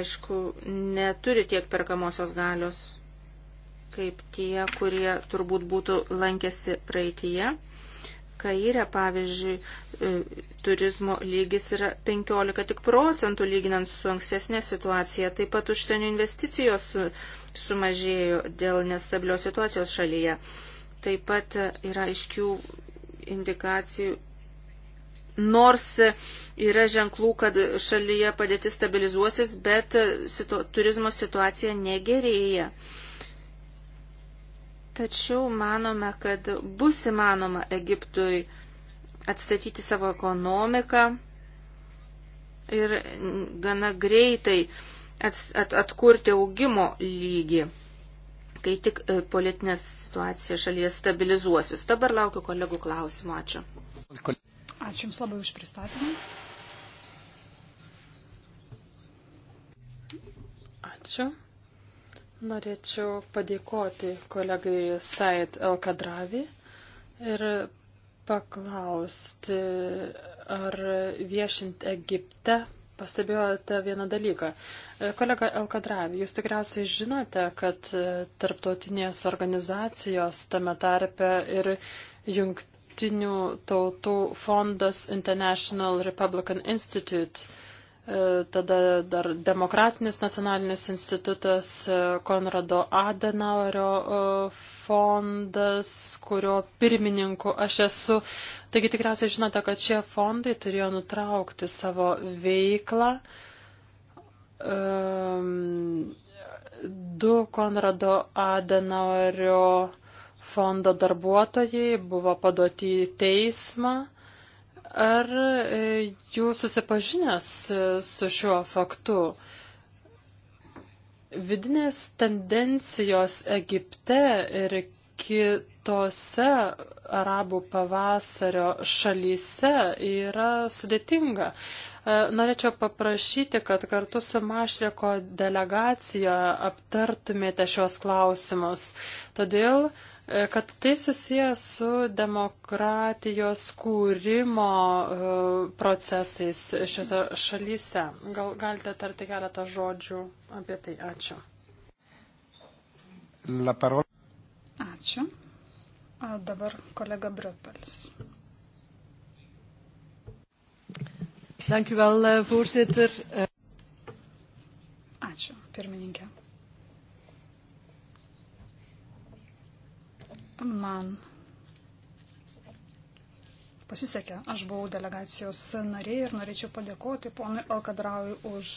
aišku, neturi tiek perkamosios galios kaip tie, kurie turbūt būtų lankėsi praeitie. Kairė, pavyzdžiui, e, turizmo lygis yra 15 tik procentų lyginant su ankstesnė situacija. Taip pat užsienio investicijos sumažėjo dėl nestabilios situacijos šalyje. Taip pat yra aiškių indikacijų. Nors yra ženklų, kad šalyje padėtis stabilizuosis, bet situ, turizmo situacija negerėja. Uh, Tačiau manome, kad bus įmanoma Egiptui atstatyti savo ekonomiką ir gana greitai atkurti augimo lygį, kai tik e, politinė situacija šalyje stabilizuosis. Dabar laukiu kolegų klausimų. Ačiū. Ačiū Jums labai už pristatymą. Ačiū. Norėčiau padėkoti kolegai Said Elkadravi ir paklausti, ar viešint Egipte pastebėjote vieną dalyką. Kolega Elkadravi, jūs tikriausiai žinote, kad tarptautinės organizacijos tame tarpe ir jungtinių tautų fondas International Republican Institute E, tada dar Demokratinis nacionalinis institutas, e, Konrado Adenauerio e, fondas, kurio pirmininku aš esu. Taigi tikriausiai žinote, kad šie fondai turėjo nutraukti savo veiklą. Du Konrado Adenauerio fondo darbuotojai buvo paduoti į teismą Ar e, jūs susipažinęs e, su šiuo faktu? Vidinės tendencijos Egipte ir kitose arabų pavasario šalyse yra sudėtinga. E, norėčiau paprašyti, kad kartu su Mašreko delegacija aptartumėte šios klausimus. Todėl uh, kad tai susijęs su demokratijos kūrimo e, procesais šiose šalyse. Gal galite tarti keletą žodžių apie tai? Ačiū. Ačiū. A, dabar kolega Brupels. Dank u wel, eh, voorzitter. Eh, Ačiū, pirmininkė. man pasisekė. Aš buvau delegacijos narė ir norėčiau padėkoti ponui Alkadraui už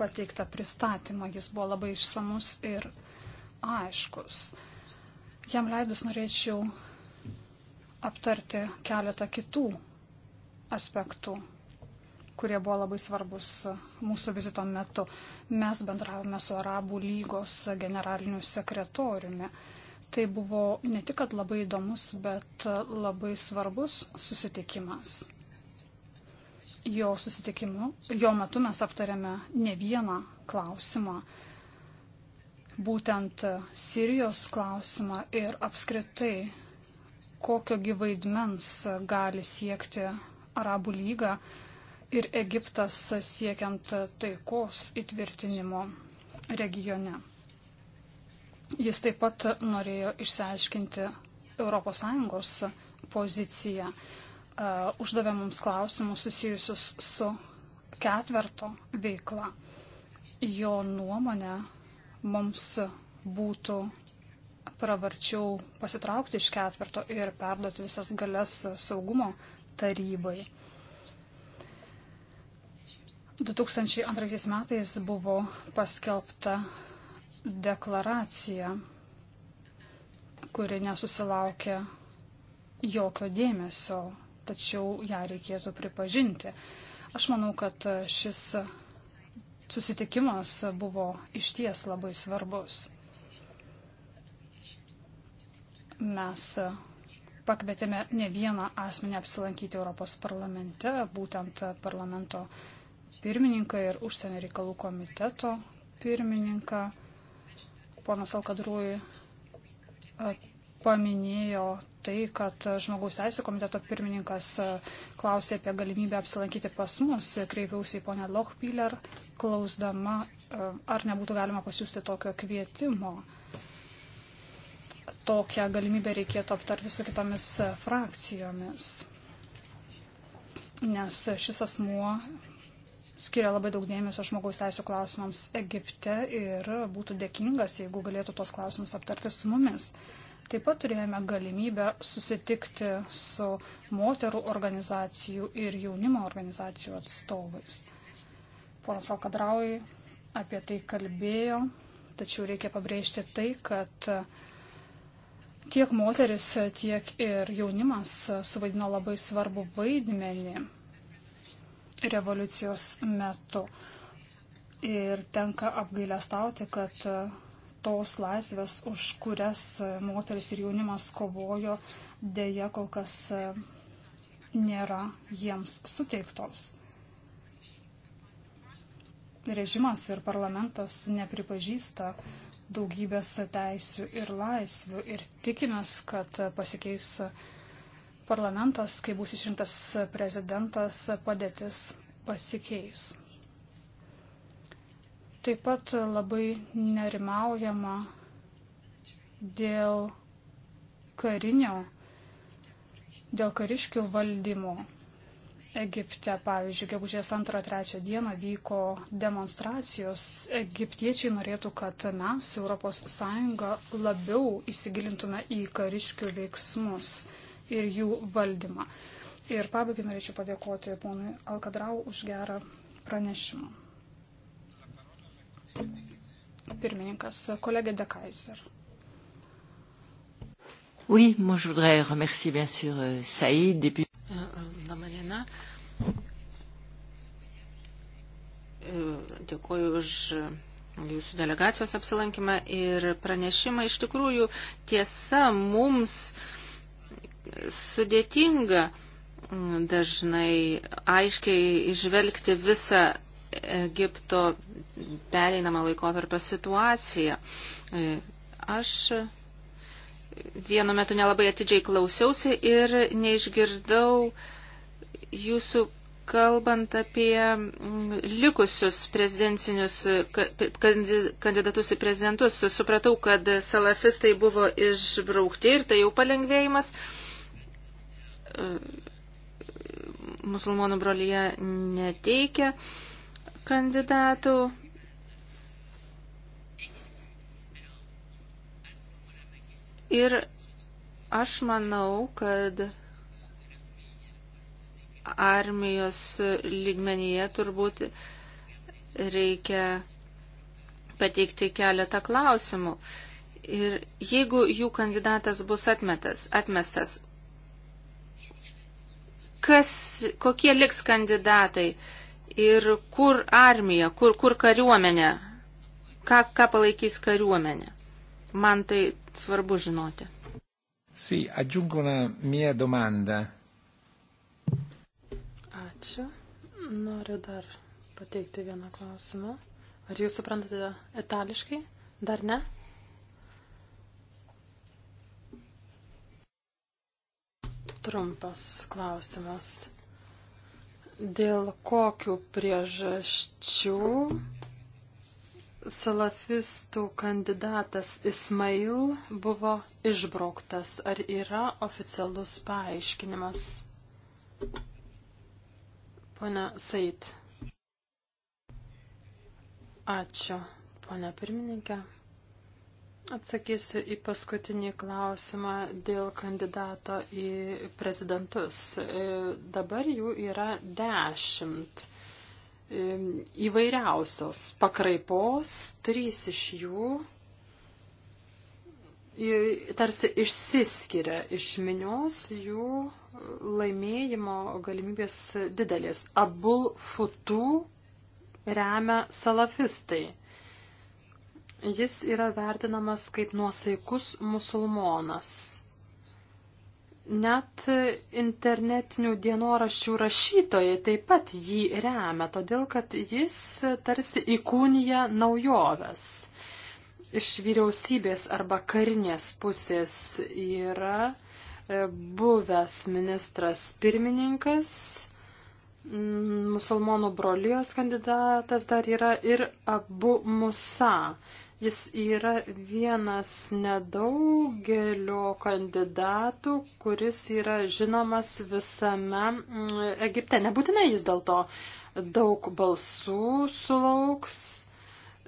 pateiktą pristatymą. Jis buvo labai išsamus ir aiškus. Jam leidus norėčiau aptarti keletą kitų aspektų, kurie buvo labai svarbus mūsų vizito metu. Mes bendravome su Arabų lygos generaliniu sekretoriumi. Tai buvo ne tik labai įdomus, bet labai svarbus susitikimas. Jo susitikimu, jo metu mes aptarėme ne vieną klausimą, būtent Sirijos klausimą ir apskritai, kokio gyvaidmens gali siekti Arabų lyga ir Egiptas siekiant taikos įtvirtinimo regione. Jis taip pat norėjo išsiaiškinti ES poziciją, e, uždavė mums klausimus susijusius su ketverto veikla. Jo nuomonė mums būtų pravarčiau pasitraukti iš ketverto ir perduoti visas galias saugumo tarybai. 2002 metais buvo paskelbta deklaracija, kuri nesusilaukė jokio dėmesio, tačiau ją reikėtų pripažinti. Aš manau, kad šis susitikimas buvo išties labai svarbus. Mes pakvietėme ne vieną asmenį apsilankyti Europos parlamente, būtent parlamento pirmininką ir užsienio reikalų komiteto pirmininką ponas Alkadrui paminėjo tai, kad žmogaus teisų komiteto pirmininkas klausė apie galimybę apsilankyti pas mus. Kreipiausi į ponę Lochpiller, klausdama, ar nebūtų galima pasiūsti tokio kvietimo. Tokią galimybę reikėtų aptarti su kitomis frakcijomis, nes šis asmuo skiria labai daug dėmesio žmogaus teisų klausimams Egipte ir būtų dėkingas, jeigu galėtų tos klausimus aptarti su mumis. Taip pat turėjome galimybę susitikti su moterų organizacijų ir jaunimo organizacijų atstovais. Ponas Alkadraui apie tai kalbėjo, tačiau reikia pabrėžti tai, kad tiek moteris, tiek ir jaunimas suvaidino labai svarbu vaidmenį revoliucijos metu. Ir tenka apgailestauti, kad e, tos laisvės, už kurias e, moteris ir jaunimas kovojo, dėja kol kas e, nėra jiems suteiktos. Režimas ir parlamentas nepripažįsta daugybės teisių ir laisvių ir tikimės, kad pasikeis parlamentas, kai bus išrinktas prezidentas, padėtis pasikeis. Taip pat labai nerimaujama dėl karinio, dėl kariškių valdymo. Egipte, pavyzdžiui, gegužės 2-3 dieną vyko demonstracijos. Egiptiečiai norėtų, kad mes, ES, labiau įsigilintume į kariškių veiksmus ir jų valdymą. Ir pabaigai norėčiau padėkoti ponui Alkadrau už gerą pranešimą. Pirmininkas, kolegė De Kaiser. Oui, moi je voudrais remercier bien sûr euh, Saïd et puis. Euh, euh, Damalina. Dėkuoju už jūsų delegacijos apsilankymą ir pranešimą. Iš tikrųjų, tiesa, mums sudėtinga mm, dažnai aiškiai išvelgti visą Egipto pereinamą laikotarpio situaciją. E, aš vienu metu nelabai atidžiai klausiausi ir neišgirdau jūsų kalbant apie mm, likusius prezidencinius kandidatus į prezidentus. Supratau, kad salafistai buvo išbraukti ir tai jau palengvėjimas musulmonų brolyje neteikia kandidatų. Ir aš manau, kad armijos lygmenyje turbūt reikia pateikti keletą klausimų. Ir jeigu jų kandidatas bus atmetas, atmestas, kas, kokie liks kandidatai ir kur armija, kur, kur kariuomenė, ką, ką palaikys kariuomenė. Man tai svarbu žinoti. Sì, si, aggiungo una mia domanda. Ačiū. Noriu dar pateikti vieną klausimą. Ar jūs suprantate itališkai? Dar ne? Trumpas klausimas. Dėl kokių priežasčių salafistų kandidatas Ismail buvo išbrauktas? Ar yra oficialus paaiškinimas? Pone Sait. Ačiū, pone pirmininkė. Atsakysiu į paskutinį klausimą dėl kandidato į prezidentus. E, dabar jų yra dešimt e, įvairiausios pakraipos, trys iš jų tarsi išsiskiria iš minios, jų laimėjimo galimybės didelės. Abul futų remia salafistai. Jis yra vertinamas kaip nuosaikus musulmonas. Net internetinių dienoraščių rašytojai taip pat jį remia, todėl kad jis tarsi įkūnija naujoves. Iš vyriausybės arba karinės pusės yra e, buvęs ministras pirmininkas, musulmonų brolijos kandidatas dar yra ir Abu Musa. Jis yra vienas nedaugelio kandidatų, kuris yra žinomas visame mm, Egipte. Nebūtinai jis dėl to daug balsų sulauks,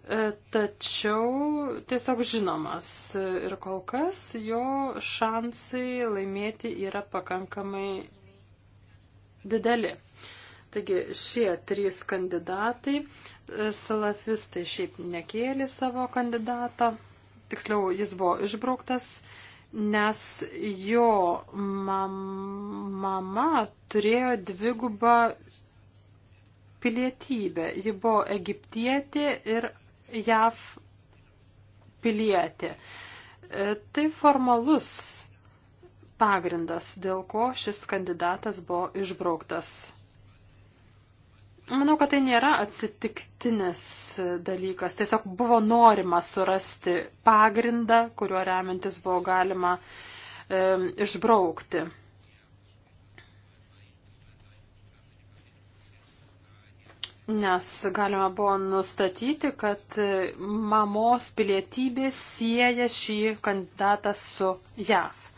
e, tačiau tiesiog žinomas. Ir kol kas jo šansai laimėti yra pakankamai dideli. Taigi šie trys kandidatai Salafistai šiaip nekėlė savo kandidato, tiksliau jis buvo išbrauktas, nes jo mama turėjo dvigubą pilietybę. Ji buvo egiptietė ir JAV pilietė. E, tai formalus pagrindas, dėl ko šis kandidatas buvo išbrauktas. Manau, kad tai nėra atsitiktinis dalykas. Tiesiog buvo norima surasti pagrindą, kuriuo remiantis buvo galima e, išbraukti. Nes galima buvo nustatyti, kad mamos pilietybė sieja šį kandidatą su JAV.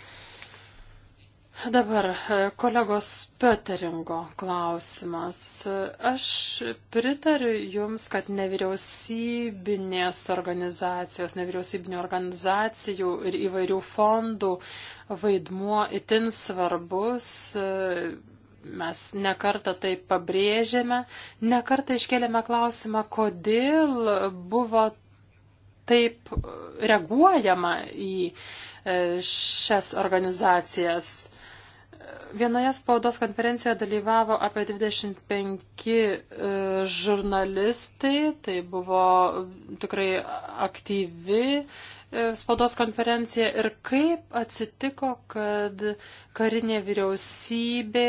Dabar e, kolegos Pöteringo klausimas. Aš pritariu Jums, kad nevyriausybinės organizacijos, nevyriausybinio organizacijų ir įvairių fondų vaidmuo itin svarbus. E, Mes nekartą tai pabrėžėme, nekartą iškėlėme klausimą, kodėl buvo taip reaguojama į e, šias organizacijas. Vienoje spaudos konferencijoje dalyvavo apie 25 e, žurnalistai, tai buvo tikrai aktyvi e, spaudos konferencija ir kaip atsitiko, kad karinė vyriausybė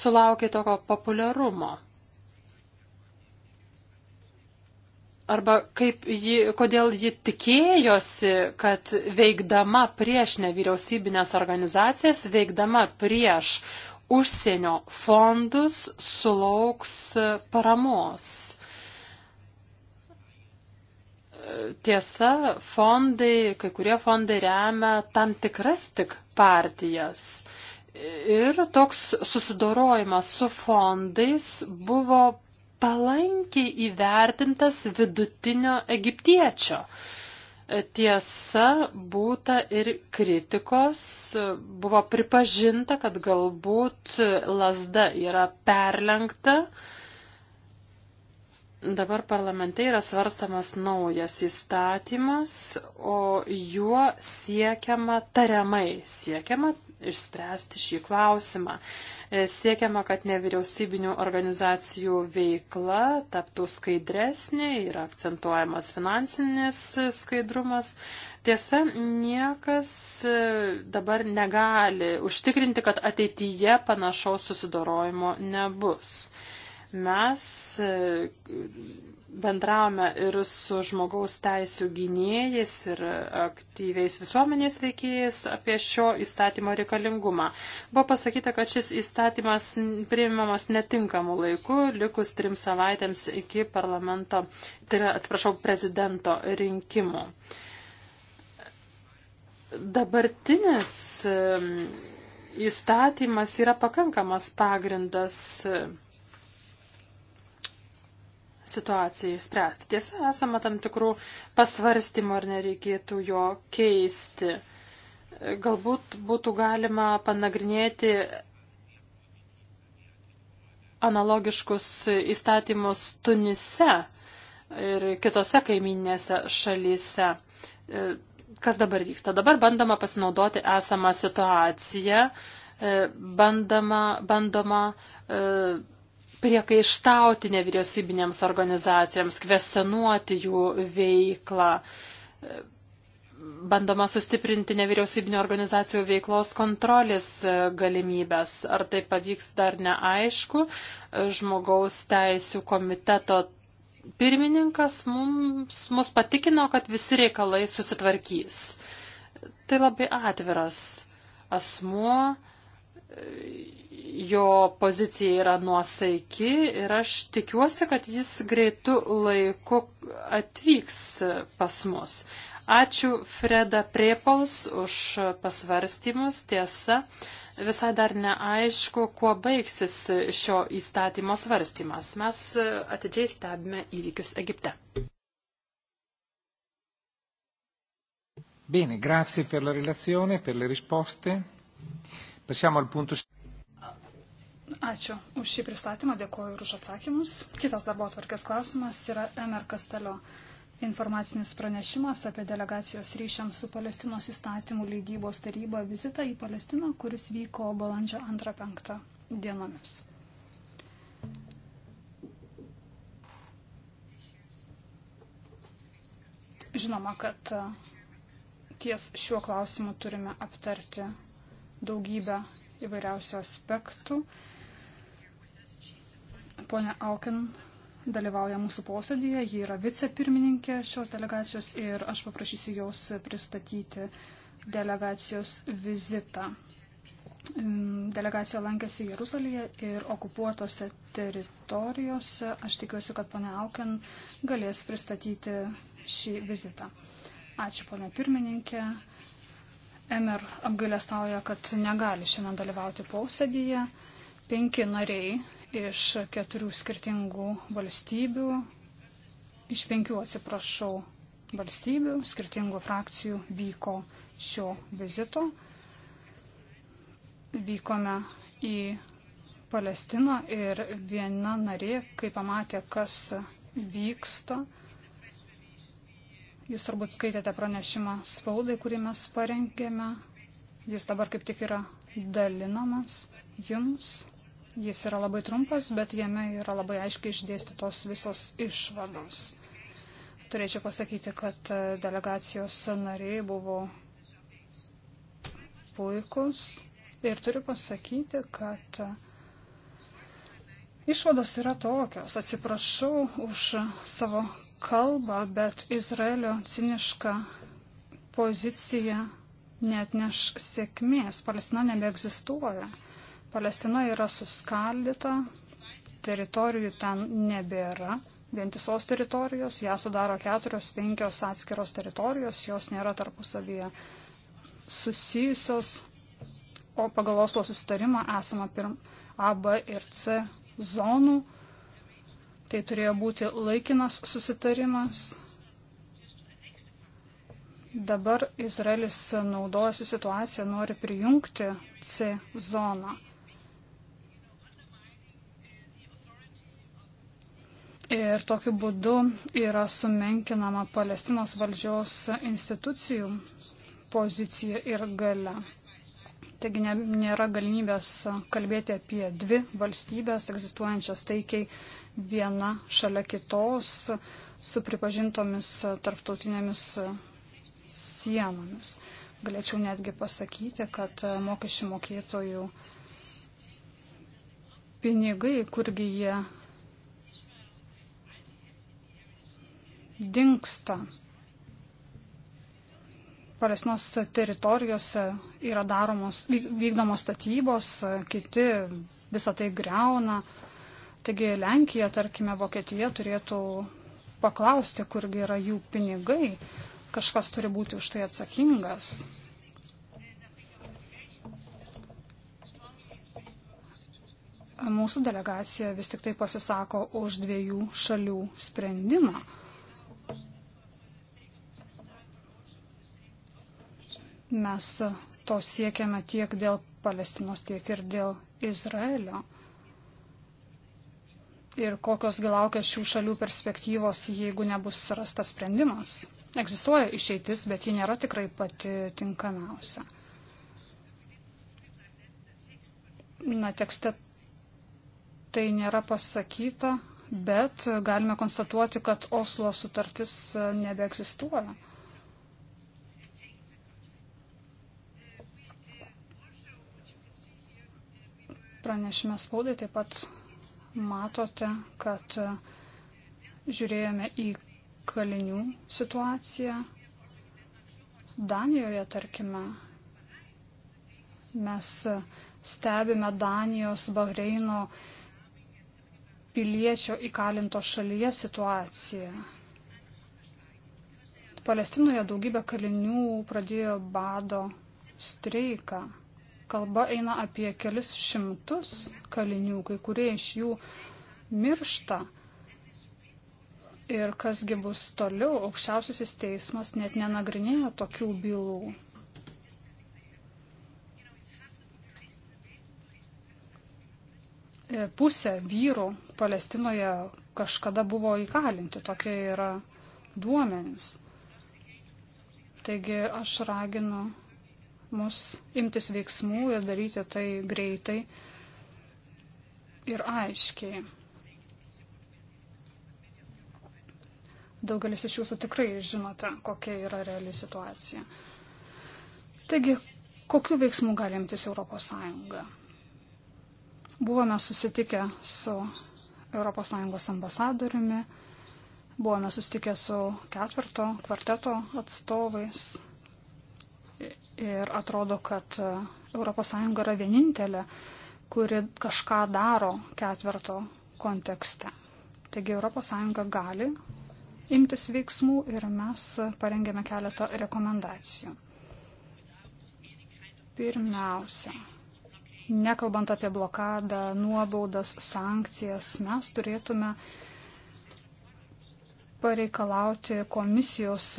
sulaukė tokio populiarumo. arba kaip ji, kodėl ji tikėjosi, kad veikdama prieš nevyriausybinės organizacijas, veikdama prieš užsienio fondus sulauks paramos. Tiesa, fondai, kai kurie fondai remia tam tikras tik partijas. Ir toks susidorojimas su fondais buvo palankiai įvertintas vidutinio egiptiečio. Tiesa, būta ir kritikos, buvo pripažinta, kad galbūt lasda yra perlenkta. Dabar parlamente yra svarstamas naujas įstatymas, o juo siekiama tariamai, siekiama išspręsti šį klausimą. Siekiama, kad nevyriausybinių organizacijų veikla taptų skaidresnė ir akcentuojamas finansinis skaidrumas. Tiesa, niekas e, dabar negali užtikrinti, kad ateityje panašaus susidorojimo nebus. Mes e, bendravome ir su žmogaus teisų gynėjais ir aktyviais visuomenės veikėjais apie šio įstatymo reikalingumą. Buvo pasakyta, kad šis įstatymas priimamas netinkamu laiku, likus trim savaitėms iki parlamento, tai yra, atsiprašau, prezidento rinkimų. Dabartinis įstatymas yra pakankamas pagrindas situacijai spręsti. Tiesa, esama tam tikrų pasvarstymų, ar nereikėtų jo keisti. Galbūt būtų galima panagrinėti analogiškus įstatymus Tunise ir kitose kaiminėse šalyse. Kas dabar vyksta? Dabar bandoma pasinaudoti esamą situaciją, bandama, bandoma e, priekaištauti nevyriausybinėms organizacijoms, kvesenuoti jų veiklą. Bandoma sustiprinti nevyriausybinio organizacijų veiklos kontrolės galimybės. Ar tai pavyks dar neaišku. Žmogaus teisų komiteto pirmininkas mums, mus patikino, kad visi reikalai susitvarkys. Tai labai atviras asmuo jo pozicija yra nuosaiki ir aš tikiuosi, kad jis greitu laiku atvyks pas mus. Ačiū Freda Priepaus už pasvarstymus. Tiesa, visai dar neaišku, kuo baigsis šio įstatymo svarstymas. Mes atidžiai stebime įvykius Egipte. Bene, grazie per la relazione, per le risposte. Pasiamo al punto. Ačiū už šį pristatymą, dėkoju ir už atsakymus. Kitas darbo atvarkės klausimas yra MR Kastelio informacinis pranešimas apie delegacijos ryšiams su Palestinos įstatymų lygybos taryba vizitą į Palestiną, kuris vyko balandžio 2-5 dienomis. Žinoma, kad ties šiuo klausimu turime aptarti daugybę įvairiausių aspektų. Pone Aukin dalyvauja mūsų posėdėje, ji yra vicepirmininkė šios delegacijos ir aš paprašysiu jos pristatyti delegacijos vizitą. Delegacija lankėsi Jeruzalėje ir okupuotose teritorijose. Aš tikiuosi, kad pane Aukin galės pristatyti šį vizitą. Ačiū, pane pirmininkė. Emer apgailestauja, kad negali šiandien dalyvauti posėdyje. Penki nariai iš keturių skirtingų valstybių, iš penkių atsiprašau valstybių, skirtingų frakcijų vyko šio vizito. Vykome į Palestiną ir viena narė, kai pamatė, kas vyksta, Jūs turbūt skaitėte pranešimą spaudai, kurį mes parengėme. Jis dabar kaip tik yra dalinamas jums. Jis yra labai trumpas, bet jame yra labai aiškiai išdėstytos visos išvados. Turėčiau pasakyti, kad e, delegacijos nariai buvo puikus ir turiu pasakyti, kad e, Išvados yra tokios. Atsiprašau už savo kalbą, bet Izraelio ciniška pozicija net neš sėkmės. Palestina nebeegzistuoja. Palestina yra suskaldyta, teritorijų ten nebėra, vientisos teritorijos, ją sudaro keturios, penkios atskiros teritorijos, jos nėra tarpusavyje susijusios, o pagal Oslo susitarimą esama pirm A, B ir C zonų Tai turėjo būti laikinas susitarimas. Dabar Izraelis naudojasi situaciją, nori prijungti C zoną. Ir tokiu būdu yra sumenkinama Palestinos valdžios institucijų pozicija ir gale. Taigi nėra galimybės kalbėti apie dvi valstybės egzistuojančias taikiai viena šalia kitos su pripažintomis tarptautinėmis sienomis. Galėčiau netgi pasakyti, kad mokesčių mokėtojų pinigai, kurgi jie dinksta. Palestinos teritorijose yra daromos, vykdomos statybos, kiti visą tai greuna, Taigi Lenkija, tarkime, Vokietija turėtų paklausti, kurgi yra jų pinigai. Kažkas turi būti už tai atsakingas. Mūsų delegacija vis tik tai pasisako už dviejų šalių sprendimą. Mes to siekiame tiek dėl Palestinos, tiek ir dėl Izraelio ir kokios laukia šių šalių perspektyvos, jeigu nebus rastas sprendimas. Egzistuoja išeitis, bet ji nėra tikrai pati tinkamiausia. Na, tekste tai nėra pasakyta, bet galime konstatuoti, kad Oslo sutartis nebeegzistuoja. Pranešime spaudai taip pat matote, kad e, žiūrėjome į kalinių situaciją. Danijoje, tarkime, mes e, stebime Danijos, Bahreino piliečio įkalinto šalyje situaciją. Palestinoje daugybė kalinių pradėjo bado streiką. Kalba eina apie kelis šimtus kalinių, kai kurie iš jų miršta. Ir kasgi bus toliau, aukščiausiasis teismas net nenagrinėjo tokių bylų. Pusė vyrų Palestinoje kažkada buvo įkalinti, tokie yra duomenys. Taigi aš raginu mus imtis veiksmų ir daryti tai greitai ir aiškiai. Daugelis iš jūsų tikrai žinote, kokia yra reali situacija. Taigi, kokiu veiksmu gali imtis ES? Buvome susitikę su ES ambasadoriumi, buvome susitikę su ketvirto kvarteto atstovais, Ir atrodo, kad ES yra vienintelė, kuri kažką daro ketverto kontekste. Taigi ES gali imtis veiksmų ir mes parengėme keletą rekomendacijų. Pirmiausia, nekalbant apie blokadą, nuobaudas, sankcijas, mes turėtume pareikalauti komisijos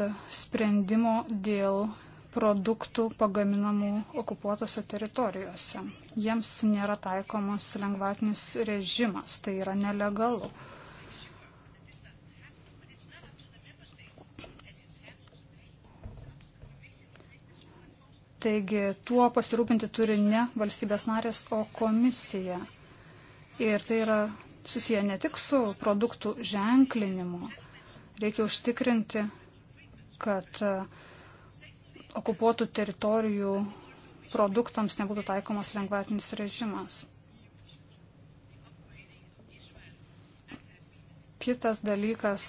sprendimo dėl produktų pagaminamų okupuotose teritorijose. Jiems nėra taikomas lengvatinis režimas, tai yra nelegalu. Taigi tuo pasirūpinti turi ne valstybės narės, o komisija. Ir tai yra susiję ne tik su produktų ženklinimu. Reikia užtikrinti, kad uh, okupuotų teritorijų produktams nebūtų taikomas lengvatinis režimas. Kitas dalykas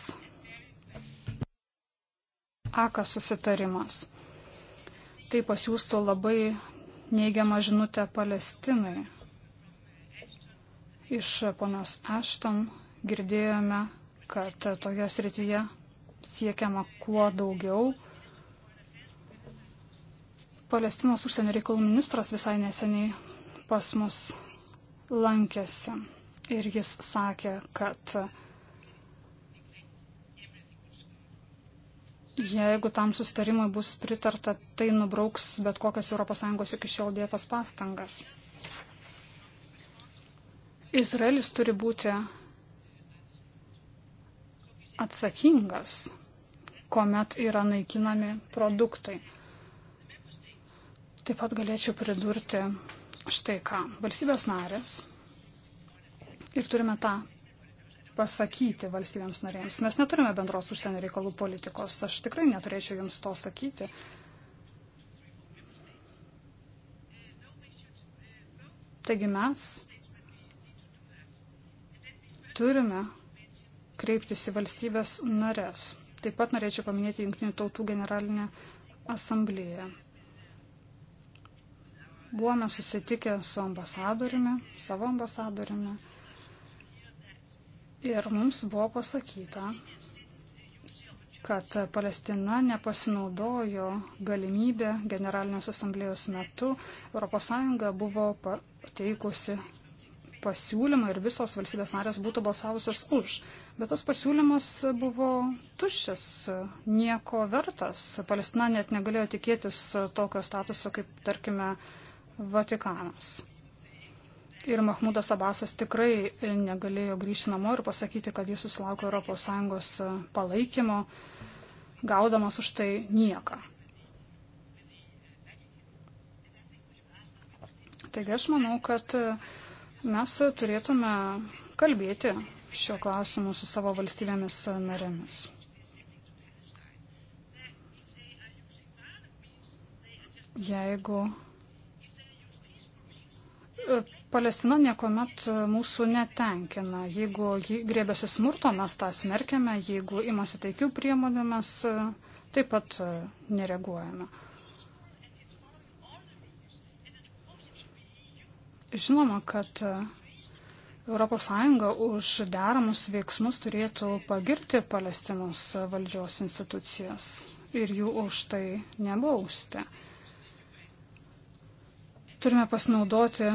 - AKA susitarimas. Tai pasiūstų labai neigiamą žinutę Palestinai. Iš ponios Ashton girdėjome, kad toje srityje siekiama kuo daugiau Palestinos užsienio reikalų ministras visai neseniai pas mus lankėsi ir jis sakė, kad Jeigu tam sustarimui bus pritarta, tai nubrauks bet kokias ES iki šiol dėtas pastangas. Izraelis turi būti atsakingas, kuomet yra naikinami produktai. Taip pat galėčiau pridurti štai ką. Valstybės narės ir turime tą pasakyti valstybėms narėms. Mes neturime bendros užsienio reikalų politikos. Aš tikrai neturėčiau jums to sakyti. Taigi mes turime kreiptis į valstybės narės. Taip pat norėčiau paminėti Junktinių tautų generalinę asamblėją. Buvome susitikę su ambasadoriumi, savo ambasadoriumi. Ir mums buvo pasakyta, kad Palestina nepasinaudojo galimybę generalinės asamblėjos metu. ES buvo pateikusi pasiūlymą ir visos valstybės narės būtų balsavusios už. Bet tas pasiūlymas buvo tuščias, nieko vertas. Palestina net negalėjo tikėtis tokio statuso kaip, tarkime, Vatikanas. Ir Mahmudas Abasas tikrai negalėjo grįžti namo ir pasakyti, kad jis susilaukė ES e, palaikymo, gaudamas už tai nieką. Taigi aš manau, kad e, mes turėtume kalbėti šio klausimu su savo valstybėmis narėmis. Jeigu Palestina niekuomet e, mūsų netenkina. Jeigu jį grėbėsi smurto, mes tą smerkiame, jeigu imasi taikių priemonių, mes e, taip pat e, nereaguojame. Žinoma, kad ES už deramus veiksmus turėtų pagirti Palestinos valdžios institucijas ir jų už tai nebausti. Turime pasinaudoti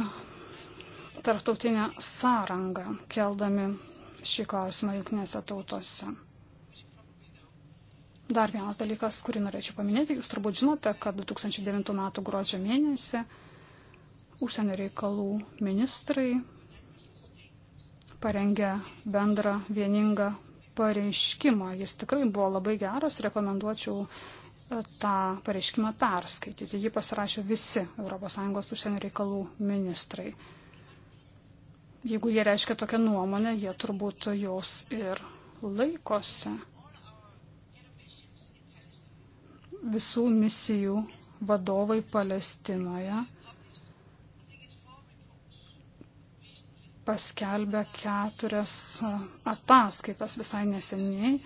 tarptautinę sąrangą, keldami šį klausimą jungtinėse tautose. Dar vienas dalykas, kurį norėčiau paminėti, jūs turbūt žinote, kad 2009 m. gruodžio mėnesį užsienio reikalų ministrai parengė bendrą vieningą pareiškimą. Jis tikrai buvo labai geras, rekomenduočiau tą pareiškimą perskaityti. Jį pasirašė visi ES užsienio reikalų ministrai. Jeigu jie reiškia tokią nuomonę, jie turbūt jos ir laikosi. Visų misijų vadovai Palestinoje paskelbė keturias ataskaitas visai neseniai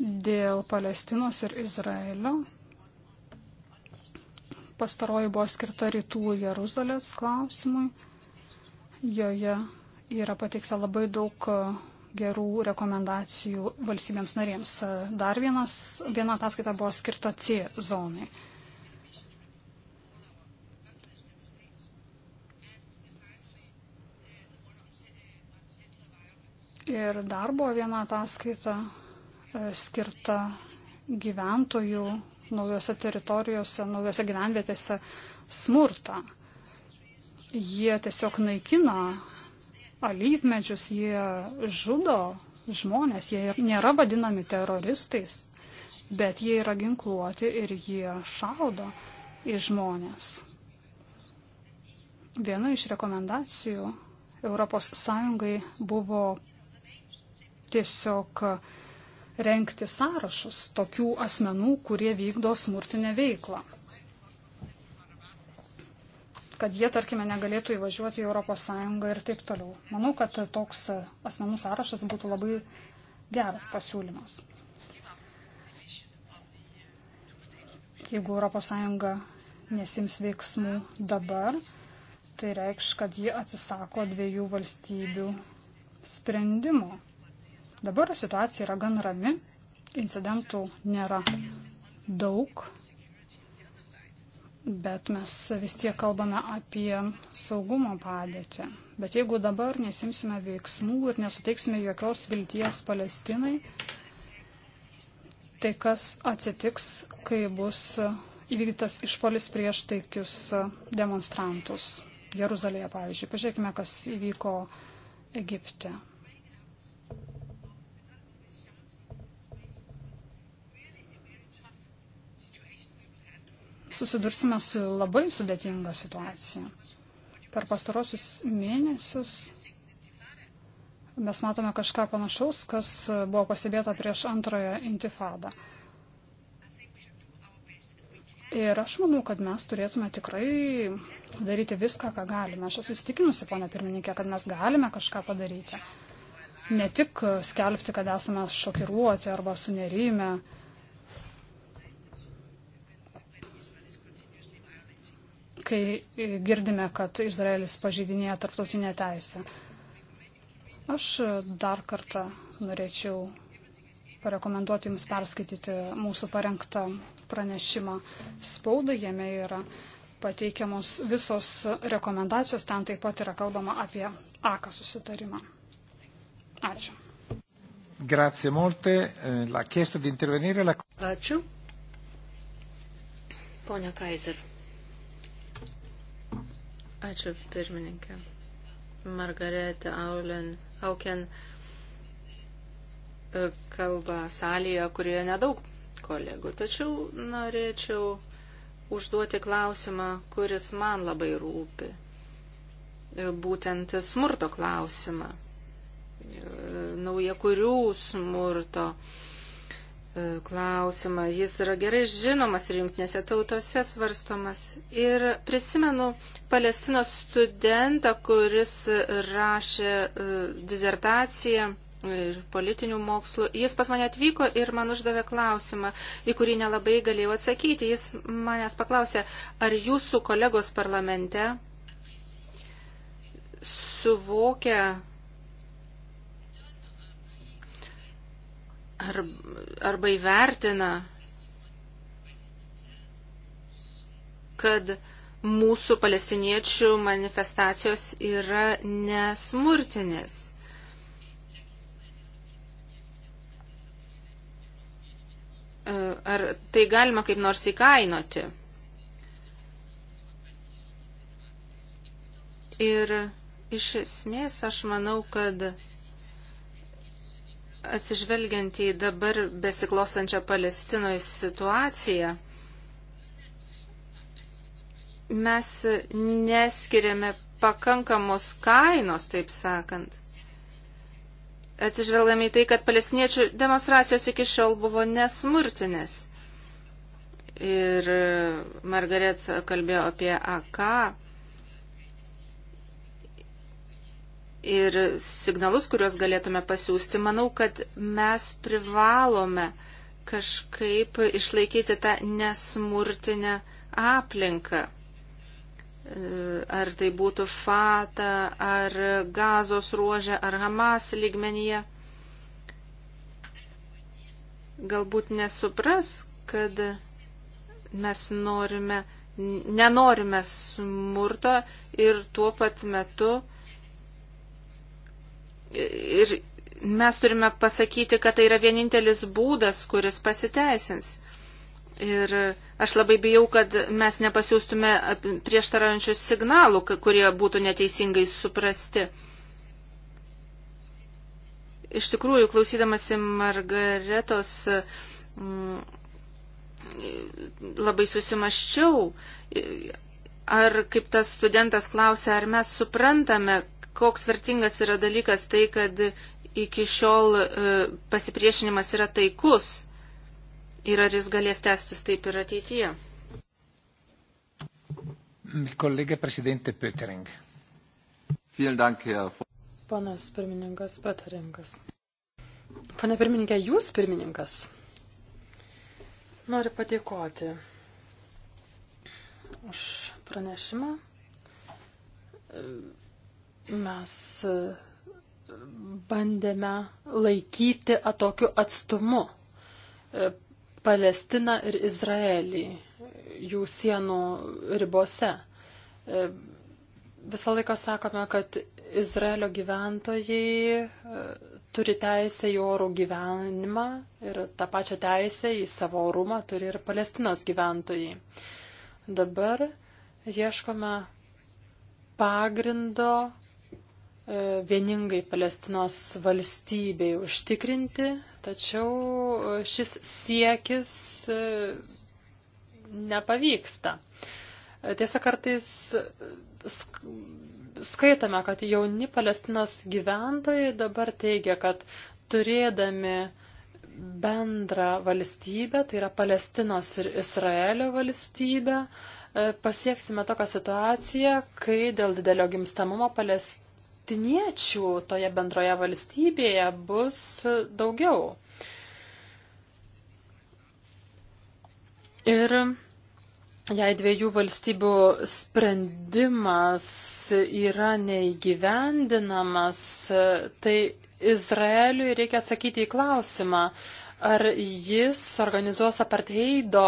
dėl Palestinos ir Izraelio. Pastaroji buvo skirta rytų Jeruzalės klausimui. Joje yra pateikta labai daug e, gerų rekomendacijų valstybėms narėms. E, dar vienas, viena ataskaita buvo skirta C zonai. Ir dar buvo viena ataskaita E, skirta gyventojų naujose teritorijose, naujose gyvenvietėse smurtą. Jie tiesiog naikina alyvmedžius, jie žudo žmonės, jie nėra vadinami teroristais, bet jie yra ginkluoti ir jie šaudo į žmonės. Viena iš rekomendacijų ES buvo tiesiog uh, renkti sąrašus tokių asmenų, kurie vykdo smurtinę veiklą. Kad jie, tarkime, negalėtų įvažiuoti į ES ir taip toliau. Manau, kad toks asmenų sąrašas būtų labai geras pasiūlymas. Jeigu ES nesims veiksmų dabar, tai reikš, kad ji atsisako dviejų valstybių sprendimo Dabar situacija yra gan rami, incidentų nėra daug, bet mes vis tiek kalbame apie saugumo padėtį. Bet jeigu dabar nesimsime veiksmų ir nesuteiksime jokios vilties Palestinai, tai kas atsitiks, kai bus įvykdytas išpolis prieš taikius demonstrantus. Jeruzalėje, pavyzdžiui, pažiūrėkime, kas įvyko Egipte. susidursime su labai sudėtinga situacija. Per pastarosius mėnesius mes matome kažką panašaus, kas buvo pastebėta prieš antrąją intifadą. Ir aš manau, kad mes turėtume tikrai daryti viską, ką galime. Aš esu įstikinusi, ponia pirmininkė, kad mes galime kažką padaryti. Ne tik skelbti, kad esame šokiruoti arba sunerime, kai girdime, kad Izraelis pažydinėja tarptautinę teisę. Aš dar kartą norėčiau parekomenduoti Jums perskaityti mūsų parengtą pranešimą spaudai. Jame yra pateikiamos visos rekomendacijos, ten taip pat yra kalbama apie AKA susitarimą. Ačiū. Grazie molte. Eh, la chiesto di intervenire la... Ačiū. Ponia Kaiser. Ačiū pirmininkė. Margaretė Aulen, Auken e, kalba salėje, kurioje nedaug kolegų. Tačiau norėčiau užduoti klausimą, kuris man labai rūpi. E, būtent smurto klausimą. E, Nauja kurių smurto klausimą E, klausimą. Jis yra gerai žinomas ir jungtinėse tautose svarstomas. Ir prisimenu Palestinos studentą, kuris rašė e, dizertaciją e, politinių mokslų. Jis pas mane atvyko ir man uždavė klausimą, į kurį nelabai galėjau atsakyti. Jis manęs paklausė, ar jūsų kolegos parlamente suvokia arba įvertina, kad mūsų palestiniečių manifestacijos yra nesmurtinės. E, ar tai galima kaip nors įkainoti? Ir iš esmės aš manau, kad Atsižvelgiant į dabar besiklostančią Palestinoje situaciją, mes neskiriame pakankamos kainos, taip sakant. Atsižvelgdami į tai, kad palestiniečių demonstracijos iki šiol buvo nesmurtinės. Ir Margaret kalbėjo apie AK. ir signalus, kuriuos galėtume pasiūsti, manau, kad mes privalome kažkaip išlaikyti tą nesmurtinę aplinką. Ar tai būtų Fata, ar Gazos ruožė, ar Hamas lygmenyje. Galbūt nesupras, kad mes norime, nenorime smurto ir tuo pat metu Ir mes turime pasakyti, kad tai yra vienintelis būdas, kuris pasiteisins. Ir aš labai bijau, kad mes nepasiūstume prieštaraujančių signalų, kurie būtų neteisingai suprasti. Iš tikrųjų, klausydamasi Margaretos, m, mm, labai susimaščiau, ar kaip tas studentas klausė, ar mes suprantame, koks vertingas yra dalykas tai, kad iki šiol e, pasipriešinimas yra taikus ir ar jis galės tęstis taip ir ateityje. Kolegė prezidentė Pötering. Panas pirmininkas Pöteringas. Pane pirmininkė, jūs pirmininkas. Noriu padėkoti už pranešimą. Mes e, bandėme laikyti atokiu atstumu e, Palestiną ir Izraelį jų sienų ribose. E, visą laiką sakome, kad Izraelio gyventojai turi teisę į orų gyvenimą ir tą pačią teisę į savo orumą turi ir Palestinos gyventojai. Dabar ieškome pagrindo vieningai Palestinos valstybei užtikrinti, tačiau šis siekis e, nepavyksta. Tiesa, kartais skaitame, kad jauni Palestinos gyventojai dabar teigia, kad turėdami bendrą valstybę, tai yra Palestinos ir Izraelio valstybę, e, pasieksime tokią situaciją, kai dėl didelio gimstamumo Palestina palestiniečių toje bendroje valstybėje bus daugiau. Ir jei dviejų valstybių sprendimas yra neįgyvendinamas, tai Izraeliui reikia atsakyti į klausimą, ar jis organizuos apartheido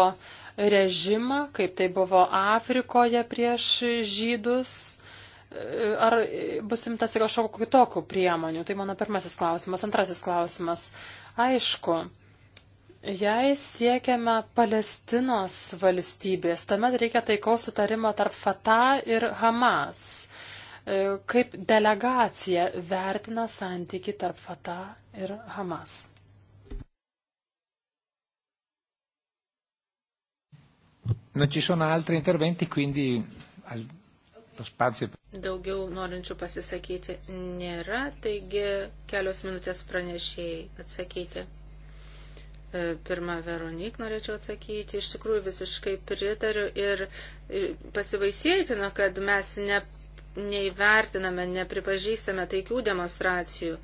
režimą, kaip tai buvo Afrikoje prieš žydus, ar bus imtasi kažkokiu kitokiu priemonių? Tai mano pirmasis klausimas. Antrasis klausimas. Aišku, jei siekiame Palestinos valstybės, tuomet reikia taikaus sutarimo tarp Fatah ir Hamas. E, kaip delegacija vertina santyki tarp Fatah ir Hamas? Non ci sono altri interventi, quindi Daugiau norinčių pasisakyti nėra, taigi kelios minutės pranešėjai atsakyti. E, Pirmą Veronik norėčiau atsakyti. Iš tikrųjų visiškai pritariu ir pasivaisėtina, kad mes ne, neįvertiname, nepripažįstame taikių demonstracijų,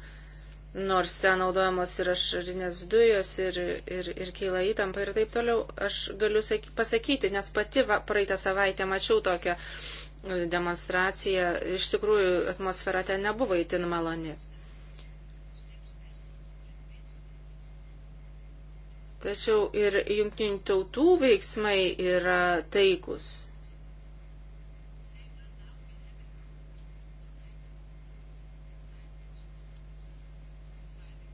nors ten naudojamos ir ašarinės dujos ir, ir, ir keila įtampa ir taip toliau. Aš galiu pasakyti, nes pati va, praeitą savaitę mačiau tokią uh, demonstracija, iš tikrųjų atmosfera ten nebuvo įtin maloni. Tačiau ir jungtinių tautų veiksmai yra taikus.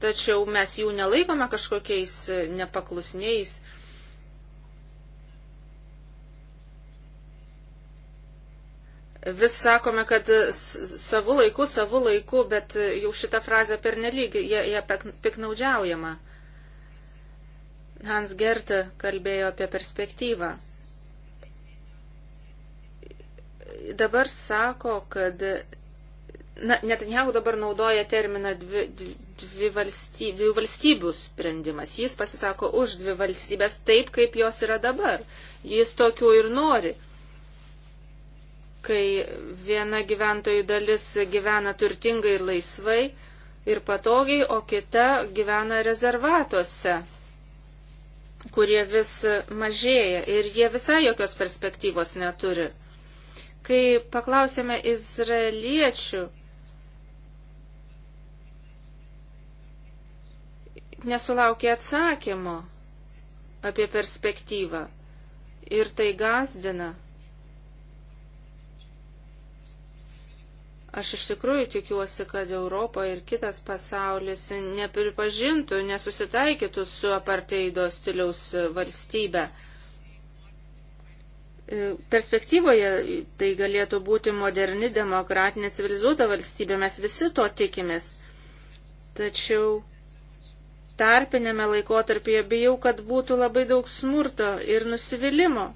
Tačiau mes jų nelaikome kažkokiais nepaklusniais Vis sakome, kad savų laikų, savų laikų, bet jau šitą frazę per nelygį, jie, jie piknaudžiaujama. Hans Gerte kalbėjo apie perspektyvą. Dabar sako, kad na, net jeigu dabar naudoja terminą dvi, dvi, dvi valstybių, dvi valstybių sprendimas, jis pasisako už dvi valstybės taip, kaip jos yra dabar. Jis tokių ir nori kai viena gyventojų dalis gyvena turtingai ir laisvai ir patogiai, o kita gyvena rezervatuose, kurie vis mažėja ir jie visai jokios perspektyvos neturi. Kai paklausėme izraeliečių, nesulaukė atsakymo apie perspektyvą ir tai gazdina. Aš iš tikrųjų tikiuosi, kad Europa ir kitas pasaulis nepripažintų, nesusitaikytų su aparteido stiliaus valstybe. E, perspektyvoje tai galėtų būti moderni, demokratinė, civilizuota valstybė, mes visi to tikimės. Tačiau tarpinėme laikotarpyje bijau, kad būtų labai daug smurto ir nusivylimų.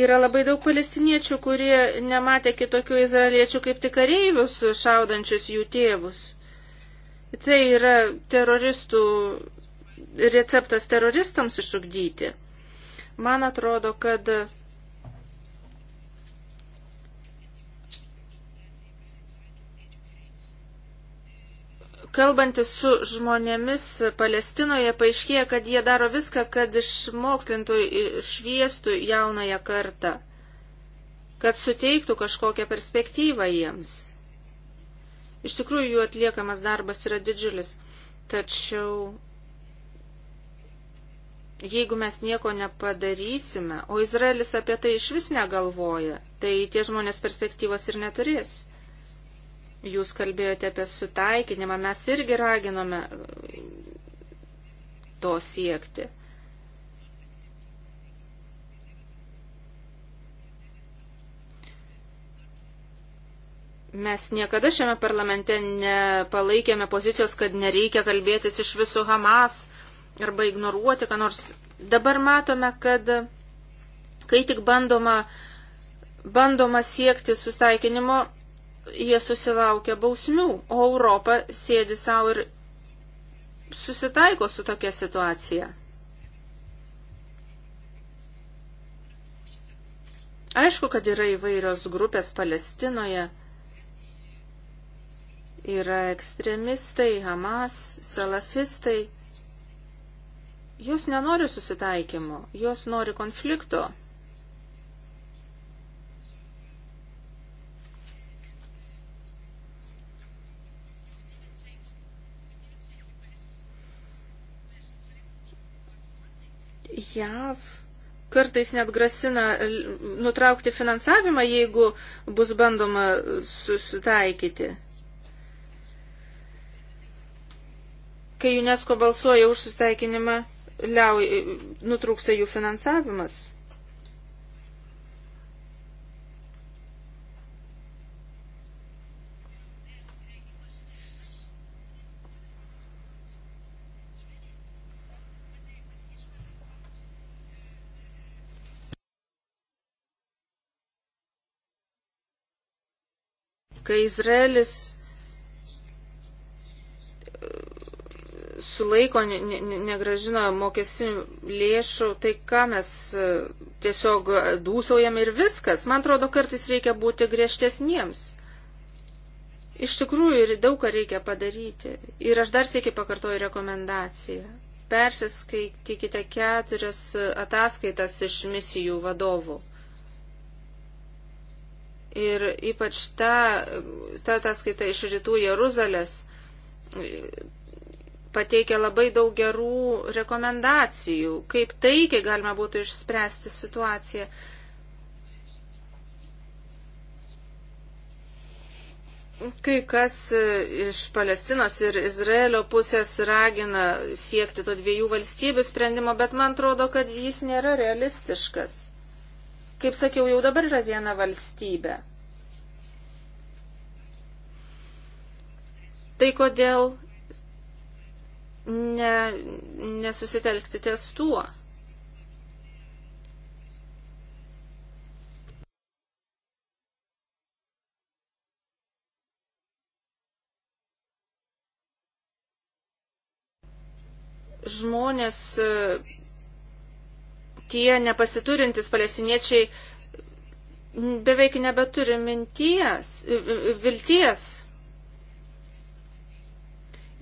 Yra labai daug palestiniečių, kurie nematė kitokių izraeliečių kaip tik kareivius šaudančius jų tėvus. Tai yra teroristų receptas teroristams išugdyti. Man atrodo, kad Kalbantis su žmonėmis Palestinoje, paaiškėja, kad jie daro viską, kad išmokslintų, išviestų jaunąją kartą, kad suteiktų kažkokią perspektyvą jiems. Iš tikrųjų, jų atliekamas darbas yra didžiulis. Tačiau, jeigu mes nieko nepadarysime, o Izraelis apie tai iš vis negalvoja, tai tie žmonės perspektyvos ir neturės. Jūs kalbėjote apie sutaikinimą, mes irgi raginome to siekti. Mes niekada šiame parlamente nepalaikėme pozicijos, kad nereikia kalbėtis iš visų Hamas arba ignoruoti, ką nors. Dabar matome, kad kai tik bandoma, bandoma siekti sustaikinimo, jie susilaukia bausmių, o Europa sėdi savo ir susitaiko su tokia situacija. Aišku, kad yra įvairios grupės Palestinoje. Yra ekstremistai, Hamas, salafistai. Jos nenori susitaikymo, jos nori konflikto. JAV kartais net grasina nutraukti finansavimą, jeigu bus bandoma susitaikyti. Kai UNESCO balsuoja už susitaikinimą, liau, nutrūksta jų finansavimas. kai Izraelis e, sulaiko, ne, ne, negražina mokesinių lėšų, tai ką mes e, tiesiog dūsaujam ir viskas. Man atrodo, kartais reikia būti griežtesniems. Iš tikrųjų, ir daug ką reikia padaryti. Ir aš dar sėki pakartoju rekomendaciją. Persiskaitykite keturias ataskaitas iš misijų vadovų. Ir ypač ta, ta ataskaita iš rytų Jeruzalės e, pateikia labai daug gerų rekomendacijų, kaip taikiai galima būtų išspręsti situaciją. Kai kas e, iš Palestinos ir Izraelio pusės ragina siekti to dviejų valstybių sprendimo, bet man atrodo, kad jis nėra realistiškas. Kaip sakiau, jau dabar yra viena valstybė. Tai kodėl ne, nesusitelkti ties tuo? žmonės tie nepasiturintys palestiniečiai beveik nebeturi minties, vilties.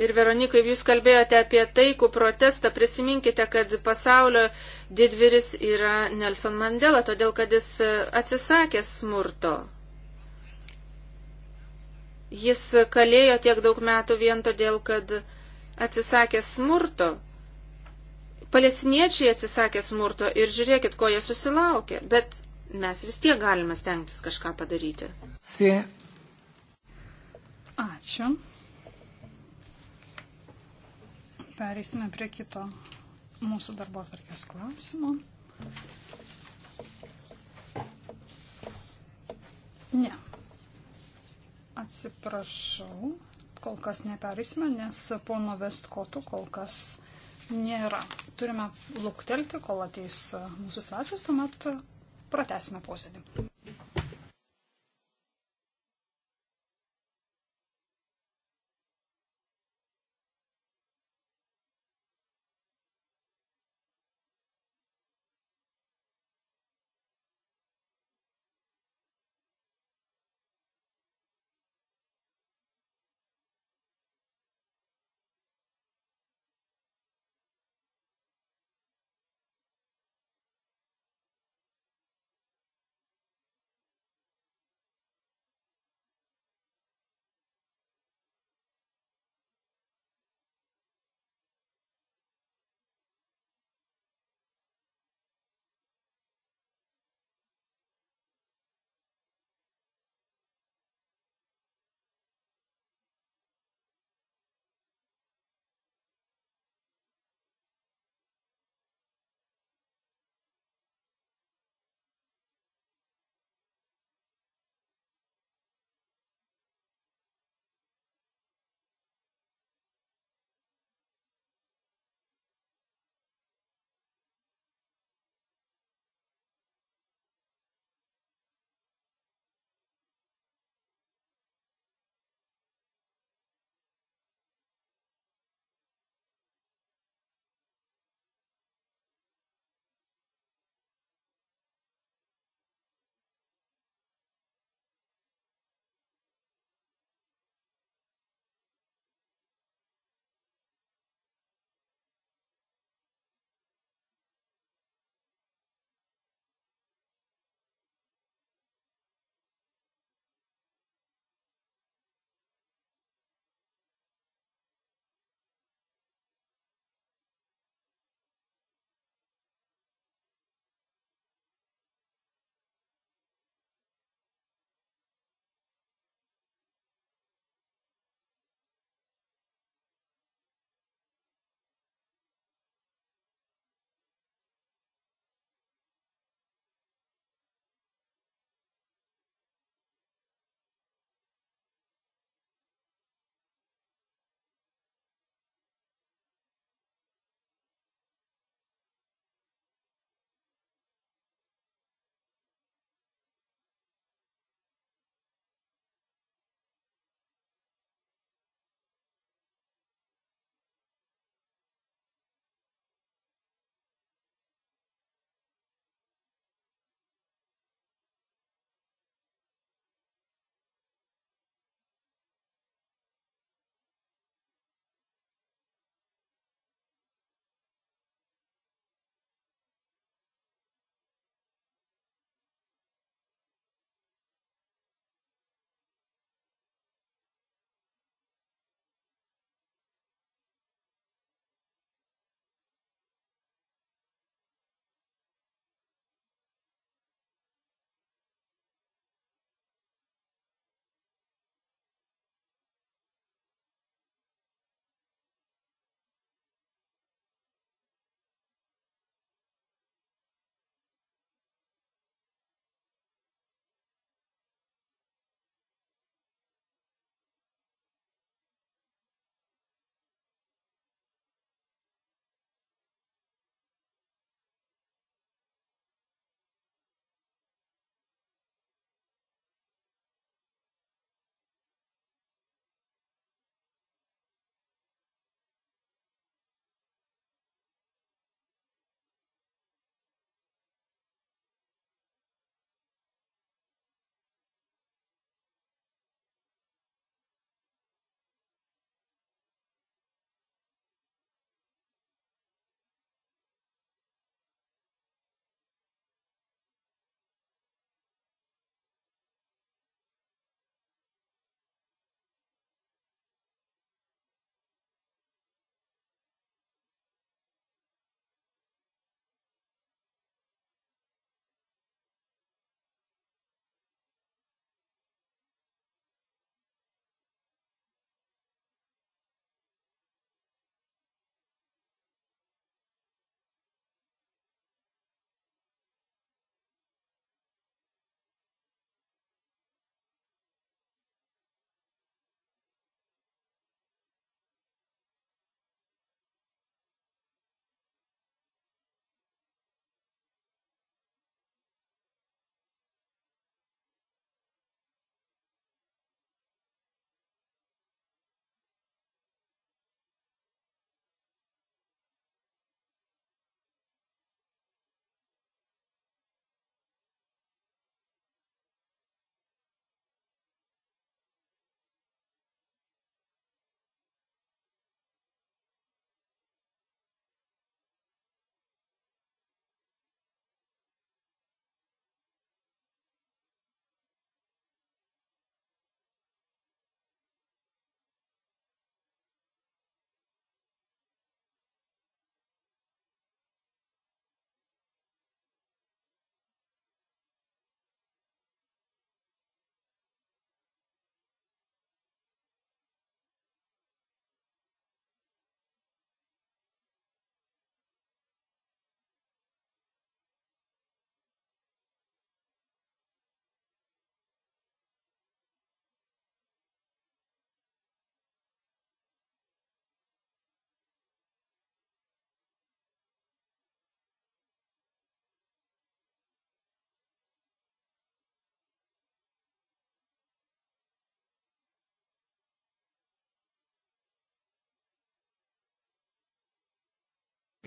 Ir Veronikai, jūs kalbėjote apie taikų protestą, prisiminkite, kad pasaulio didviris yra Nelson Mandela, todėl kad jis e, atsisakė smurto. Jis kalėjo tiek daug metų vien todėl, kad atsisakė smurto. Palestiniečiai atsisakė smurto ir žiūrėkit, ko jie susilaukė, bet mes vis tiek galime stengtis kažką padaryti. Si. Ačiū. Pereisime prie kito mūsų darbo atvarkės klausimo. Ne. Atsiprašau, kol kas nepereisime, nes pono Vestkotų kol kas nėra. Turime luktelti, kol ateis mūsų svečias, tuomet pratesime posėdį.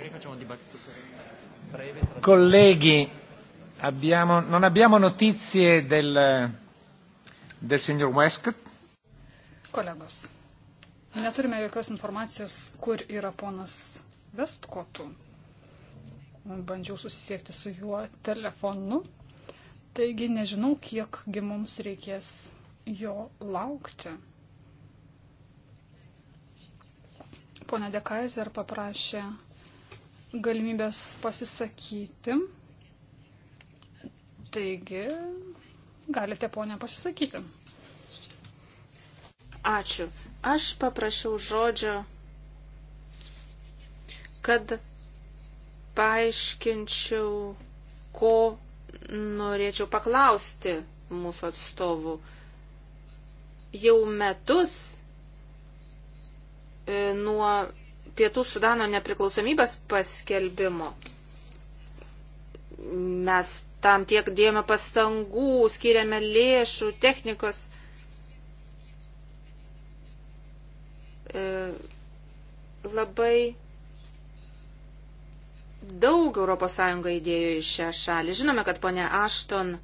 Magari facciamo un dibattito breve. Colleghi, abbiamo, non abbiamo notizie del, del signor Westcott. Kolegos, neturime jokios informacijos, kur yra ponas Westcottų. Bandžiau susisiekti su juo telefonu, taigi nežinau, kiekgi mums reikės jo laukti. Pone Dekaiser paprašė galimybės pasisakyti. Taigi, galite ponę pasisakyti. Ačiū. Aš paprašiau žodžio, kad paaiškinčiau, ko norėčiau paklausti mūsų atstovų. Jau metus e, nuo Pietų Sudano nepriklausomybės paskelbimo mes tam tiek dėjome pastangų, skiriame lėšų, technikos. E, labai daug ES įdėjo į šią šalį. Žinome, kad ponia Ašton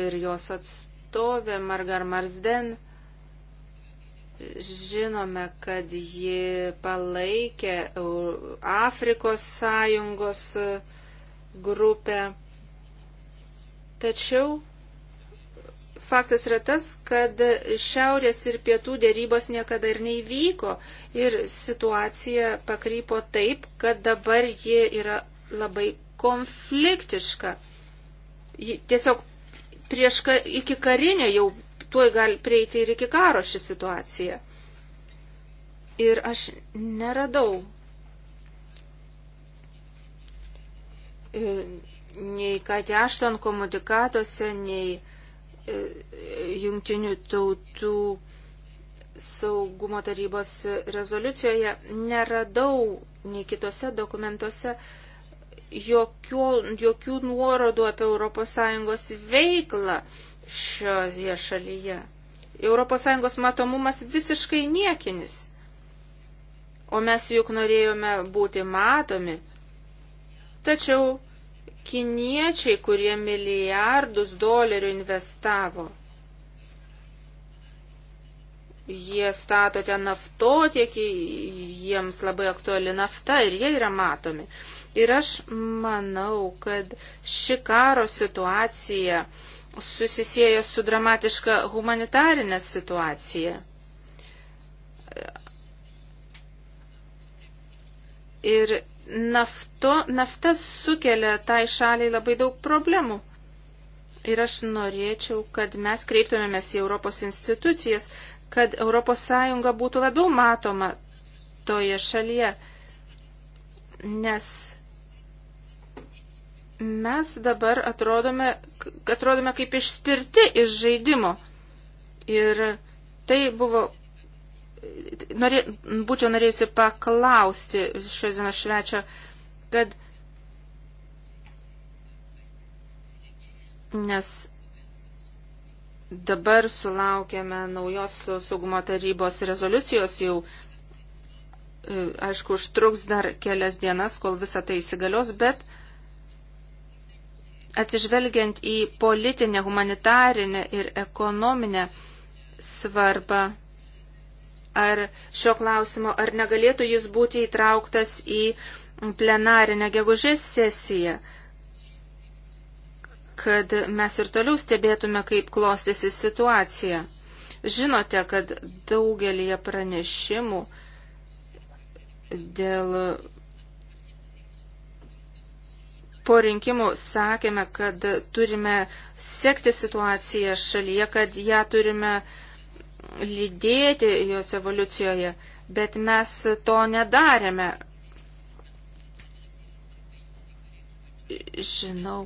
ir jos atstovė Margar Marsden Žinome, kad ji palaikė Afrikos sąjungos grupę. Tačiau faktas yra tas, kad šiaurės ir pietų dėrybos niekada ir neįvyko ir situacija pakrypo taip, kad dabar ji yra labai konfliktiška. Ji tiesiog prieš ka, iki karinė jau tuoj gali prieiti ir iki karo ši situacija. Ir aš neradau e, nei Katė Ašton komunikatuose, nei e, jungtinių tautų saugumo tarybos rezoliucijoje neradau nei kitose dokumentuose jokių, jokių nuorodų apie ES veiklą šioje šalyje. ES matomumas visiškai niekinis. O mes juk norėjome būti matomi. Tačiau kiniečiai, kurie milijardus dolerių investavo, jie stato ten naftotiekį, jiems labai aktuali nafta ir jie yra matomi. Ir aš manau, kad ši karo situacija, uh, susisieja su dramatiška humanitarinė situacija. Ir nafto, nafta sukelia tai šaliai labai daug problemų. Ir aš norėčiau, kad mes kreiptumėmės į Europos institucijas, kad ES būtų labiau matoma toje šalyje, nes Mes dabar atrodome, atrodome kaip išspirti iš žaidimo. Ir tai buvo, norė, būčiau norėjusi paklausti šios dienos švečio, kad nes dabar sulaukėme naujos saugumo tarybos rezoliucijos jau e, aišku, užtruks dar kelias dienas, kol visa tai įsigalios, bet atsižvelgiant į politinę, humanitarinę ir ekonominę svarbą. Ar šio klausimo, ar negalėtų jis būti įtrauktas į plenarinę gegužės sesiją, kad mes ir toliau stebėtume, kaip klostėsi situacija. Žinote, kad daugelį pranešimų dėl po rinkimų sakėme, kad turime sekti situaciją šalyje, kad ją turime lydėti jos evoliucijoje, bet mes to nedarėme. Žinau,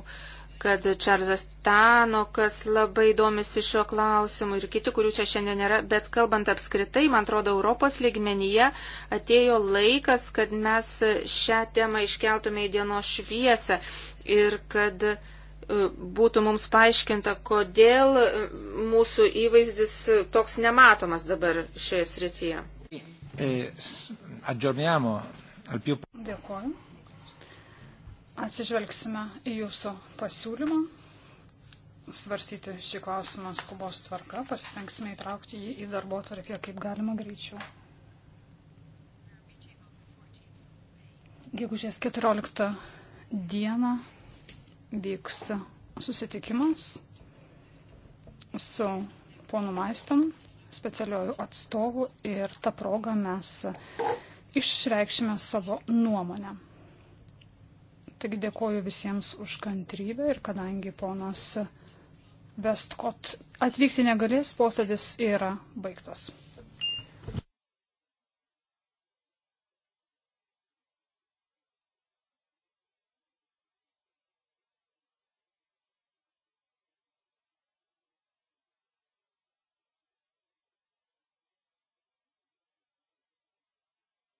kad Čarlzas Tanokas labai domisi šiuo klausimu ir kiti, kurių čia šiandien nėra, bet kalbant apskritai, man atrodo, Europos lygmenyje atėjo laikas, kad mes šią temą iškeltume į dienos šviesą ir kad e, būtų mums paaiškinta, kodėl e, mūsų įvaizdis toks nematomas dabar šioje srityje. E, Dėkuoju. Atsižvelgsime į jūsų pasiūlymą svarstyti šį klausimą skubos tvarka, pasistengsime įtraukti jį į darbo tvarkę kaip galima greičiau. Gegužės 14 dieną vyks susitikimas su ponu Maiston, specialiojų atstovų ir tą progą mes išreikšime savo nuomonę. Taigi dėkoju visiems už kantrybę ir kadangi ponas Vestkot atvykti negalės, posėdis yra baigtas.